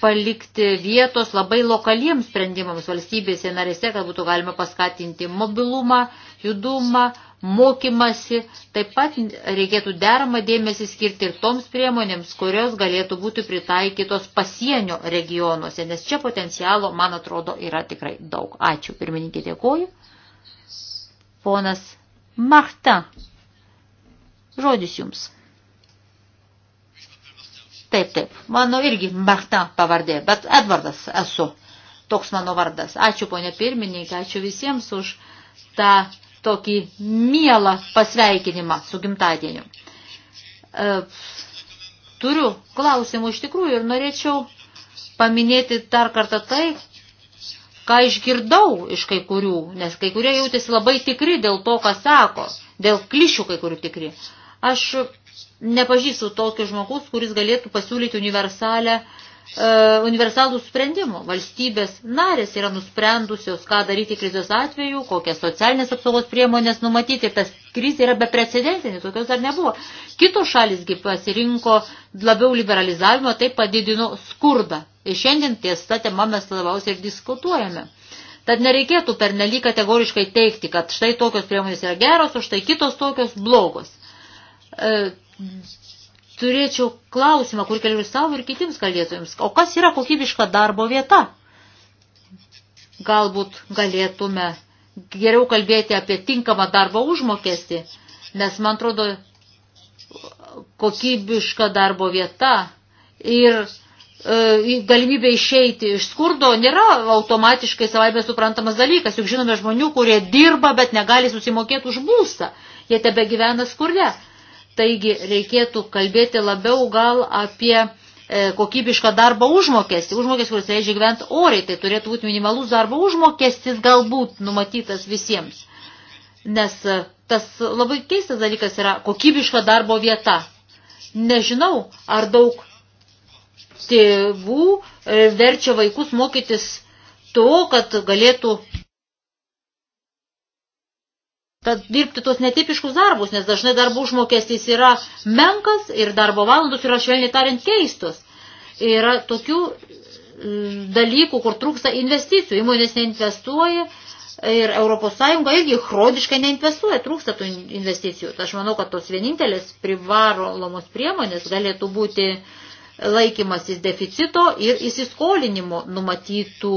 palikti vietos labai lokaliems sprendimams valstybėse narėse, kad būtų galima paskatinti mobilumą, judumą, mokymasi. Taip pat reikėtų deramą dėmesį skirti ir toms priemonėms, kurios galėtų būti pritaikytos pasienio regionuose, nes čia potencialo, man atrodo, yra tikrai daug. Ačiū. Pirmininkė, dėkoju. Ponas Marta, žodis jums. Taip, taip. Mano irgi Marta pavardė, bet Edvardas esu. Toks mano vardas. Ačiū, ponė pirmininkė, ačiū visiems už tą tokį mielą pasveikinimą su gimtadieniu. E, turiu klausimų iš tikrųjų ir norėčiau paminėti dar kartą tai, ką išgirdau iš kai kurių, nes kai kurie jautėsi labai tikri dėl to, ką sako, dėl klišių kai kurių tikri. Aš nepažįstu tokio žmogus, kuris galėtų pasiūlyti universalę, uh, universalų sprendimų. Valstybės narės yra nusprendusios, ką daryti krizės atveju, kokias socialinės apsaugos priemonės numatyti. Ir tas krizė yra beprecedentinė, tokios dar nebuvo. Kitos šalisgi pasirinko labiau liberalizavimo, tai padidino skurdą. Ir šiandien ties tą temą mes labiausiai ir diskutuojame. Tad nereikėtų pernelyg kategoriškai teikti, kad štai tokios priemonės yra geros, o štai kitos tokios blogos. Uh, turėčiau klausimą, kur keliu savo ir kitiems kalbėtojams. O kas yra kokybiška darbo vieta? Galbūt galėtume geriau kalbėti apie tinkamą darbo užmokestį, nes man atrodo, kokybiška darbo vieta ir e, galimybė išeiti iš skurdo nėra automatiškai savaime suprantamas dalykas. Juk žinome žmonių, kurie dirba, bet negali susimokėti už būstą. Jie tebe gyvena skurde. Taigi reikėtų kalbėti labiau gal apie e, kokybišką darbo užmokestį, užmokestį, kuris leidžia gyventi oriai, tai turėtų būti minimalus darbo užmokestis galbūt numatytas visiems. Nes e, tas labai keistas dalykas yra kokybiška darbo vieta. Nežinau, ar daug tėvų e, verčia vaikus mokytis to, kad galėtų tad dirbti tos netipiškus darbus, nes dažnai darbų užmokestis yra menkas ir darbo valandos yra švelniai tariant keistos. Yra tokių mm, dalykų, kur trūksta investicijų, įmonės neinvestuoja ir Europos Sąjunga irgi chroniškai neinvestuoja, trūksta tų investicijų. Tai aš manau, kad tos vienintelės privaromos priemonės galėtų būti laikymasis deficito ir įsiskolinimo numatytų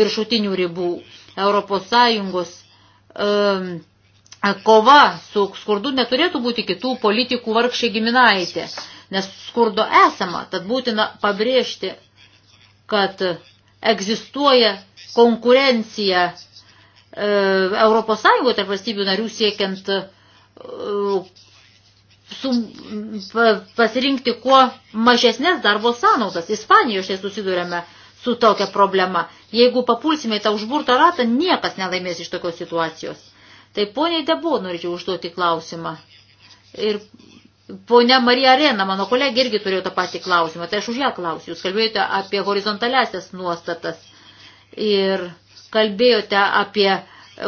viršutinių ribų Europos Sąjungos um, kova su skurdu neturėtų būti kitų politikų vargšai giminaitė, nes skurdo esama, tad būtina pabrėžti, kad egzistuoja konkurencija e, Europos Sąjungoje tarp valstybių narių siekiant e, pasirinkti kuo mažesnės darbo sąnaudas. Ispanijoje štai susidurėme su tokia problema. Jeigu papulsime į tą užburtą ratą, niekas nelaimės iš tokios situacijos. Tai poniai Debo norėčiau užduoti klausimą. Ir ponia Marija Arena, mano kolegė, irgi turėjo tą patį klausimą. Tai aš už ją klausiu. Jūs kalbėjote apie horizontalesias nuostatas ir kalbėjote apie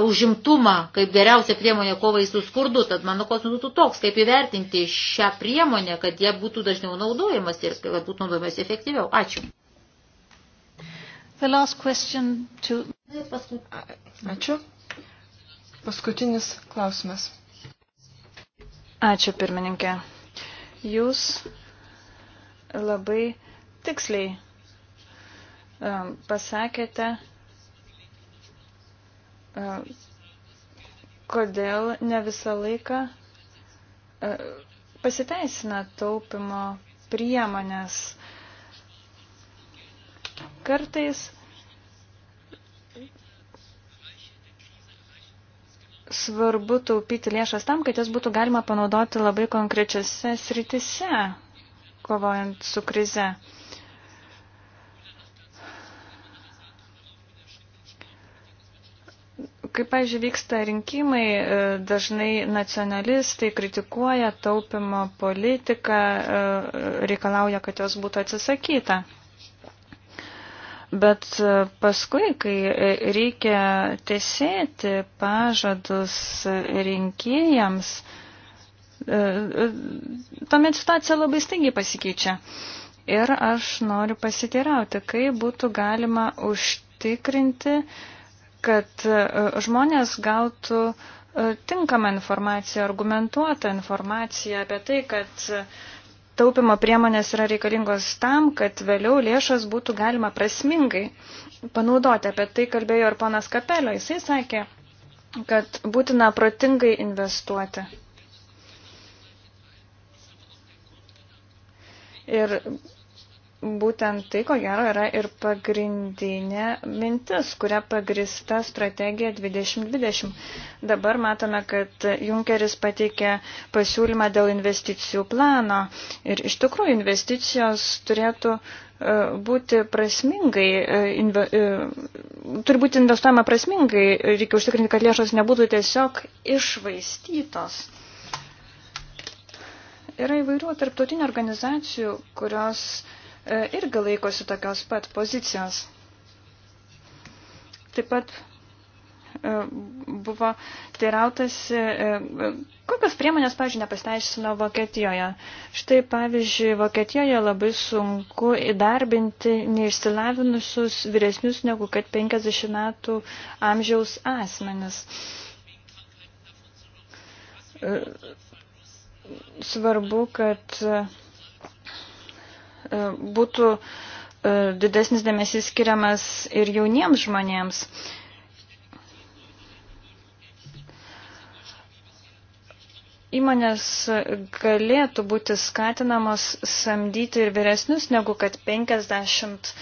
užimtumą kaip geriausia priemonė kovai su skurdu. Tad mano klausimas būtų toks, kaip įvertinti šią priemonę, kad jie būtų dažniau naudojamas ir kad būtų naudojamas efektyviau. Ačiū. The last question to... Ačiū. Paskutinis klausimas. Ačiū pirmininkė. Jūs labai tiksliai um, pasakėte, um, kodėl ne visą laiką uh, pasiteisina taupimo priemonės. Kartais svarbu taupyti lėšas tam, kad jas būtų galima panaudoti labai konkrečiose sritise, kovojant su krize. Kaip, pažiūrėjau, vyksta rinkimai, e, dažnai nacionalistai kritikuoja taupimo politiką, e, reikalauja, kad jos būtų atsisakyta. Bet e, paskui, kai e, reikia tesėti pažadus rinkėjams, e, tuomet situacija labai stingiai pasikeičia. Ir aš noriu pasiteirauti, kaip būtų galima užtikrinti, kad žmonės gautų tinkamą informaciją, argumentuotą informaciją apie tai, kad taupimo priemonės yra reikalingos tam, kad vėliau lėšas būtų galima prasmingai panaudoti. Apie tai kalbėjo ir ponas Kapelio. Jisai sakė, kad būtina protingai investuoti. Ir būtent tai, ko gero, yra ir pagrindinė mintis, kuria pagrista strategija 2020. Dabar matome, kad Junkeris pateikė pasiūlymą dėl investicijų plano ir iš tikrųjų investicijos turėtų e, būti prasmingai, e, inve, e, turi būti investuojama prasmingai, reikia užtikrinti, kad lėšos nebūtų tiesiog išvaistytos yra įvairių tarptautinių organizacijų, kurios E, irgi laikosi tokios pat pozicijos. Taip pat e, buvo teirautasi, e, kokios priemonės, pavyzdžiui, nepasteisino Vokietijoje. Štai, pavyzdžiui, Vokietijoje labai sunku įdarbinti neišsilavinusius vyresnius negu kad 50 metų amžiaus asmenis. Svarbu, kad E, būtų e, didesnis dėmesys skiriamas ir jauniems žmonėms. Įmonės galėtų būti skatinamos samdyti ir vyresnius negu kad 50 e,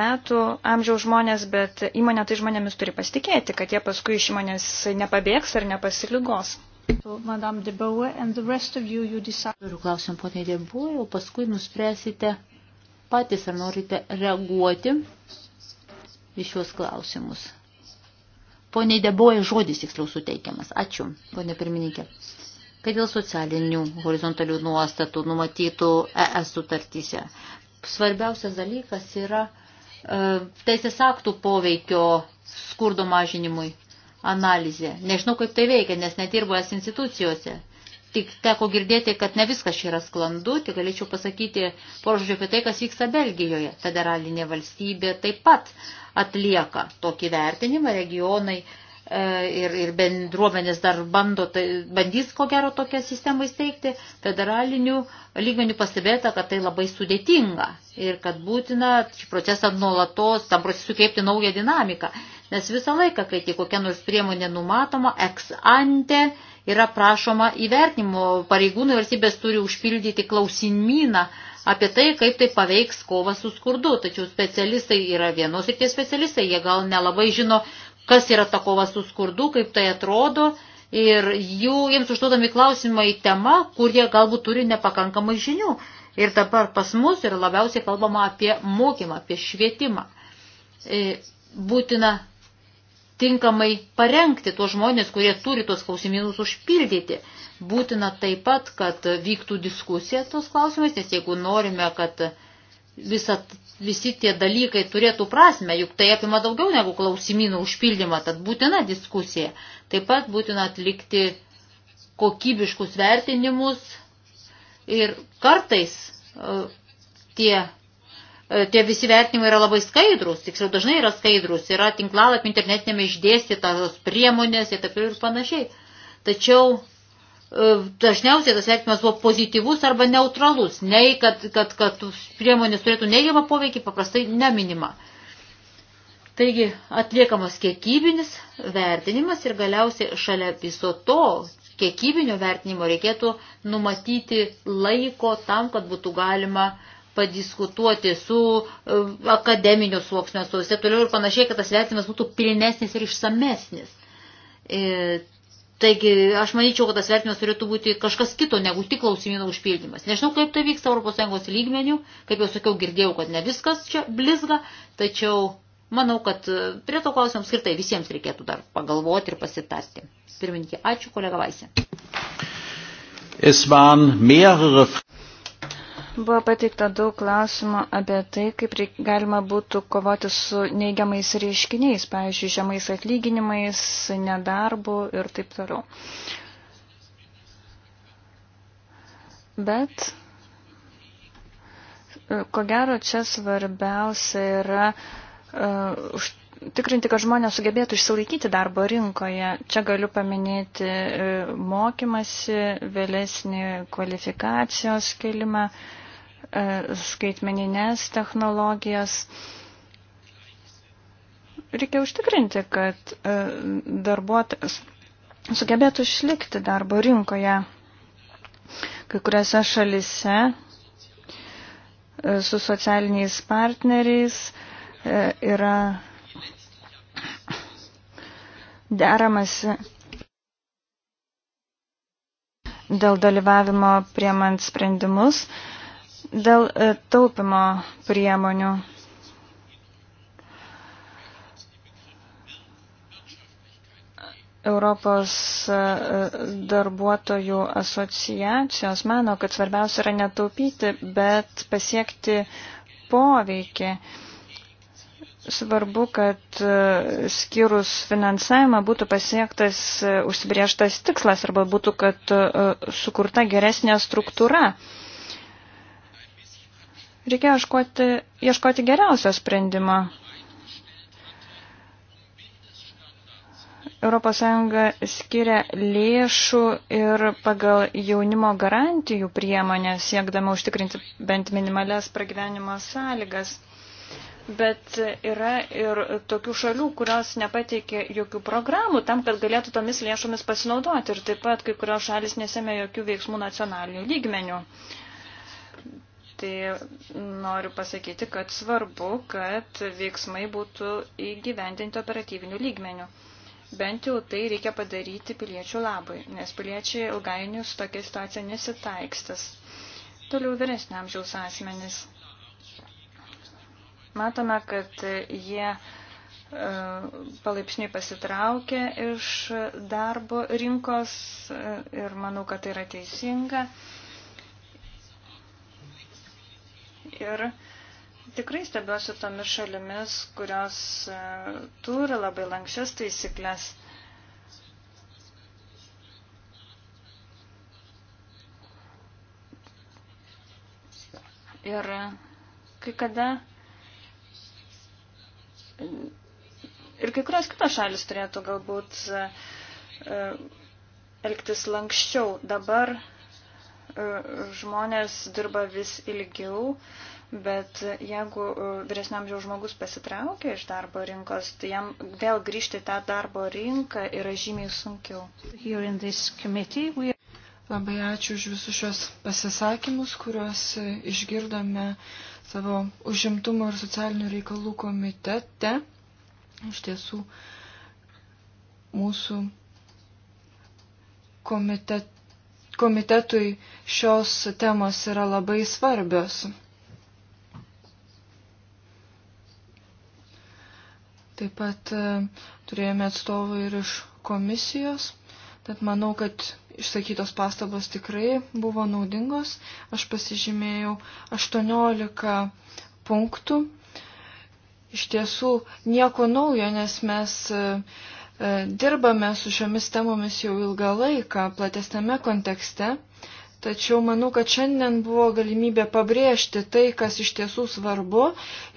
metų amžiaus žmonės, bet įmonė tai žmonėmis turi pasitikėti, kad jie paskui iš įmonės nepabėgs ar nepasiligos. You, you Turiu klausimą, ponė Debue, o paskui nuspręsite patys, ar norite reaguoti į šios klausimus. Pone Deboje žodis tiksliau suteikiamas. Ačiū, ponė pirmininkė. Kad dėl socialinių horizontalių nuostatų numatytų ES sutartyse. Svarbiausias dalykas yra e, teisės aktų poveikio skurdo mažinimui analizė. Nežinau, kaip tai veikia, nes nedirbu es institucijose. Tik teko girdėti, kad ne viskas čia yra sklandu, tik galėčiau pasakyti požiūrį apie tai, kas vyksta Belgijoje. Federalinė valstybė taip pat atlieka tokį vertinimą, regionai e, ir, ir bendruomenės dar bando, tai, bandys ko gero tokią sistemą įsteigti. Federalinių lygmenių pastebėta, kad tai labai sudėtinga ir kad būtina šį procesą nuolatos, tam procesui kreipti naują dinamiką. Nes visą laiką, kai tik kokia nors priemonė numatoma, ex ante yra prašoma įvertinimo. Pareigūnai valstybės turi užpildyti klausimyną apie tai, kaip tai paveiks kova su skurdu. Tačiau specialistai yra vienos ir tie specialistai, jie gal nelabai žino, kas yra ta kova su skurdu, kaip tai atrodo. Ir jų, jiems užduodami klausimai tema, kurie galbūt turi nepakankamai žinių. Ir dabar pas mus yra labiausiai kalbama apie mokymą, apie švietimą. E, būtina tinkamai parengti tuos žmonės, kurie turi tuos klausimynus užpildyti. Būtina taip pat, kad vyktų diskusija tos klausimais, nes jeigu norime, kad visa, visi tie dalykai turėtų prasme, juk tai apima daugiau negu klausimynų užpildymą, tad būtina diskusija. Taip pat būtina atlikti kokybiškus vertinimus ir kartais e, tie E, tie visi vertinimai yra labai skaidrus, tiksliau dažnai yra skaidrus, yra tinklalapį internetinėme išdėstytos priemonės ir taip ir panašiai. Tačiau e, dažniausiai tas vertinimas buvo pozityvus arba neutralus, nei kad, kad, kad priemonės turėtų neigiamą poveikį, paprastai neminima. Taigi atliekamas kiekybinis vertinimas ir galiausiai šalia viso to kiekybinio vertinimo reikėtų numatyti laiko tam, kad būtų galima uh, padiskutuoti su e, akademiniu sluoksniu atstovus ir toliau ir panašiai, kad tas vertinimas būtų pilnesnis ir išsamesnis. Ir e, Taigi aš manyčiau, kad tas vertinimas turėtų būti kažkas kito negu tik klausimynų užpildymas. Nežinau, kaip tai vyksta ES lygmenių, kaip jau sakiau, girdėjau, kad ne viskas čia blizga, tačiau manau, kad e, prie to klausimams skirtai visiems reikėtų dar pagalvoti ir pasitarti. Pirmininkė, ačiū kolega Vaisė. Buvo pateikta daug klausimų apie tai, kaip reik, galima būtų kovoti su neigiamais reiškiniais, pavyzdžiui, žemais atlyginimais, nedarbu ir taip toliau. Bet, e, ko gero, čia svarbiausia yra uh, už tikrinti, kad žmonės sugebėtų išsilaikyti darbo rinkoje. Čia galiu paminėti e, mokymasi, vėlesnį kvalifikacijos kelimą. Uh, E, skaitmeninės technologijas. Reikia užtikrinti, kad e, darbuotojas sugebėtų išlikti darbo rinkoje. Kai kuriuose šalise e, su socialiniais partneriais yra deramasi dėl dalyvavimo priemant sprendimus. Dėl e, taupimo priemonių. Europos e, darbuotojų asociacijos mano, kad svarbiausia yra netaupyti, bet pasiekti poveikį. Svarbu, kad e, skirus finansavimą būtų pasiektas užsibrieštas tikslas arba būtų, kad sukurta geresnė struktūra. Uh, Reikia ieškoti, ieškoti geriausio sprendimo. ES skiria lėšų ir pagal jaunimo garantijų priemonę siekdama užtikrinti bent minimales pragyvenimo sąlygas. Bet yra ir tokių šalių, kurios nepateikė jokių programų tam, kad galėtų tomis lėšomis pasinaudoti. Ir taip pat kai kurios šalis nesėmė jokių veiksmų nacionalinių lygmenių. Uh, tai noriu pasakyti, kad svarbu, kad veiksmai būtų įgyvendinti operatyvinių lygmenių. Bent jau tai reikia padaryti piliečių labai, nes piliečiai ilgainiui su tokia situacija nesitaikstas. Toliau vyresnio amžiaus asmenys. Matome, kad jie e, palaipsniui pasitraukė iš darbo rinkos e, ir manau, kad tai yra teisinga. Ir tikrai stebiuosi tomis šalimis, kurios e, turi labai lankščias taisyklės. Ir kai kada ir kai kurios kitos šalis turėtų galbūt e, e, elgtis lankščiau. Dabar E, žmonės dirba vis ilgiau, bet jeigu e, vyresniam žiaus žmogus pasitraukia iš darbo rinkos, tai jam vėl grįžti tą darbo rinką yra žymiai sunkiau. Labai ačiū už visus šios pasisakymus, kuriuos e, išgirdome savo užimtumo ir socialinių reikalų komitete. Iš tiesų, mūsų komitete komitetui šios temos yra labai svarbios. Taip pat e, turėjome atstovų ir iš komisijos, tad manau, kad išsakytos pastabos tikrai buvo naudingos. Aš pasižymėjau 18 punktų. Iš tiesų nieko naujo, nes mes e, E, dirbame su šiomis temomis jau ilgą laiką platesnėme kontekste, tačiau manau, kad šiandien buvo galimybė pabrėžti tai, kas iš tiesų svarbu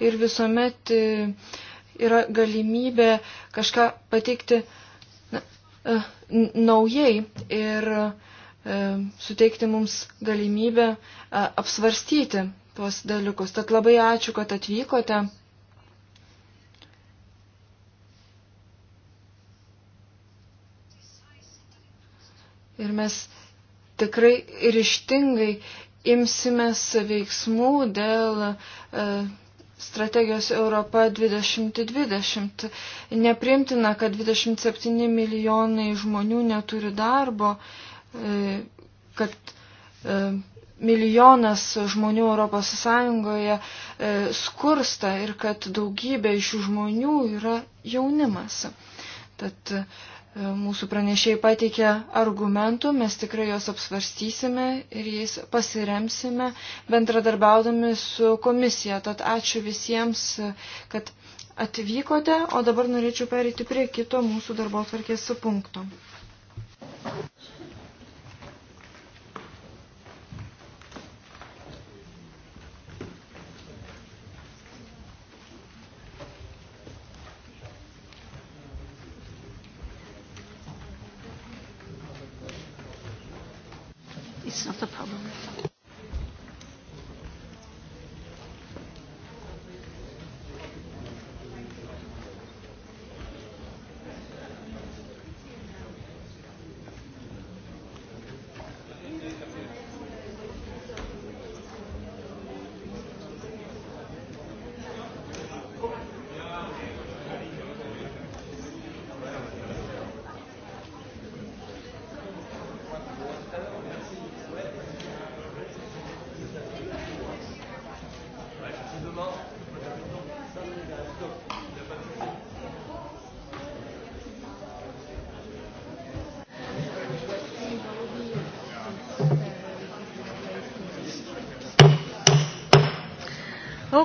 ir visuomet e, yra galimybė kažką pateikti na, e, naujai ir suteikti mums galimybę apsvarstyti tuos dalykus. Tad labai ačiū, kad atvykote. Ir mes tikrai ryštingai imsimės veiksmų dėl e, strategijos Europa 2020. Neprimtina, kad 27 milijonai žmonių neturi darbo, e, kad e, milijonas žmonių Europos Sąjungoje e, skursta ir kad daugybė iš šių žmonių yra jaunimas. Tad e, E, mūsų pranešėjai pateikė argumentų, mes tikrai juos apsvarstysime ir jais pasiremsime bendradarbiaudami su komisija. Tad ačiū visiems, e, kad atvykote, o dabar norėčiau pereiti prie kito mūsų darbo tvarkės punkto. solution of the problem.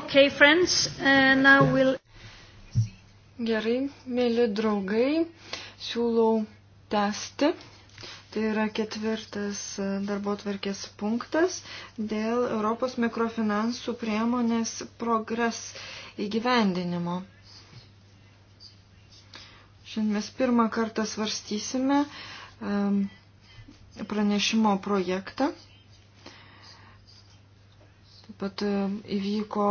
Okay, friends, uh, now we'll... Gerai, mėly draugai, siūlau tęsti. Tai yra ketvirtas uh, darbo tvarkės punktas dėl Europos mikrofinansų priemonės progres įgyvendinimo. Šiandien mes pirmą kartą svarstysime um, pranešimo projektą pat e, įvyko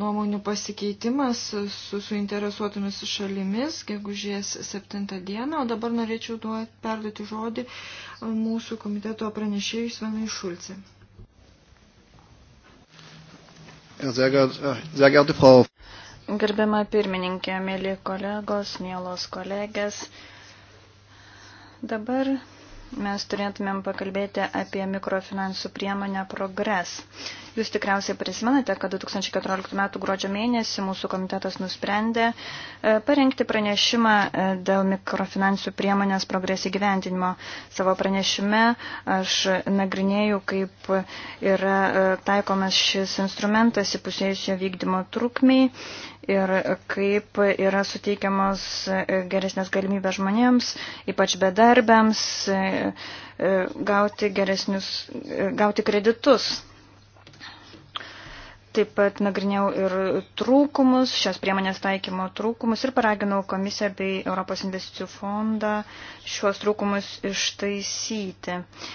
nuomonių pasikeitimas su suinteresuotomis šalimis, gegužės 7 dieną, o dabar norėčiau duot, perduoti žodį e, mūsų komiteto pranešėjui Svenui Šulci. Gerbiama pirmininkė, mėly kolegos, mėlos kolegės, dabar mes turėtumėm pakalbėti apie mikrofinansų priemonę progres. Jūs tikriausiai prisimenate, kad 2014 m. gruodžio mėnesį mūsų komitetas nusprendė e, parengti pranešimą e, dėl mikrofinansų priemonės progres įgyvendinimo. Savo pranešime aš nagrinėjau, kaip yra e, taikomas šis instrumentas įpusėjusio vykdymo trukmiai ir kaip yra suteikiamos geresnės galimybės žmonėms, ypač bedarbiams, gauti, geresnius, gauti kreditus. Taip pat nagrinėjau ir trūkumus, šios priemonės taikymo trūkumus ir paraginau komisiją bei Europos investicijų fondą šiuos trūkumus ištaisyti. Uh,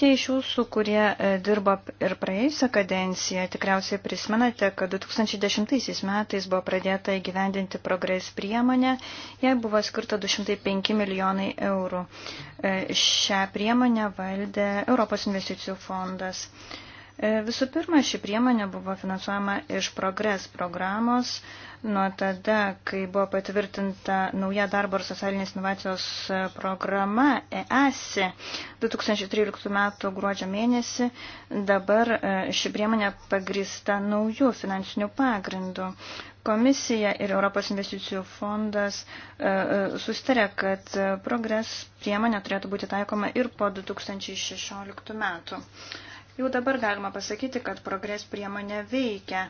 Tie iš jūsų, kurie e, dirba ir praėjusią kadenciją, tikriausiai prisimenate, kad 2010 metais buvo pradėta įgyvendinti progres priemonė, jai buvo skirta 205 milijonai eurų. E, šią priemonę valdė Europos investicijų fondas. E, visų pirma, ši priemonė buvo finansuojama iš progres programos. Nuo tada, kai buvo patvirtinta nauja darbo ir socialinės inovacijos programa EASI 2013 m. gruodžio mėnesį, dabar e, ši priemonė pagrįsta naujų finansinių pagrindų. Komisija ir Europos investicijų fondas e, sustarė, kad progres priemonė turėtų būti taikoma ir po 2016 metų. Jau dabar galima pasakyti, kad progres priemonė veikia.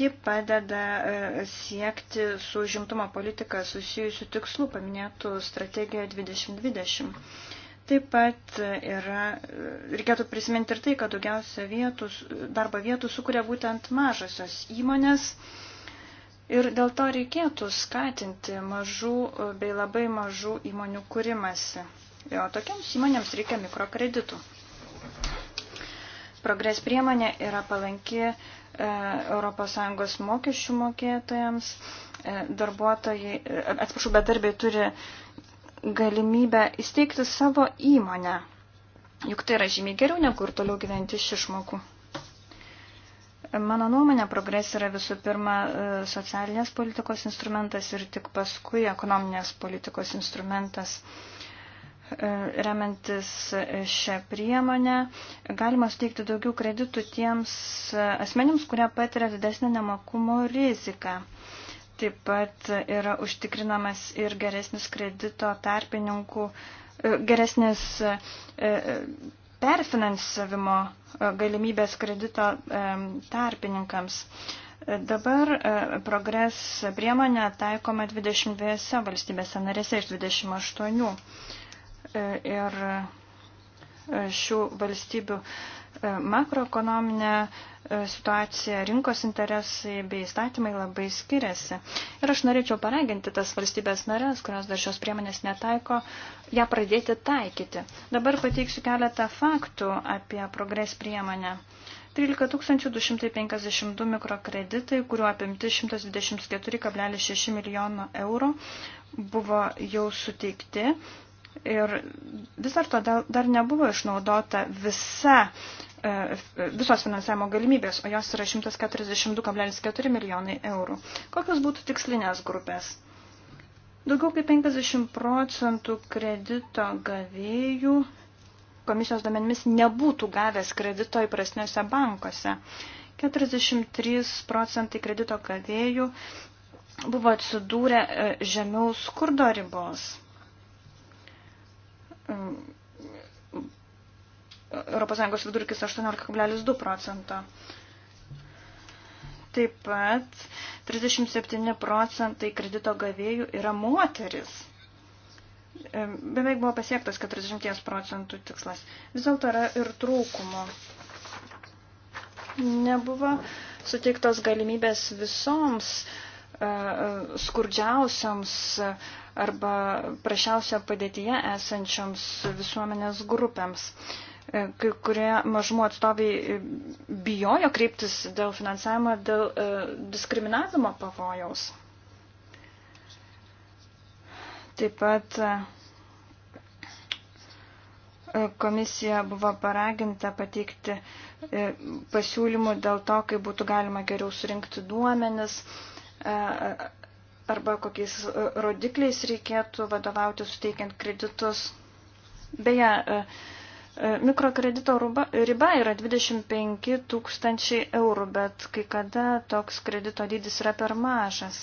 Ji padeda e, siekti su žimtumo politika susijusių tikslų paminėtų strategijoje 2020. Taip pat yra, e, reikėtų prisiminti ir tai, kad daugiausia vietų, darbo vietų sukuria būtent mažosios įmonės. Ir dėl to reikėtų skatinti mažų e, bei labai mažų įmonių kūrimasi. Jo, tokiems įmonėms reikia mikrokreditų. Progres priemonė yra palanki e, ES mokesčių mokėtojams. E, darbuotojai, e, atsiprašau, bedarbiai turi galimybę įsteigti savo įmonę. Juk tai yra žymiai geriau negu ir toliau gyventi iš išmokų. Mano nuomonė, progres yra visų pirma socialinės politikos instrumentas ir tik paskui ekonominės politikos instrumentas remiantis šią priemonę, galima suteikti daugiau kreditų tiems asmenims, kurie patiria didesnį nemokumo riziką. Taip pat yra užtikrinamas ir geresnis kredito tarpininkų, e, geresnis e, e, perfinansavimo galimybės kredito tarpininkams. Dabar progres priemonė taikoma 22 valstybėse narėse iš 28. E, ir e, šių valstybių e, makroekonominė situacija, rinkos interesai bei įstatymai labai skiriasi. Ir aš norėčiau paraginti tas valstybės narės, kurios dar šios priemonės netaiko, ją pradėti taikyti. Dabar pateiksiu keletą faktų apie progres priemonę. 13 252 mikrokreditai, kuriuo apimti 124,6 milijono eurų, buvo jau suteikti Ir vis dar to dar nebuvo išnaudota visa, e, e, visos finansavimo galimybės, o jos yra 142,4 milijonai eurų. Kokios būtų tikslinės grupės? Daugiau kaip 50 procentų kredito gavėjų komisijos domenimis nebūtų gavęs kredito įprasniuose bankuose. 43 procentai kredito gavėjų buvo atsidūrę e, žemiau skurdo ribos. ES vidurkis 18,2 procento. Taip pat 37 procentai kredito gavėjų yra moteris. Beveik buvo pasiektas 40 procentų tikslas. Vis dėlto yra ir trūkumo. Nebuvo suteiktos galimybės visoms uh, E, e, skurdžiausiams arba prašiausia padėtyje esančioms visuomenės grupėms. E, kai kurie mažumų atstovai bijojo kreiptis dėl finansavimo, dėl diskriminavimo pavojaus. Taip pat komisija buvo paraginta pateikti pasiūlymų dėl to, kaip būtų galima geriau surinkti duomenis, E, arba kokiais rodikliais reikėtų vadovauti suteikiant kreditus. Beje, e, e, mikrokredito riba yra 25 tūkstančiai eurų, bet kai kada toks kredito dydis yra per mažas.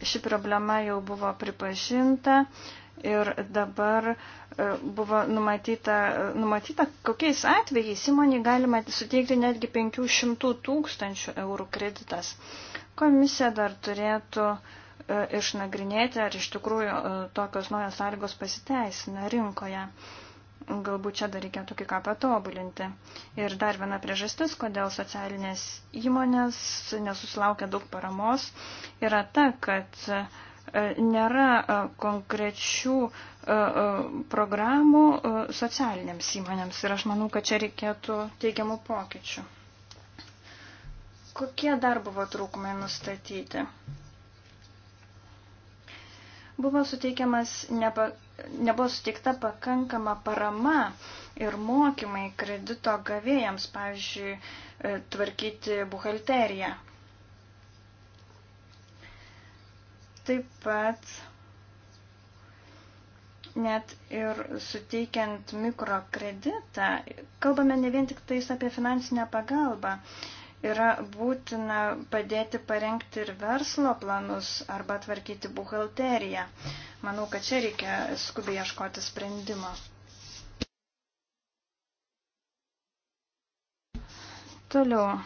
Ši problema jau buvo pripažinta ir dabar buvo numatyta, numatyta kokiais atvejais įmonį galima suteikti netgi 500 tūkstančių eurų kreditas. Komisija dar turėtų e, išnagrinėti, ar iš tikrųjų e, tokios naujos sąlygos pasiteisina rinkoje. Galbūt čia dar reikėtų kai ką patobulinti. Ir dar viena priežastis, kodėl socialinės įmonės nesusilaukia daug paramos, yra ta, kad e, nėra konkrečių programų socialinėms įmonėms. Ir aš manau, kad čia reikėtų teigiamų pokyčių. Kokie dar buvo trūkumai nustatyti? Buvo suteikiamas nepa, nebuvo suteikta pakankama parama ir mokymai kredito gavėjams, pavyzdžiui, e, tvarkyti buhalteriją. Taip pat net ir suteikiant mikrokreditą, kalbame ne vien tik tais apie finansinę pagalbą. Uh, yra būtina padėti parengti ir verslo planus arba tvarkyti buhalteriją. Manau, kad čia reikia skubiai ieškoti sprendimo. Toliau.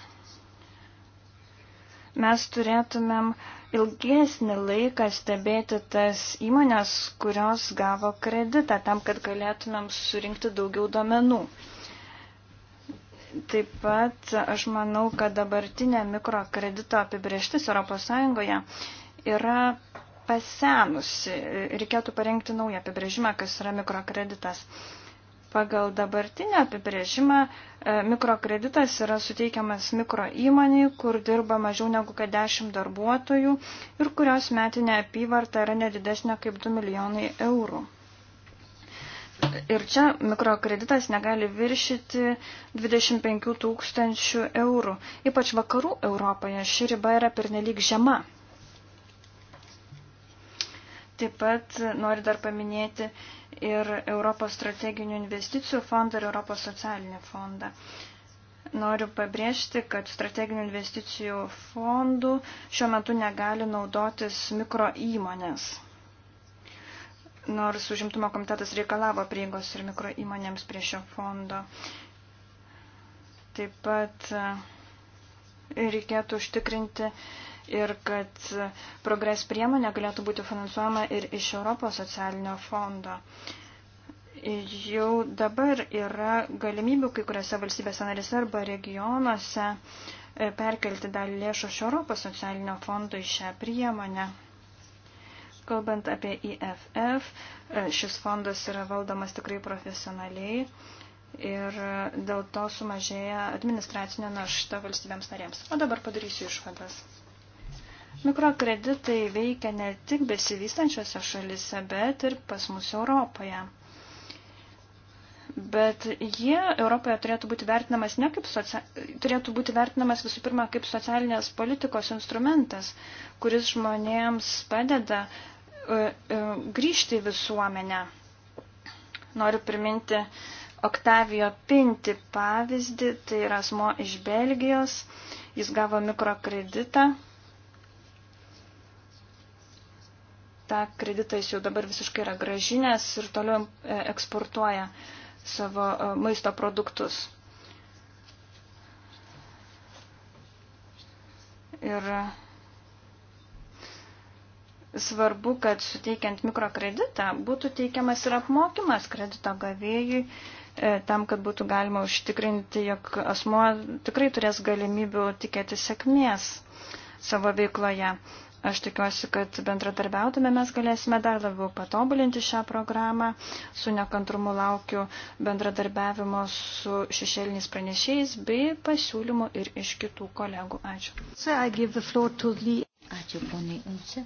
Mes turėtumėm ilgesnį laiką stebėti tas įmonės, kurios gavo kreditą, tam, kad galėtumėm surinkti daugiau duomenų. Taip pat aš manau, kad dabartinė mikrokredito apibrieštis ES yra pasenusi. Reikėtų parengti naują apibrėžimą, kas yra mikrokreditas. Pagal dabartinę apibrėžimą e, mikrokreditas yra suteikiamas mikro įmoniai, kur dirba mažiau negu 10 darbuotojų ir kurios metinė apyvarta yra nedidesnė kaip 2 milijonai eurų. Ir čia mikrokreditas negali viršyti 25 tūkstančių eurų. Ypač vakarų Europoje ši riba yra pernelyg žema. Taip pat noriu dar paminėti ir Europos strateginių investicijų fondą ir Europos socialinį fondą. Noriu pabrėžti, kad strateginių investicijų fondų šiuo metu negali naudotis mikro įmonės nors užimtumo komitetas reikalavo prieigos ir mikro įmonėms prie šio fondo. Taip pat e, reikėtų užtikrinti ir kad progres priemonė galėtų būti finansuojama ir iš Europos socialinio fondo. Jau dabar yra galimybių kai kuriuose valstybėse narėse arba regionuose e, perkelti dalį lėšų iš Europos socialinio fondo į šią priemonę. Kalbant apie IFF, šis fondas yra valdomas tikrai profesionaliai ir dėl to sumažėja administracinė našta valstybėms narėms. O dabar padarysiu išvadas. Mikrokreditai veikia ne tik besivystančiose šalise, bet ir pas mus Europoje. Bet jie Europoje turėtų būti vertinamas, ne kaip socia... turėtų būti vertinamas visų pirma kaip socialinės politikos instrumentas, kuris žmonėms padeda E, e, grįžti į visuomenę. Noriu priminti Oktavijo Pinti pavyzdį, tai yra asmo iš Belgijos, jis gavo mikrokreditą. Ta kreditą jis jau dabar visiškai yra gražinės ir toliau e, eksportuoja savo maisto produktus. Ir svarbu, kad suteikiant mikrokreditą būtų teikiamas ir apmokymas kredito gavėjui, e, tam, kad būtų galima užtikrinti, jog asmuo tikrai turės galimybių tikėti sėkmės savo veikloje. Aš tikiuosi, kad bendradarbiautume mes galėsime dar labiau patobulinti šią programą. Su nekantrumu laukiu bendradarbiavimo su šešėliniais pranešėjais bei pasiūlymų ir iš kitų kolegų. Ačiū. Ačiū, poniai Unce.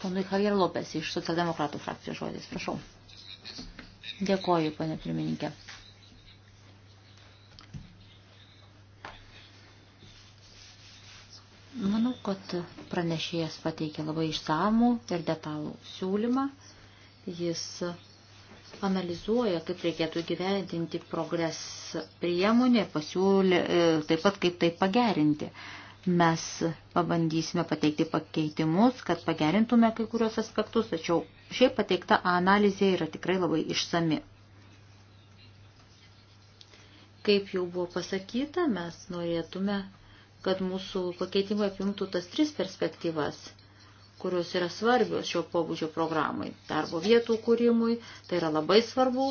Ponui Javier Lopes iš socialdemokratų frakcijos žodis. Prašau. Dėkoju, pane pirmininkė. Manau, kad pranešėjas pateikė labai išsamų ir detalų siūlymą. Jis analizuoja, kaip reikėtų gyventinti progres priemonė, pasiūlė e, taip pat, kaip tai pagerinti. Mes pabandysime pateikti pakeitimus, kad pagerintume kai kurios aspektus, tačiau šiaip pateikta analizė yra tikrai labai išsami. Kaip jau buvo pasakyta, mes norėtume, kad mūsų pakeitimai apimtų tas tris perspektyvas kurios yra svarbios šio pobūdžio programai. Darbo vietų kūrimui tai yra labai svarbu,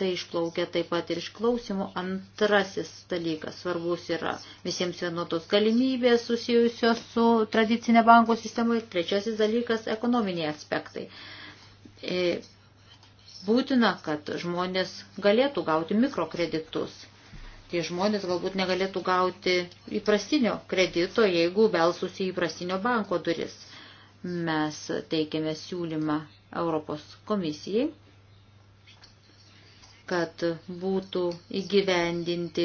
Tai išplaukia taip pat ir iš klausimų. Antrasis dalykas svarbus yra visiems vienodos galimybės susijusios su tradicinė banko sistema. Ir trečiasis dalykas – ekonominiai aspektai. E, būtina, kad žmonės galėtų gauti mikrokreditus. Tie žmonės galbūt negalėtų gauti įprastinio kredito, jeigu belsusi į įprastinio banko duris. Mes teikėme siūlymą Europos komisijai kad būtų įgyvendinti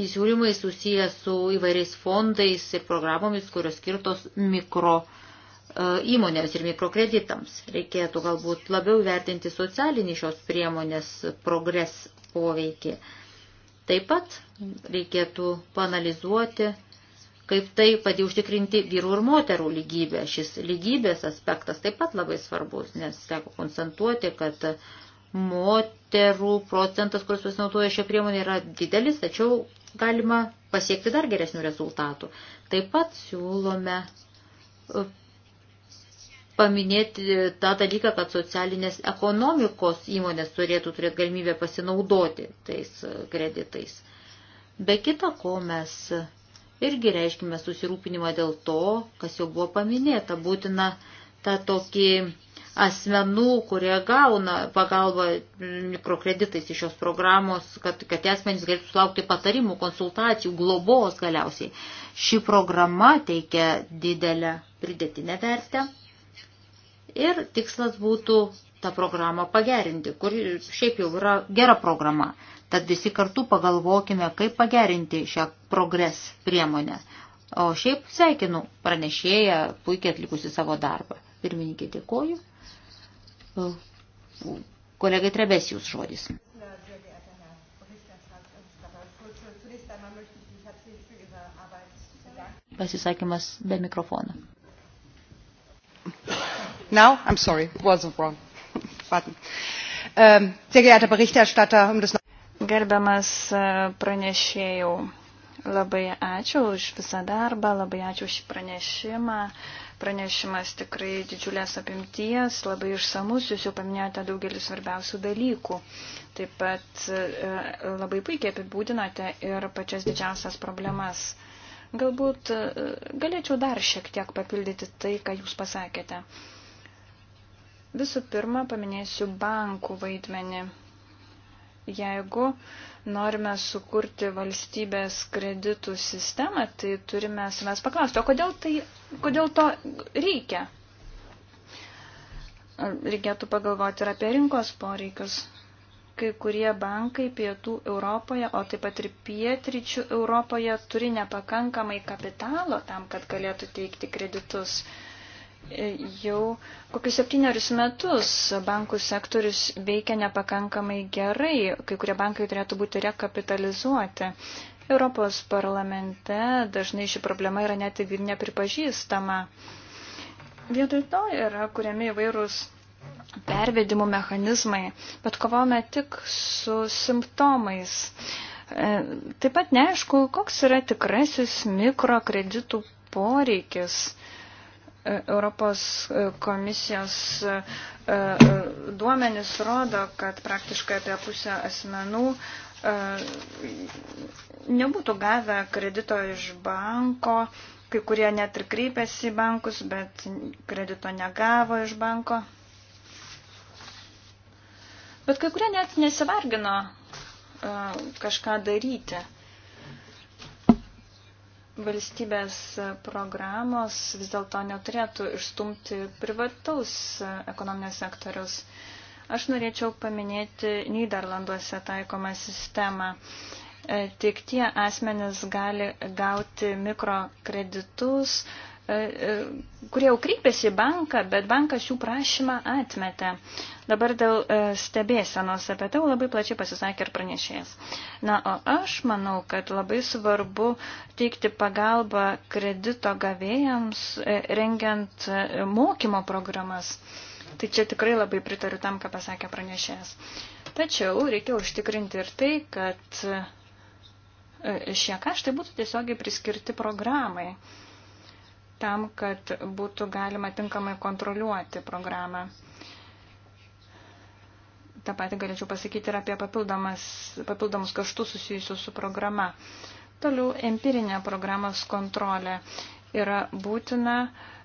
įsiūlymai susijęs su įvairiais fondais ir programomis, kurios skirtos mikro e, įmonėms ir mikrokreditams. Reikėtų galbūt labiau vertinti socialinį šios priemonės progres poveikį. Taip pat reikėtų panalizuoti, kaip tai padė užtikrinti vyrų ir moterų lygybę. Šis lygybės aspektas taip pat labai svarbus, nes teko konstantuoti, kad Moterų procentas, kuris pasinaudoja šią priemonę, yra didelis, tačiau galima pasiekti dar geresnių rezultatų. Taip pat siūlome e, paminėti tą dalyką, kad socialinės ekonomikos įmonės turėtų turėti galimybę pasinaudoti tais e, kreditais. Be kita ko mes irgi reiškime susirūpinimą dėl to, kas jau buvo paminėta, būtina tą tokį asmenų, kurie gauna pagalbą mikrokreditais iš šios programos, kad, kad asmenys galėtų sulaukti patarimų, konsultacijų, globos galiausiai. Ši programa teikia didelę pridėtinę vertę ir tikslas būtų tą programą pagerinti, kuri šiaip jau yra gera programa. Tad visi kartu pagalvokime, kaip pagerinti šią progres priemonę. O šiaip sveikinu pranešėją puikiai atlikusi savo darbą. Pirmininkė dėkoju. Kolegai Trebes jūs žodis. Pasisakymas be mikrofono. Now, I'm sorry, wasn't wrong. Button. Um, ähm, sehr geehrter Berichterstatter, um das Gerbiamas äh, pranešėjau, labai ačiū už visą darbą, labai ačiū už pranešimą. Pranešimas tikrai didžiulės apimties, labai išsamus, jūs jau paminėjote daugelį svarbiausių dalykų. Taip pat e, labai puikiai apibūdinote ir pačias didžiausias problemas. Galbūt e, galėčiau dar šiek tiek papildyti tai, ką jūs pasakėte. Visų pirma, paminėsiu bankų vaidmenį. Jeigu norime sukurti valstybės kreditų sistemą, tai turime savęs paklausti, o kodėl, tai, kodėl to reikia? Reikėtų pagalvoti ir apie rinkos poreikius. Kai kurie bankai pietų Europoje, o taip pat ir pietryčių Europoje turi nepakankamai kapitalo tam, kad galėtų teikti kreditus. Uh, jau kokius septynerius metus bankų sektorius veikia nepakankamai gerai, kai kurie bankai turėtų būti rekapitalizuoti. Europos parlamente dažnai ši problema yra net ir nepripažįstama. Vietoj to yra kuriami įvairūs pervedimų mechanizmai, bet kovome tik su simptomais. E, taip pat neaišku, koks yra tikrasis mikrokreditų poreikis E, Europos e, komisijos e, duomenys rodo, kad praktiškai apie pusę asmenų nebūtų gavę kredito iš banko, kai kurie net ir kreipėsi į bankus, bet kredito negavo iš banko. Bet kai kurie net nesivargino kažką daryti valstybės programos vis dėlto neturėtų išstumti privataus ekonominio sektoriaus. Aš norėčiau paminėti Niderlanduose taikomą sistemą. E, tik tie asmenys gali gauti mikrokreditus, kreditus E, e, kurie jau kreipėsi į banką, bet bankas jų prašymą atmetė. Dabar dėl e, stebėsenos apie tai labai plačiai pasisakė ir pranešėjas. Na, o aš manau, kad labai svarbu teikti pagalbą kredito gavėjams, rengiant mokymo programas. Tai čia tikrai labai pritariu tam, ką pasakė pranešėjas. Tačiau reikia užtikrinti ir tai, kad šie kaštai būtų tiesiogiai priskirti programai tam, kad būtų galima tinkamai kontroliuoti programą. Ta pati galėčiau pasakyti ir apie papildomus kaštus susijusius su programa. Toliau empirinė programos kontrolė yra būtina,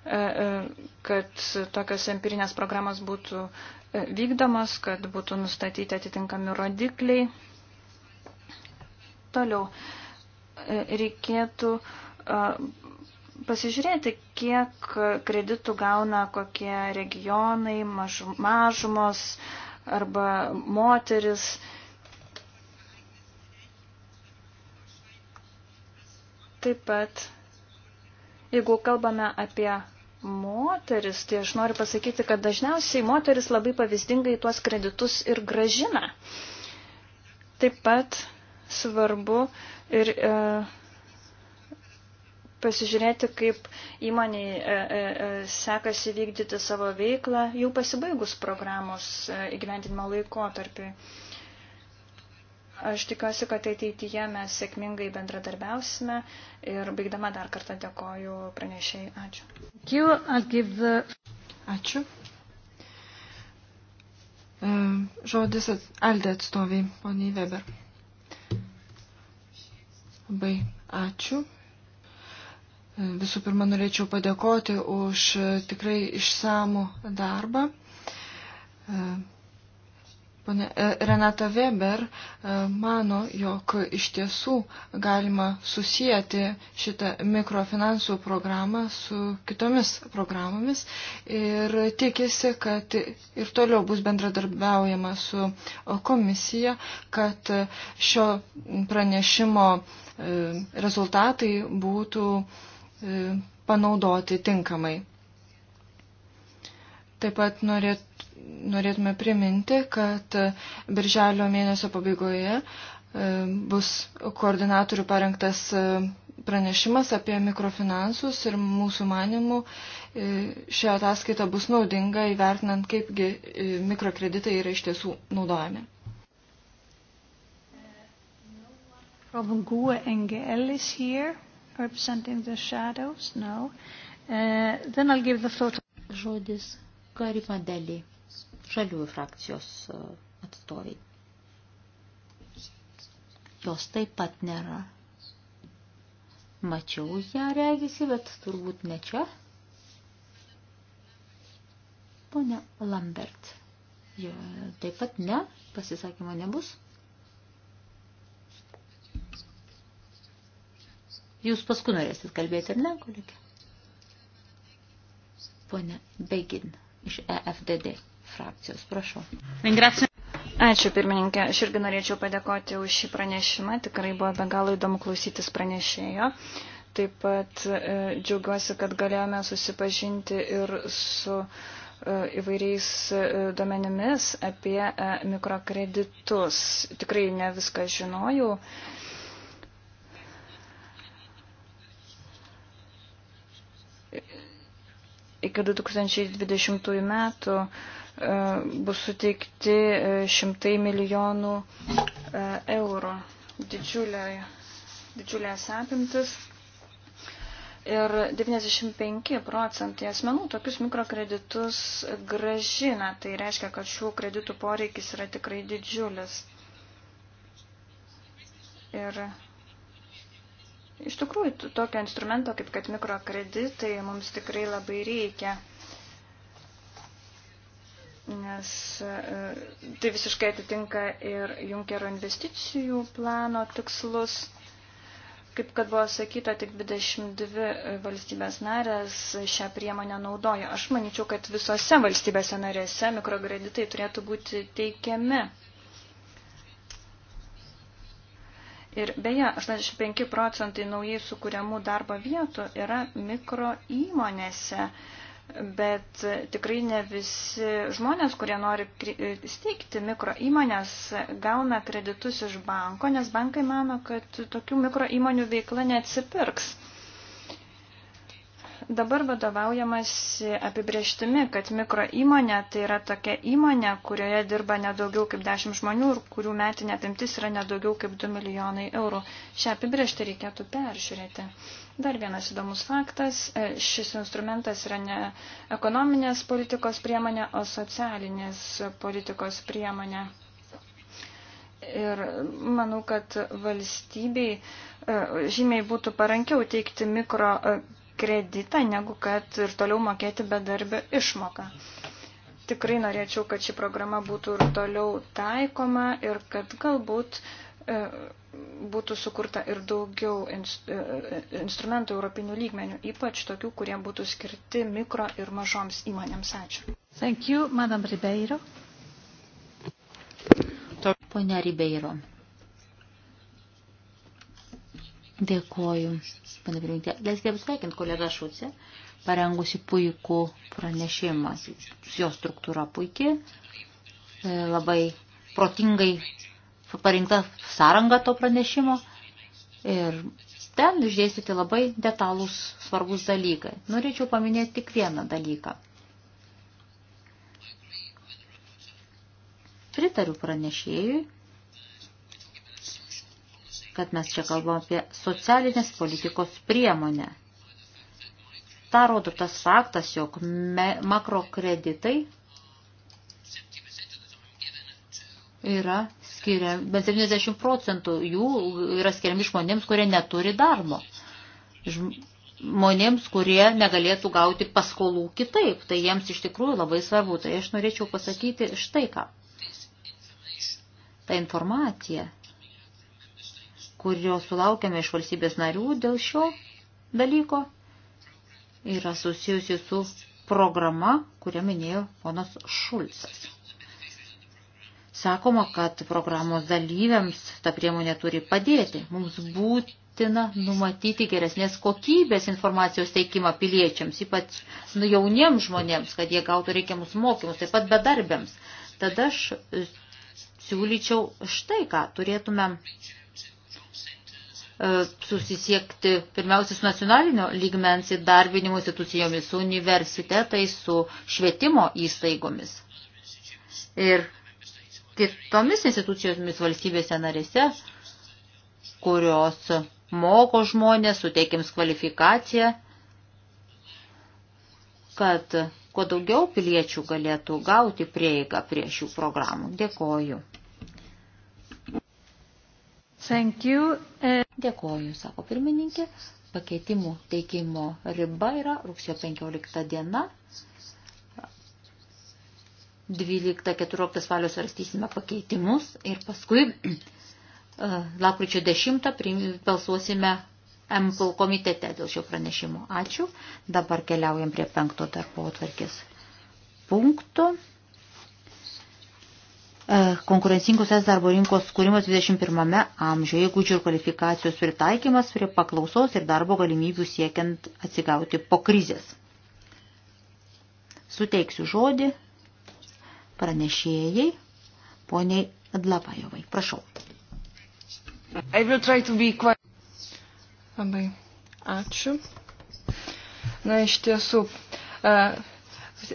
e, e, kad tokios empirinės programos būtų e, vykdomos, kad būtų nustatyti atitinkami rodikliai. Toliau reikėtų pasižiūrėti, kiek kreditų gauna kokie regionai, mažumos arba moteris. Taip pat, jeigu kalbame apie moteris, tai aš noriu pasakyti, kad dažniausiai moteris labai pavyzdingai tuos kreditus ir gražina. Taip pat svarbu ir. E, pasižiūrėti, kaip įmoniai e, e, e, sekasi vykdyti savo veiklą jau pasibaigus programos įgyvendinimo laikotarpiui. Aš tikiuosi, kad ateityje mes sėkmingai bendradarbiausime ir baigdama dar kartą dėkoju pranešėjai. Ačiū. The... Ačiū. Žodis Aldė atstoviai, poniai Weber. Labai ačiū. Visų pirma, norėčiau padėkoti už tikrai išsamų darbą. E, Pane e, Renata Weber e, mano, jog iš tiesų galima susijęti šitą mikrofinansų programą su kitomis programomis ir tikisi, kad ir toliau bus bendradarbiaujama su komisija, kad šio pranešimo rezultatai būtų E, panaudoti tinkamai. Taip pat norėt, norėtume priminti, kad birželio mėnesio pabaigoje e, bus koordinatorių parengtas e, pranešimas apie mikrofinansus ir mūsų manimų šią ataskaitą bus naudinga įvertinant, kaipgi mikrokreditai yra iš tiesų naudojami. Robin Gue Engel is here representing the shadows? No. Uh, then I'll give the floor to... Žodis Karimadeli, žaliųjų frakcijos uh, atstoviai. Jos taip pat nėra. Mačiau ją regisi, bet turbūt ne čia. Pone Lambert. Jo, taip pat ne, pasisakymo nebus. Jūs paskui norėsit kalbėti, ar ne, kolegė? Pone Begin iš EFDD frakcijos, prašau. Ačiū, pirmininkė. Aš irgi norėčiau padėkoti už šį pranešimą. Tikrai buvo be galo įdomu klausytis pranešėjo. Taip pat e, džiaugiuosi, kad galėjome susipažinti ir su e, įvairiais e, duomenimis apie e, mikrokreditus. Tikrai ne viską žinojau. E, iki 2020 metų e, bus suteikti e, šimtai milijonų e, eurų. Didžiulė, didžiulės apimtis. Ir 95 procentai asmenų tokius mikrokreditus gražina. Tai reiškia, kad šių kreditų poreikis yra tikrai didžiulis. Ir Iš tikrųjų, tokio instrumento kaip kad mikrokreditai mums tikrai labai reikia, nes e, tai visiškai atitinka ir Junkero investicijų plano tikslus. Kaip kad buvo sakyta, tik 22 valstybės narės šią priemonę naudoja. Aš manyčiau, kad visose valstybėse narėse mikrokreditai turėtų būti teikiami. Ir beje, 85 procentai naujai sukūriamų darbo vietų yra mikro įmonėse, bet tikrai ne visi žmonės, kurie nori steigti mikro įmonės, gauna kreditus iš banko, nes bankai mano, kad tokių mikro įmonių veikla neatsipirks. Dabar vadovaujamas apibrieštimi, kad mikro įmonė tai yra tokia įmonė, kurioje dirba nedaugiau kaip 10 žmonių ir kurių metinė apimtis yra nedaugiau kaip 2 milijonai eurų. Šią apibrieštį reikėtų peržiūrėti. Dar vienas įdomus faktas, e, šis instrumentas yra ne ekonominės politikos priemonė, o socialinės politikos priemonė. Ir manau, kad valstybei e, žymiai būtų parankiau teikti mikro e, kreditą, negu kad ir toliau mokėti bedarbio išmoką. Tikrai norėčiau, kad ši programa būtų ir toliau taikoma ir kad galbūt e, būtų sukurta ir daugiau e, e, instrumentų europinių lygmenių, ypač tokių, kurie būtų skirti mikro ir mažoms įmonėms. Ačiū. Thank you, Madam Ribeiro. Ponia Ribeiro. Dėkoju, pana Pirinkė. Leiskite pasveikinti kolegą Šucę, parengusi puikų pranešimą. Jo struktūra puikiai, e, labai protingai parinkta sąranga to pranešimo ir ten išdėstyti labai detalūs svarbus dalykai. Norėčiau paminėti tik vieną dalyką. Pritariu pranešėjui kad mes čia kalbam apie socialinės politikos priemonę. Ta rodo tas faktas, jog makrokreditai yra skiriami, bet 70 procentų jų yra skiriami žmonėms, kurie neturi darbo. Žmonėms, kurie negalėtų gauti paskolų kitaip, tai jiems iš tikrųjų labai svarbu. Tai aš norėčiau pasakyti štai ką. Ta informacija kurio sulaukėme iš valstybės narių dėl šio dalyko, yra susijusi su programa, kurią minėjo ponas Šulcas. Sakoma, kad programos dalyviams ta priemonė turi padėti. Mums būtina numatyti geresnės kokybės informacijos teikimą piliečiams, ypač nu, jauniems žmonėms, kad jie gautų reikiamus mokymus, taip pat bedarbiams. Tada aš siūlyčiau štai ką turėtume E, susisiekti pirmiausia su nacionalinio lygmens įdarbinimo institucijomis, su universitetais, su švietimo įstaigomis ir kitomis institucijomis valstybėse narėse, kurios moko žmonės, suteikiams kvalifikaciją, kad kuo daugiau piliečių galėtų gauti prieigą prie šių programų. Dėkoju. Thank you. E, Dėkoju, sako pirmininkė. Pakeitimų teikimo riba yra rugsėjo 15 diena. 12-14 spalio svarstysime pakeitimus ir paskui e, lapkričio 10 balsuosime MPL komitete dėl šio pranešimo. Ačiū. Dabar keliaujam prie penkto darbo atvarkės punkto. E, konkurencingos es darbo rinkos skūrimas 21 amžiuje, įgūdžių ir kvalifikacijos pritaikymas prie paklausos ir darbo galimybių siekiant atsigauti po krizės. Suteiksiu žodį pranešėjai, poniai Adlapajovai. Prašau. Quite... Labai ačiū. Na, iš tiesų, uh,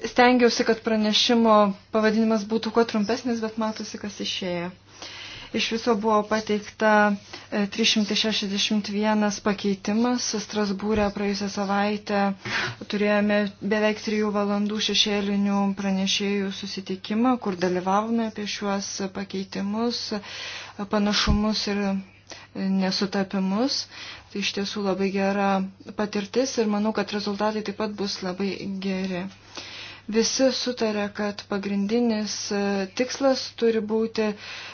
Stengiausi, kad pranešimo pavadinimas būtų kuo trumpesnis, bet matosi, kas išėjo. Iš viso buvo pateikta 361 e, pakeitimas. Strasbūrė praėjusią savaitę turėjome beveik 3 valandų šešėlinių pranešėjų susitikimą, kur dalyvavome apie šiuos pakeitimus, panašumus ir e, nesutapimus. Tai iš tiesų labai gera patirtis ir manau, kad rezultatai taip pat bus labai geri. Uh, visi sutarė, kad pagrindinis e, tikslas turi būti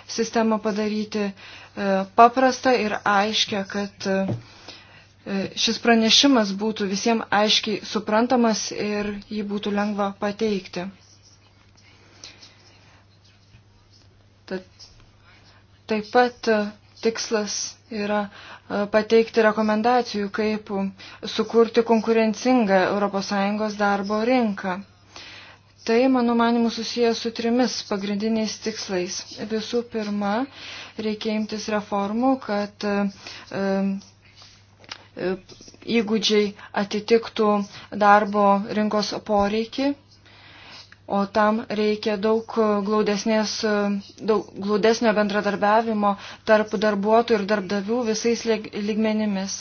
sistemą padaryti e, paprastą ir aiškę, kad e, šis pranešimas būtų visiems aiškiai suprantamas ir jį būtų lengva pateikti. Tad, taip pat tikslas yra pateikti rekomendacijų, kaip sukurti konkurencingą ES darbo rinką. Tai, mano manimu, susijęs su trimis pagrindiniais tikslais. Visų pirma, reikia imtis reformų, kad e, e, įgūdžiai atitiktų darbo rinkos poreikį o tam reikia daug, daug glaudesnio bendradarbiavimo tarp darbuotojų ir darbdavių visais lygmenimis.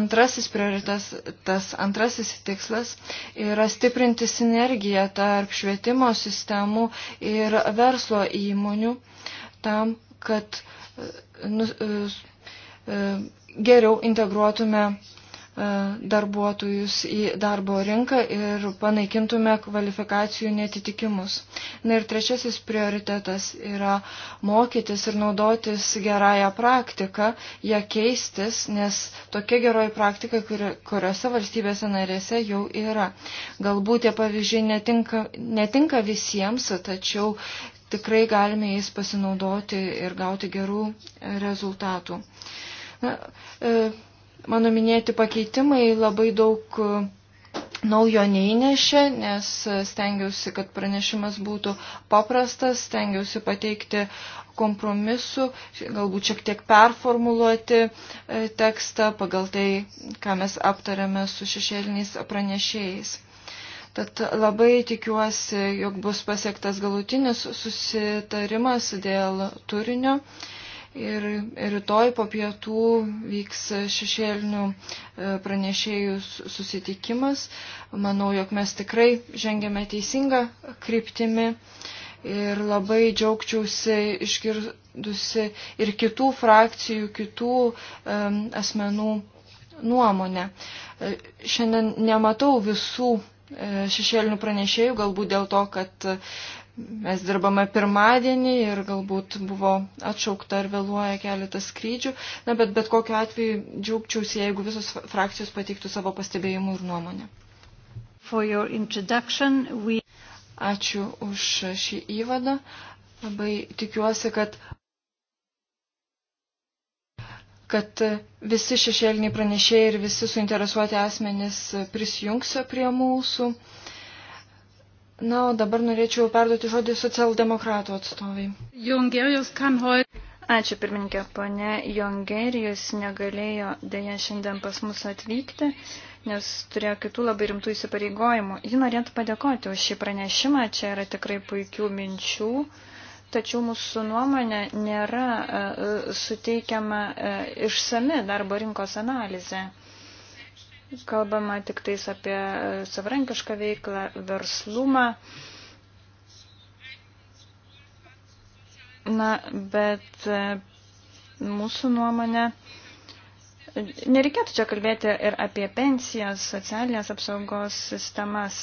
Antrasis prioritas, tas antrasis tikslas yra stiprinti sinergiją tarp švietimo sistemų ir verslo įmonių tam, kad e, nu, e, e, geriau integruotume E, darbuotojus į darbo rinką ir panaikintume kvalifikacijų netitikimus. Na ir trečiasis prioritetas yra mokytis ir naudotis gerąją praktiką, ją keistis, nes tokia geroji praktika, kuriuose valstybėse narėse jau yra. Galbūt tie pavyzdžiai netinka, netinka visiems, tačiau tikrai galime jais pasinaudoti ir gauti gerų rezultatų. Na, e, Mano minėti pakeitimai labai daug e, naujo neįnešė, nes e, stengiausi, kad pranešimas būtų paprastas, stengiausi pateikti kompromisu, galbūt šiek tiek performuluoti e, tekstą pagal tai, ką mes aptarėme su šešėliniais pranešėjais. Tad labai tikiuosi, jog bus pasiektas galutinis susitarimas dėl turinio. Uh, Ir rytoj po pietų vyks šešėlinių e, pranešėjų susitikimas. Manau, jog mes tikrai žengėme teisingą kryptimi ir labai džiaugčiausi išgirdusi ir kitų frakcijų, kitų um, asmenų nuomonę. E, šiandien nematau visų šešėlinių pranešėjų, galbūt dėl to, kad Mes dirbame pirmadienį ir galbūt buvo atšaukta ar vėluoja keletas skrydžių, na, bet bet kokiu atveju džiaugčiausi, jeigu visos frakcijos pateiktų savo pastebėjimų ir nuomonę. We... Ačiū už šį įvadą. Labai tikiuosi, kad, kad visi šešėliniai pranešėjai ir visi suinteresuoti asmenys prisijungs prie mūsų. Uh, Na, o dabar norėčiau perduoti žodį socialdemokratų atstovai. Jungerijus Kanhoi. Ačiū pirmininkė, ponė Jongerijus negalėjo dėja šiandien pas mus atvykti, nes turėjo kitų labai rimtų įsipareigojimų. Ji norėtų padėkoti už šį pranešimą, čia yra tikrai puikių minčių, tačiau mūsų nuomonė nėra e, e, suteikiama e, išsami darbo rinkos analizė kalbama tik tais apie e, savarankišką veiklą, verslumą. Na, bet e, mūsų nuomonė, nereikėtų čia kalbėti ir apie pensijas, socialinės apsaugos sistemas.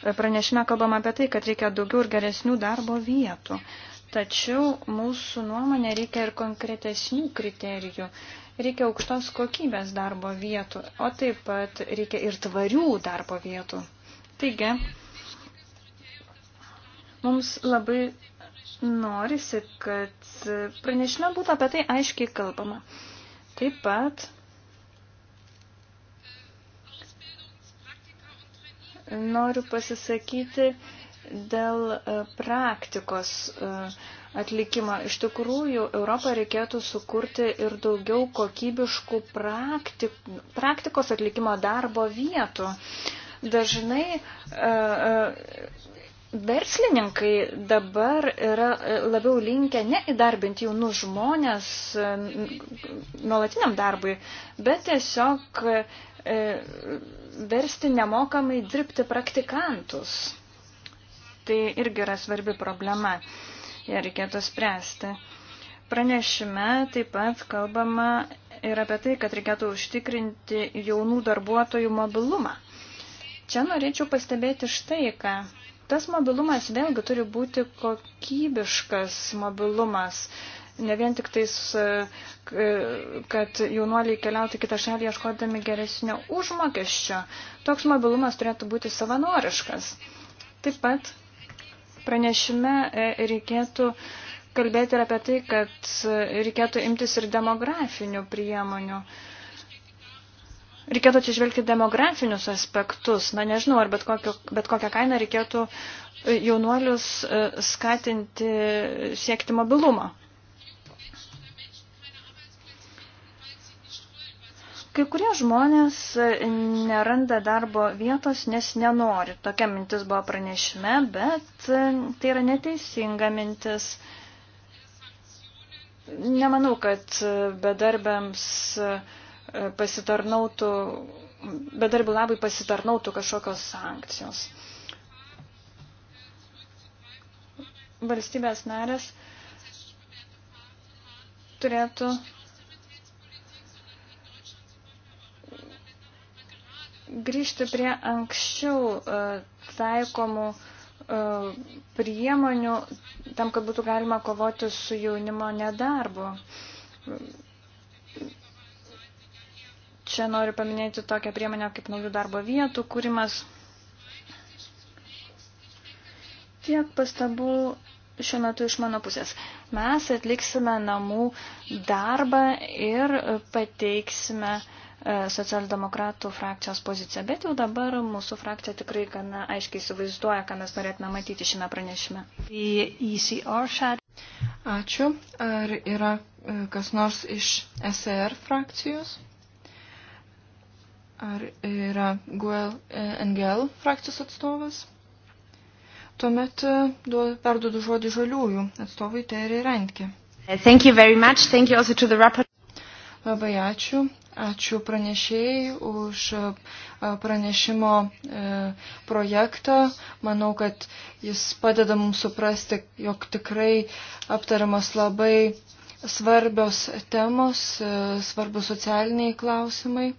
Pranešime kalbam apie tai, kad reikia daugiau ir geresnių darbo vietų. Tačiau mūsų nuomonė reikia ir konkretesnių kriterijų. Reikia aukštos kokybės darbo vietų, o taip pat reikia ir tvarių darbo vietų. Taigi, mums labai norisi, kad pranešime būtų apie tai aiškiai kalbama. Taip pat noriu pasisakyti dėl e, praktikos e, atlikimą. Iš tikrųjų, Europą reikėtų sukurti ir daugiau kokybiškų praktik, praktikos atlikimo darbo vietų. Dažnai e, e, verslininkai dabar yra e, labiau linkę neįdarbinti jaunų žmonės nuolatiniam darbui, bet tiesiog versti nemokamai dirbti praktikantus. Tai irgi yra svarbi problema. Uh, ją reikėtų spręsti. Pranešime taip pat kalbama ir apie tai, kad reikėtų užtikrinti jaunų darbuotojų mobilumą. Čia norėčiau pastebėti štai ką. Tas mobilumas vėlgi turi būti kokybiškas mobilumas. Ne vien tik tais, e, kad jaunuoliai keliauti kitą šalį ieškodami geresnio užmokesčio. Toks mobilumas turėtų būti savanoriškas. Taip pat Pranešime e, reikėtų kalbėti ir apie tai, kad e, reikėtų imtis ir demografinių priemonių. Reikėtų atsižvelgti demografinius aspektus. Na, nežinau, ar bet, kokio, bet kokią kainą reikėtų e, jaunuolius skatinti siekti mobilumą. Kai kurie žmonės e, neranda darbo vietos, nes nenori. Tokia mintis buvo pranešime, bet e, tai yra neteisinga mintis. Nemanau, kad e, bedarbiams pasitarnautų, bedarbių labai pasitarnautų kažkokios sankcijos. Valstybės narės turėtų grįžti prie anksčiau e, taikomų e, priemonių tam, kad būtų galima kovoti su jaunimo nedarbu. Čia noriu paminėti tokią priemonę kaip naujų darbo vietų kūrimas. Tiek pastabų šiuo metu iš mano pusės. Mes atliksime namų darbą ir pateiksime uh, E, socialdemokratų frakcijos poziciją, bet jau dabar mūsų frakcija tikrai gana aiškiai įsivaizduoja, ką mes norėtume matyti šiame pranešime. E ačiū. Ar yra e, kas nors iš SR frakcijos? Ar yra Guel NGL frakcijos atstovas? Tuomet perduodu žodį žaliųjų atstovui Terė Rentke. Labai ačiū. Ačiū pranešėjai už e, pranešimo e, projektą. Manau, kad jis padeda mums suprasti, jog tikrai aptariamas labai svarbios temos, e, svarbus socialiniai klausimai.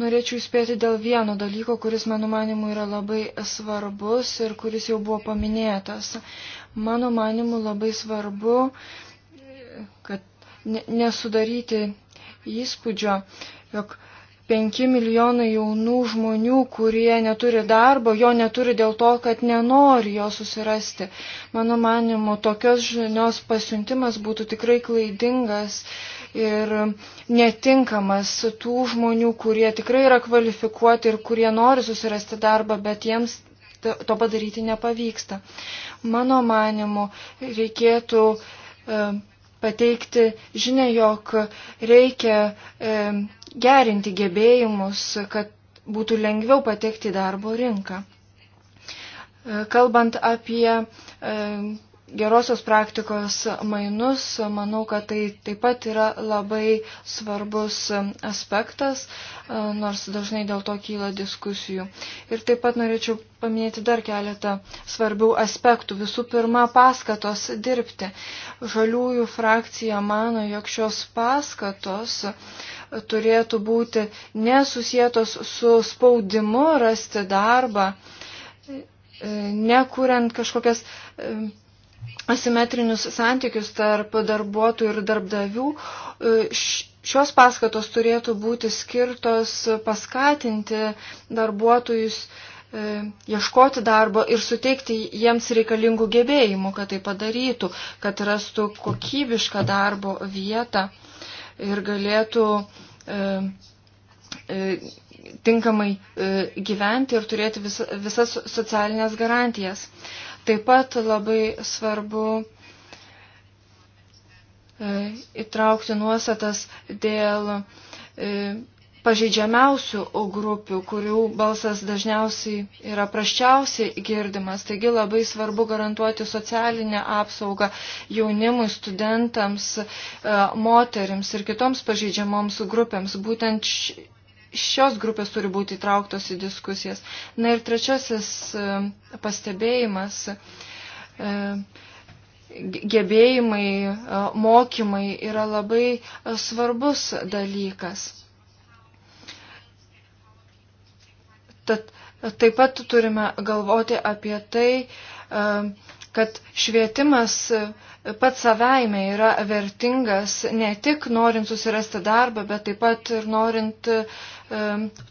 Norėčiau įspėti dėl vieno dalyko, kuris mano manimu yra labai svarbus ir kuris jau buvo paminėtas. Mano manimu labai svarbu, kad nesudaryti įspūdžio, jog 5 milijonai jaunų žmonių, kurie neturi darbo, jo neturi dėl to, kad nenori jo susirasti. Mano manimo, tokios žinios pasiuntimas būtų tikrai klaidingas ir netinkamas tų žmonių, kurie tikrai yra kvalifikuoti ir kurie nori susirasti darbą, bet jiems to padaryti nepavyksta. Mano manimu, reikėtų. E, pateikti žinia, jog reikia e, gerinti gebėjimus, kad būtų lengviau patekti į darbo rinką. E, kalbant apie e, gerosios praktikos mainus, manau, kad tai taip pat yra labai svarbus aspektas, nors dažnai dėl to kyla diskusijų. Ir taip pat norėčiau paminėti dar keletą svarbių aspektų. Visų pirma, paskatos dirbti. Žaliųjų frakcija mano, jog šios paskatos turėtų būti nesusietos su spaudimu rasti darbą, nekuriant kažkokias asimetrinius santykius tarp darbuotojų ir darbdavių, e, šios paskatos turėtų būti skirtos paskatinti darbuotojus e, ieškoti darbo ir suteikti jiems reikalingų gebėjimų, kad tai padarytų, kad rastų kokybišką darbo vietą ir galėtų e, tinkamai gyventi ir turėti visas socialinės garantijas. Taip pat labai svarbu e, įtraukti nuostatas dėl e, pažeidžiamiausių grupių, kurių balsas dažniausiai yra praščiausiai girdimas. Taigi labai svarbu garantuoti socialinę apsaugą jaunimui, studentams, e, moterims ir kitoms pažeidžiamoms grupėms. Būtent šios grupės turi būti įtrauktos į diskusijas. Na ir trečiasis e, pastebėjimas e, gebėjimai, e, mokymai yra labai svarbus dalykas. Tad taip pat turime galvoti apie tai, kad švietimas pats savaime yra vertingas ne tik norint susirasti darbą, bet taip pat ir norint e,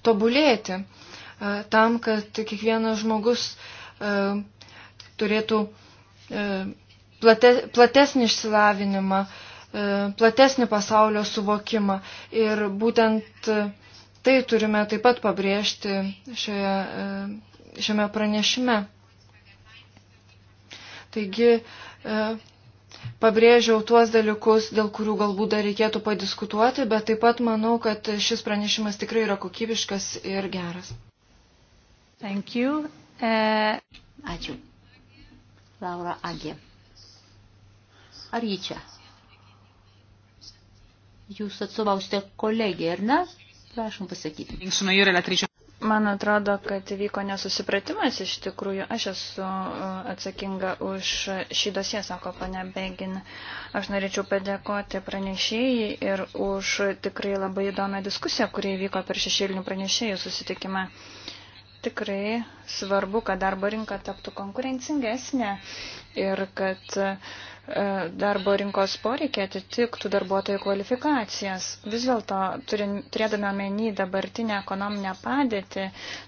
tobulėti, e, tam, kad kiekvienas žmogus e, turėtų e, plate, platesnį išsilavinimą, e, platesnį pasaulio suvokimą. Ir būtent e, tai turime taip pat pabrėžti šioje, e, šiame pranešime. Taigi, e, pabrėžiau tuos dalykus, dėl kurių galbūt dar reikėtų padiskutuoti, bet taip pat manau, kad šis pranešimas tikrai yra kokybiškas ir geras. Thank you. Uh, ačiū. Laura Agė. Ar jį čia? Jūs atsovausite kolegiją, ar ne? Prašom pasakyti. Man atrodo, kad vyko nesusipratimas iš tikrųjų. Aš esu e, atsakinga už šį dosiją, sako pane Begin. Aš norėčiau padėkoti pranešėjai ir už tikrai labai įdomią diskusiją, kurie vyko per šešėlinių pranešėjų susitikimą. Tikrai svarbu, kad darbo rinka taptų konkurencingesnė ir kad uh, E, darbo rinkos poreikiai atitiktų darbuotojų kvalifikacijas. Vis dėlto, turėdami omeny dabartinę ekonominę padėtį,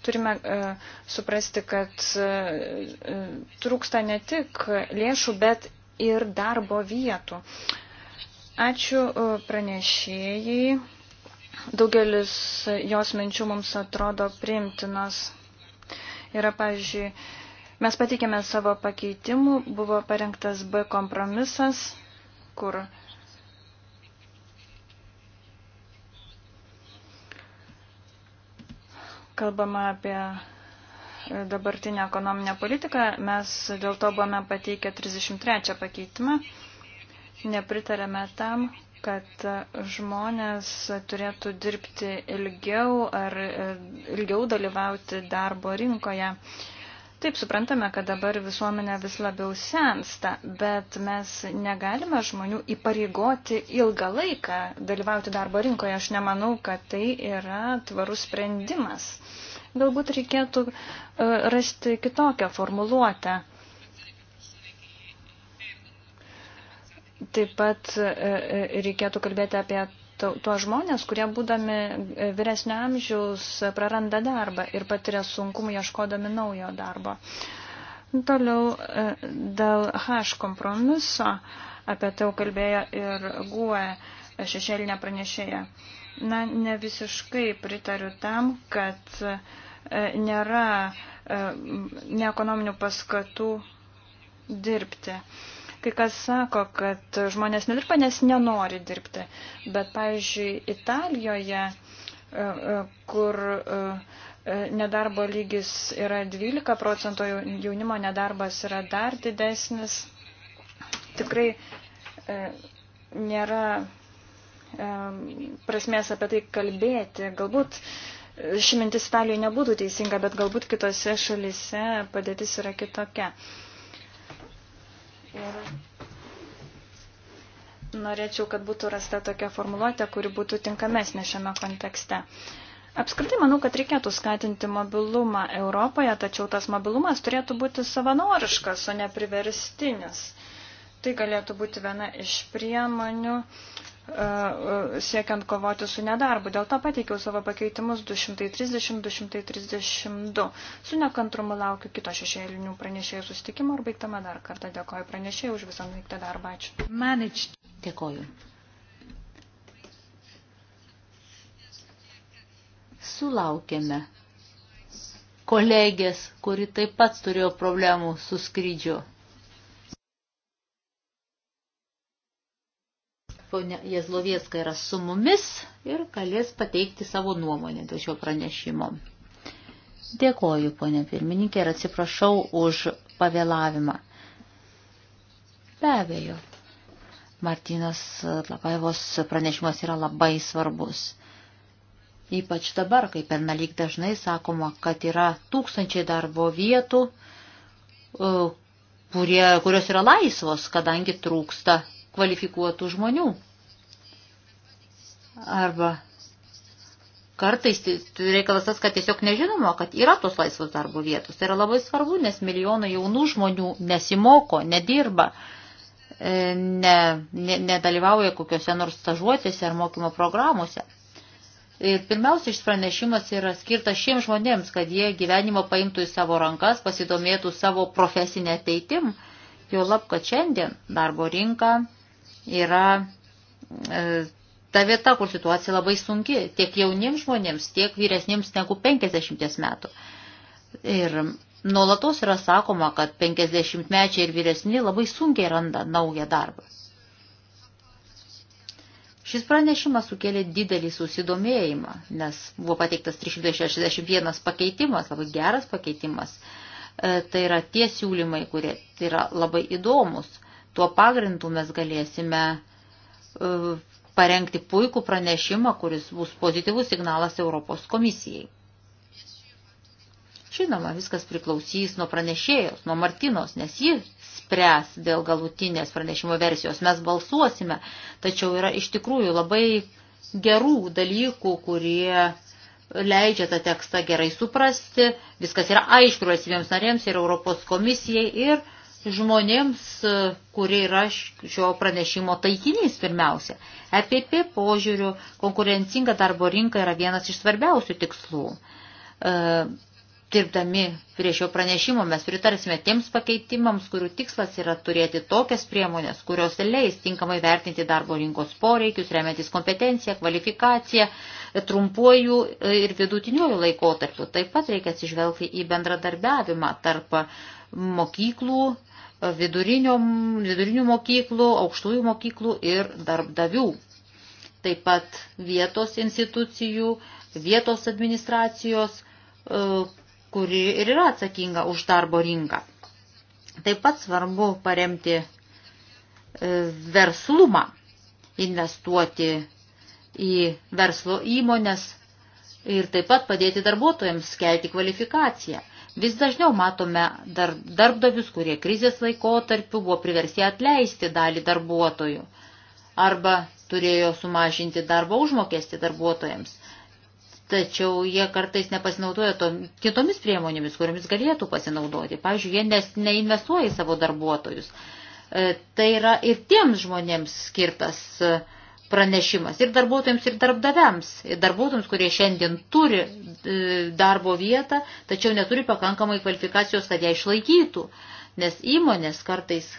turime uh, suprasti, kad uh, trūksta ne tik lėšų, bet ir darbo vietų. Ačiū uh, pranešėjai. Daugelis jos minčių mums atrodo primtinos. Yra, pažiūrėjau, Mes pateikėme savo pakeitimų, buvo parengtas B kompromisas, kur kalbama apie dabartinę ekonominę politiką, mes dėl to buvome pateikę 33 pakeitimą. Nepritarėme tam, kad žmonės turėtų dirbti ilgiau ar ilgiau dalyvauti darbo rinkoje. Taip, suprantame, kad dabar visuomenė vis labiau sensta, bet mes negalime žmonių įpareigoti ilgą laiką dalyvauti darbo rinkoje. Aš nemanau, kad tai yra tvarus sprendimas. Galbūt reikėtų e, rasti kitokią formuluotę. Taip pat e, e, reikėtų kalbėti apie tuos žmonės, kurie būdami e, vyresnio amžiaus praranda darbą ir patiria sunkumų ieškodami naujo darbo. Toliau e, dėl H kompromiso, apie tai jau kalbėjo ir GUE šešėlinė pranešėja. Na, ne visiškai pritariu tam, kad e, nėra neekonominių paskatų dirbti. Kai kas sako, kad žmonės nedirba, nes nenori dirbti. Bet, pavyzdžiui, Italijoje, e, e, kur e, nedarbo lygis yra 12 procentų, jaunimo nedarbas yra dar didesnis, tikrai nėra prasmės apie tai kalbėti. Galbūt ši mintis Italijoje nebūtų teisinga, bet galbūt kitose šalise padėtis yra kitokia. Ir norėčiau, kad būtų rasta tokia formuluotė, kuri būtų tinkamesnė šiame kontekste. Apskritai manau, kad reikėtų skatinti mobilumą Europoje, tačiau tas mobilumas turėtų būti savanoriškas, o ne priverstinis. Tai galėtų būti viena iš priemonių uh, E, e, siekiant kovoti su nedarbu. Dėl to pateikiau savo pakeitimus 230-232. Su nekantrumu laukiu kito šešėlinių pranešėjų sustikimo ir baigtame dar kartą. Dėkoju pranešėjai už visą nuveiktą darbą. Ačiū. Manage. Dėkoju. Sulaukėme kolegės, kuri taip pat turėjo problemų su skrydžiu. ponia Jezlovieska yra su mumis ir galės pateikti savo nuomonę dėl šio pranešimo. Dėkoju, ponia pirmininkė, ir atsiprašau už pavėlavimą. Be abejo, Martinas Lapaivos pranešimas yra labai svarbus. Ypač dabar, kai pernelyg dažnai sakoma, kad yra tūkstančiai darbo vietų, e, kurie, kurios yra laisvos, kadangi trūksta kvalifikuotų žmonių. Arba kartais tai, tai reikalas tas, kad tiesiog nežinoma, kad yra tos laisvos darbo vietos. Tai yra labai svarbu, nes milijonai jaunų žmonių nesimoko, nedirba, e, ne, ne, nedalyvauja kokiuose nors stažuotėse ar mokymo programuose. Ir pirmiausia, šis pranešimas yra skirtas šiems žmonėms, kad jie gyvenimą paimtų į savo rankas, pasidomėtų savo profesinę ateitim, jo lab, kad šiandien darbo rinka yra e, ta vieta, kur situacija labai sunki tiek jauniems žmonėms, tiek vyresniems negu 50 metų. Ir nuolatos yra sakoma, kad 50 mečiai ir vyresni labai sunkiai randa naują darbą. Šis pranešimas sukėlė didelį susidomėjimą, nes buvo pateiktas 361 pakeitimas, labai geras pakeitimas. E, tai yra tie siūlymai, kurie tai yra labai įdomus. Tuo pagrindu mes galėsime e, parengti puikų pranešimą, kuris bus pozityvus signalas Europos komisijai. Žinoma, viskas priklausys nuo pranešėjos, nuo Martinos, nes ji spręs dėl galutinės pranešimo versijos. Mes balsuosime, tačiau yra iš tikrųjų labai gerų dalykų, kurie leidžia tą tekstą gerai suprasti. Viskas yra aišku valstybėms narėms ir Europos komisijai ir žmonėms, e, kurie yra šio pranešimo taikinys pirmiausia. EPP požiūrių konkurencinga darbo rinka yra vienas iš svarbiausių tikslų. E, dirbdami prie šio pranešimo mes pritarsime tiems pakeitimams, kurių tikslas yra turėti tokias priemonės, kurios leis tinkamai vertinti darbo rinkos poreikius, remiantis kompetenciją, kvalifikaciją, trumpuoju e, ir vidutiniuoju laikotarpiu. Taip pat reikia atsižvelgti į bendradarbiavimą tarp mokyklų, vidurinių mokyklų, aukštųjų mokyklų ir darbdavių. Taip pat vietos institucijų, vietos administracijos, e, kuri ir yra atsakinga už darbo rinką. Taip pat svarbu paremti e, verslumą, investuoti į verslo įmonės ir taip pat padėti darbuotojams kelti kvalifikaciją. Vis dažniau matome dar, darbdavius, kurie krizės laikotarpiu buvo priversti atleisti dalį darbuotojų arba turėjo sumažinti darbo užmokestį darbuotojams. Tačiau jie kartais nepasinaudoja to, kitomis priemonėmis, kuriomis galėtų pasinaudoti. Pavyzdžiui, jie nes, neinvestuoja į savo darbuotojus. E, tai yra ir tiems žmonėms skirtas e, pranešimas ir darbuotojams, ir darbdaviams, ir darbuotojams, kurie šiandien turi e, darbo vietą, tačiau neturi pakankamai kvalifikacijos, kad ją išlaikytų, nes įmonės kartais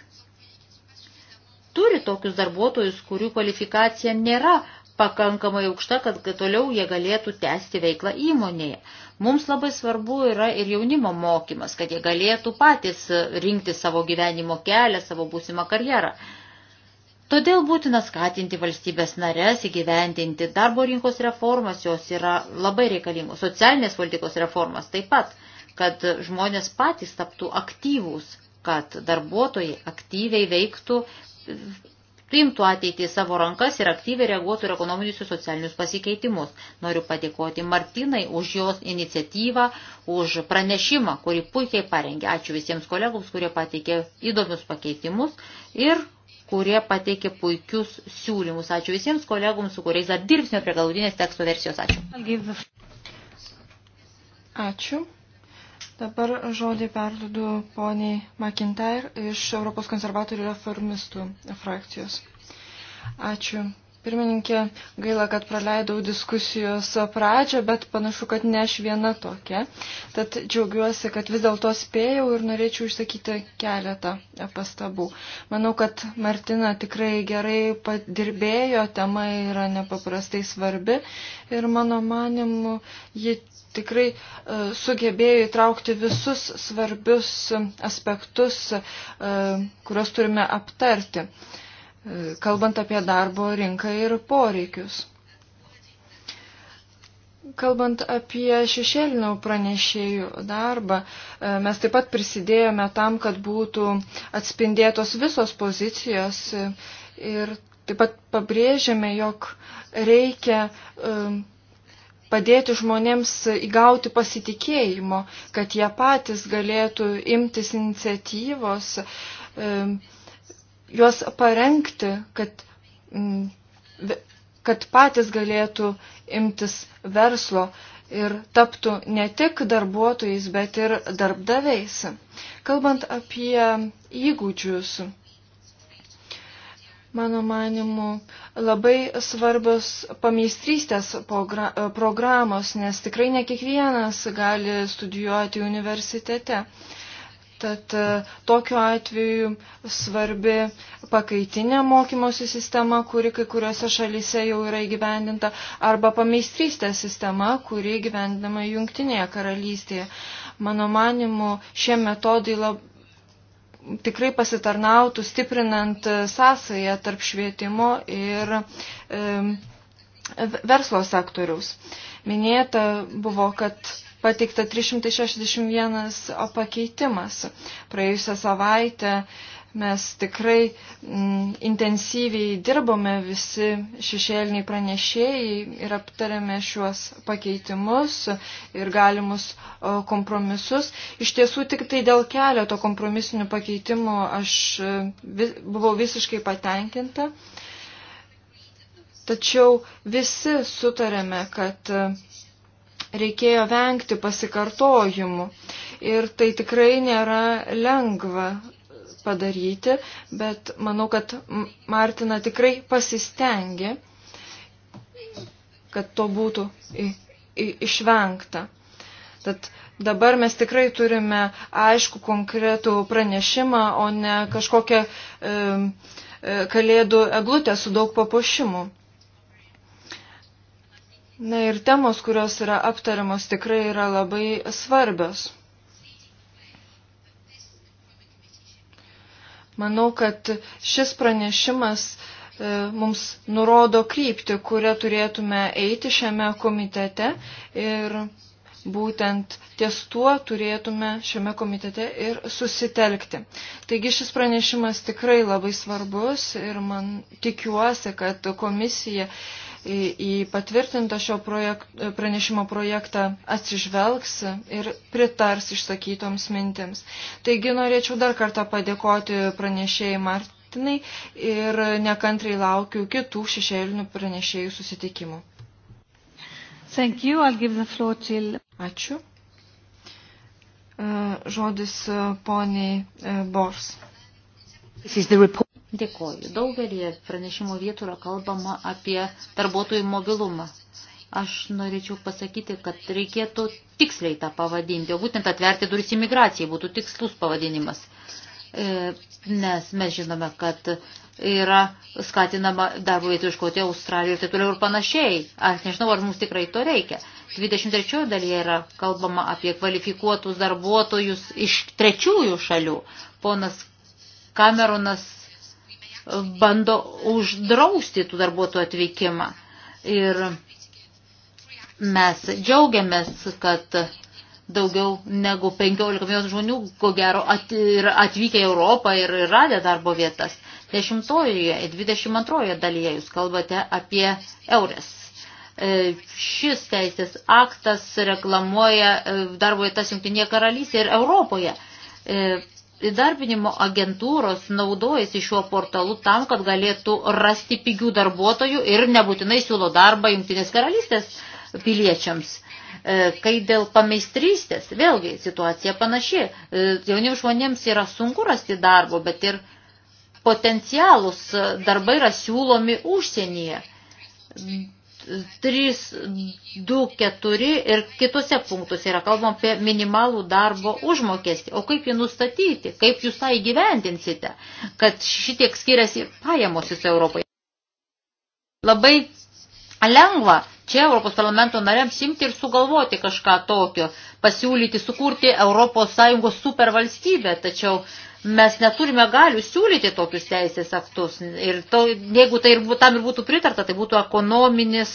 turi tokius darbuotojus, kurių kvalifikacija nėra pakankamai aukšta, kad toliau jie galėtų tęsti veiklą įmonėje. Mums labai svarbu yra ir jaunimo mokymas, kad jie galėtų patys rinkti savo gyvenimo kelią, savo būsimą karjerą. Todėl būtina skatinti valstybės narės įgyvendinti darbo rinkos reformas, jos yra labai reikalingos, socialinės politikos reformas taip pat, kad žmonės patys taptų aktyvūs, kad darbuotojai aktyviai veiktų, priimtų ateitį į savo rankas ir aktyviai reaguotų ir ekonominius ir socialinius pasikeitimus. Noriu padėkoti Martinai už jos iniciatyvą, už pranešimą, kurį puikiai parengė. Ačiū visiems kolegams, kurie pateikė įdomius pakeitimus ir kurie pateikė puikius siūlymus. Ačiū visiems kolegoms, su kuriais dar dirbsime prie galutinės teksto versijos. Ačiū. Ačiū. Dabar žodį perduodu poniai McIntyre iš Europos konservatorių reformistų frakcijos. Ačiū, Pirmininkė, gaila, kad praleidau diskusijos pradžią, bet panašu, kad ne aš viena tokia. Tad džiaugiuosi, kad vis dėlto spėjau ir norėčiau išsakyti keletą pastabų. Manau, kad Martina tikrai gerai padirbėjo, tema yra nepaprastai svarbi ir mano manimu, ji tikrai e, sugebėjo įtraukti visus svarbius aspektus, e, kuriuos turime aptarti kalbant apie darbo rinką ir poreikius. Kalbant apie šešėlinių pranešėjų darbą, e, mes taip pat prisidėjome tam, kad būtų atspindėtos visos pozicijos e, ir taip pat pabrėžėme, jog reikia e, padėti žmonėms įgauti pasitikėjimo, kad jie patys galėtų imtis iniciatyvos juos parengti, kad, mm, kad patys galėtų imtis verslo ir taptų ne tik darbuotojais, bet ir darbdaviais. Kalbant apie įgūdžius, mano manimu, labai svarbios pameistrystės programos, nes tikrai ne kiekvienas gali studijuoti universitete. Tad e, tokiu atveju svarbi pakaitinė mokymosi sistema, kuri kai kuriuose šalyse jau yra įgyvendinta, arba pameistrystės sistema, kuri įgyvendinama Junktinėje karalystėje. Mano manimu, šie metodai lab... tikrai pasitarnautų stiprinant e, sąsąją tarp švietimo ir e, verslo sektoriaus. Minėta buvo, kad pateikta 361 pakeitimas. Praėjusią savaitę mes tikrai m, mm, intensyviai dirbome visi šešėliniai pranešėjai ir aptarėme šiuos pakeitimus ir galimus o, kompromisus. Iš tiesų tik tai dėl keleto kompromisinių pakeitimų aš e, vi, buvau visiškai patenkinta. Tačiau visi sutarėme, kad reikėjo vengti pasikartojimų. Ir tai tikrai nėra lengva padaryti, bet manau, kad Martina tikrai pasistengė, kad to būtų į, į, išvengta. Tad dabar mes tikrai turime aišku konkretų pranešimą, o ne kažkokią e, kalėdų eglutę su daug papuošimų. Na ir temos, kurios yra aptariamos, tikrai yra labai svarbios. Manau, kad šis pranešimas e, mums nurodo krypti, kurią turėtume eiti šiame komitete ir būtent ties tuo turėtume šiame komitete ir susitelkti. Taigi šis pranešimas tikrai labai svarbus ir man tikiuosi, kad komisija į patvirtintą šio projekt, pranešimo projektą atsižvelgs ir pritars išsakytoms mintims. Taigi norėčiau dar kartą padėkoti pranešėjai Martinai ir nekantriai laukiu kitų šešėlinių pranešėjų susitikimų. Thank you. I'll give the floor till... Ačiū. E, žodis e, poniai e, Bors. This is the report. Dėkoju. Daugelį pranešimo vietų yra kalbama apie darbuotojų mobilumą. Aš norėčiau pasakyti, kad reikėtų tiksliai tą pavadinti, o būtent atverti duris imigracijai būtų tikslus pavadinimas. E, nes mes žinome, kad yra skatinama darbo vietų iškoti Australijoje ir taip toliau ir panašiai. Aš nežinau, ar mums tikrai to reikia. 23 dalyje yra kalbama apie kvalifikuotus darbuotojus iš trečiųjų šalių. Ponas Kameronas bando uždrausti tų darbuotojų atvykimą. Ir mes džiaugiamės, kad daugiau negu 15 milijonų žmonių, ko gero, at, yra atvykę į Europą ir radę darbo vietas. 10-ojoje ir 22-ojoje dalyje jūs kalbate apie eurės. E, šis teisės aktas reklamuoja e, darbo vietas Junktinėje karalystėje ir Europoje. E, Įdarbinimo agentūros naudojasi šiuo portalu tam, kad galėtų rasti pigių darbuotojų ir nebūtinai siūlo darbą Jungtinės karalystės piliečiams. E, kai dėl pameistrystės, vėlgi situacija panaši, e, jauniems žmonėms yra sunku rasti darbo, bet ir potencialus darbai yra siūlomi užsienyje. 3, 2, 4 ir kitose punktuose yra kalbama apie minimalų darbo užmokestį. O kaip jį nustatyti, kaip jūs tą įgyvendinsite, kad šitiek skiriasi pajamos jūs Europai. Labai lengva čia Europos parlamento nariams simti ir sugalvoti kažką tokio, pasiūlyti, sukurti Europos Sąjungos supervalstybę, tačiau uh, mes neturime galių siūlyti tokius teisės aktus. Ir to, jeigu tai ir, tam ir būtų pritarta, tai būtų ekonominis,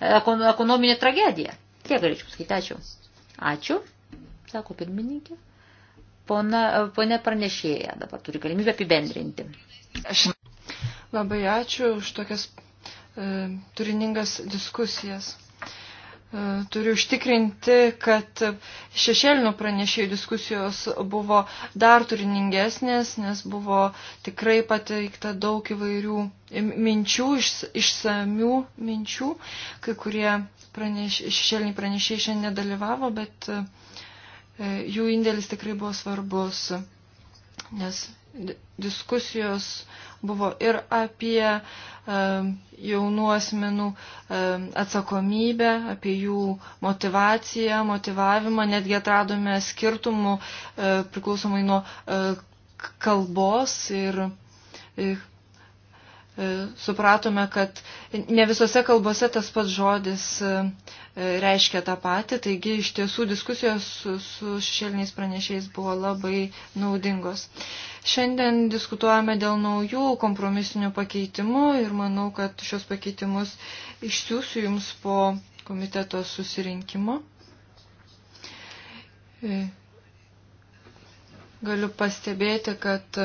ekon, ekonominė tragedija. Tiek galėčiau pasakyti. Ačiū. Ačiū, sako pirmininkė. Pona, pone pranešėja dabar turi galimybę apibendrinti. Aš labai ačiū už tokias e, turiningas diskusijas. E, turiu užtikrinti, kad šešėlinių pranešėjų diskusijos buvo dar turiningesnės, nes buvo tikrai pateikta daug įvairių minčių, išsamių minčių. Kai kurie praneš, šešėliniai pranešėjai šiandien nedalyvavo, bet e, jų indėlis tikrai buvo svarbus, nes diskusijos buvo ir apie e, jaunų asmenų e, atsakomybę, apie jų motivaciją, motivavimą, netgi atradome skirtumų e, priklausomai nuo e, kalbos ir e, E, supratome, kad ne visose kalbose tas pats žodis e, e, reiškia tą patį, taigi iš tiesų diskusijos su, su šešėliniais pranešėjais buvo labai naudingos. Šiandien diskutuojame dėl naujų kompromisinių pakeitimų ir manau, kad šios pakeitimus išsiųsiu jums po komiteto susirinkimo. Galiu pastebėti, kad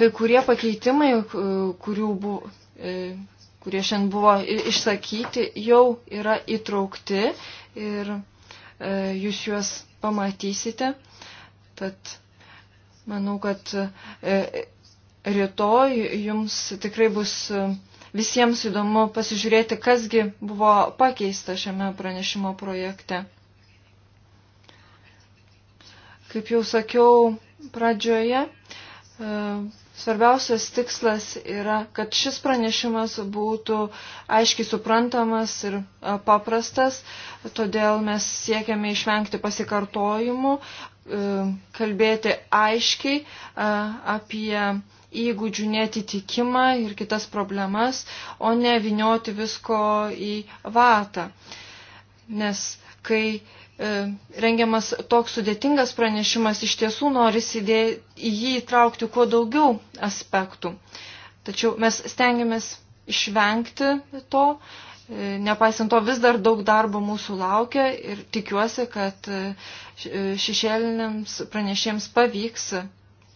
kai kurie pakeitimai, kurių buvo e, kurie šiandien buvo išsakyti, jau yra įtraukti ir e, jūs juos pamatysite. Tad manau, kad e, rytoj jums tikrai bus visiems įdomu pasižiūrėti, kasgi buvo pakeista šiame pranešimo projekte. Kaip jau sakiau pradžioje, Svarbiausias tikslas yra, kad šis pranešimas būtų aiškiai suprantamas ir e, paprastas, todėl mes siekiame išvengti pasikartojimų, e, kalbėti aiškiai e, apie įgūdžių netitikimą ir kitas problemas, o ne vinioti visko į vatą. Nes kai uh, E, rengiamas toks sudėtingas pranešimas, iš tiesų norisi į jį įtraukti kuo daugiau aspektų. Tačiau mes stengiamės išvengti to, e, nepaisant to vis dar daug darbo mūsų laukia ir tikiuosi, kad e, šešėliniams pranešėjams pavyks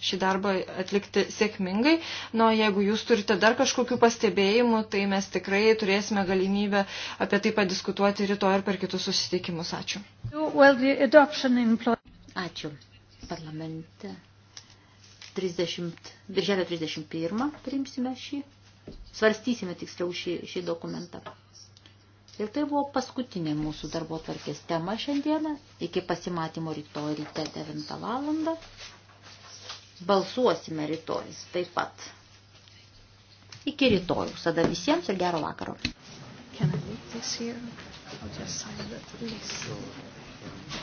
šį darbą atlikti sėkmingai. Na, nu, jeigu jūs turite dar kažkokių pastebėjimų, tai mes tikrai turėsime galimybę apie tai padiskutuoti rytoj ir per kitus susitikimus. Ačiū. Ačiū. Parlamente. 30, birželio 31 priimsime šį, svarstysime tiksliau šį, šį dokumentą. Ir tai buvo paskutinė mūsų darbo tvarkės tema šiandieną, iki pasimatymo rytoj ryte 9 valandą. Balsuosime rytoj taip pat. Iki rytojų. Tada visiems ir gero vakaro. Can I leave this here? I'll just sign that release.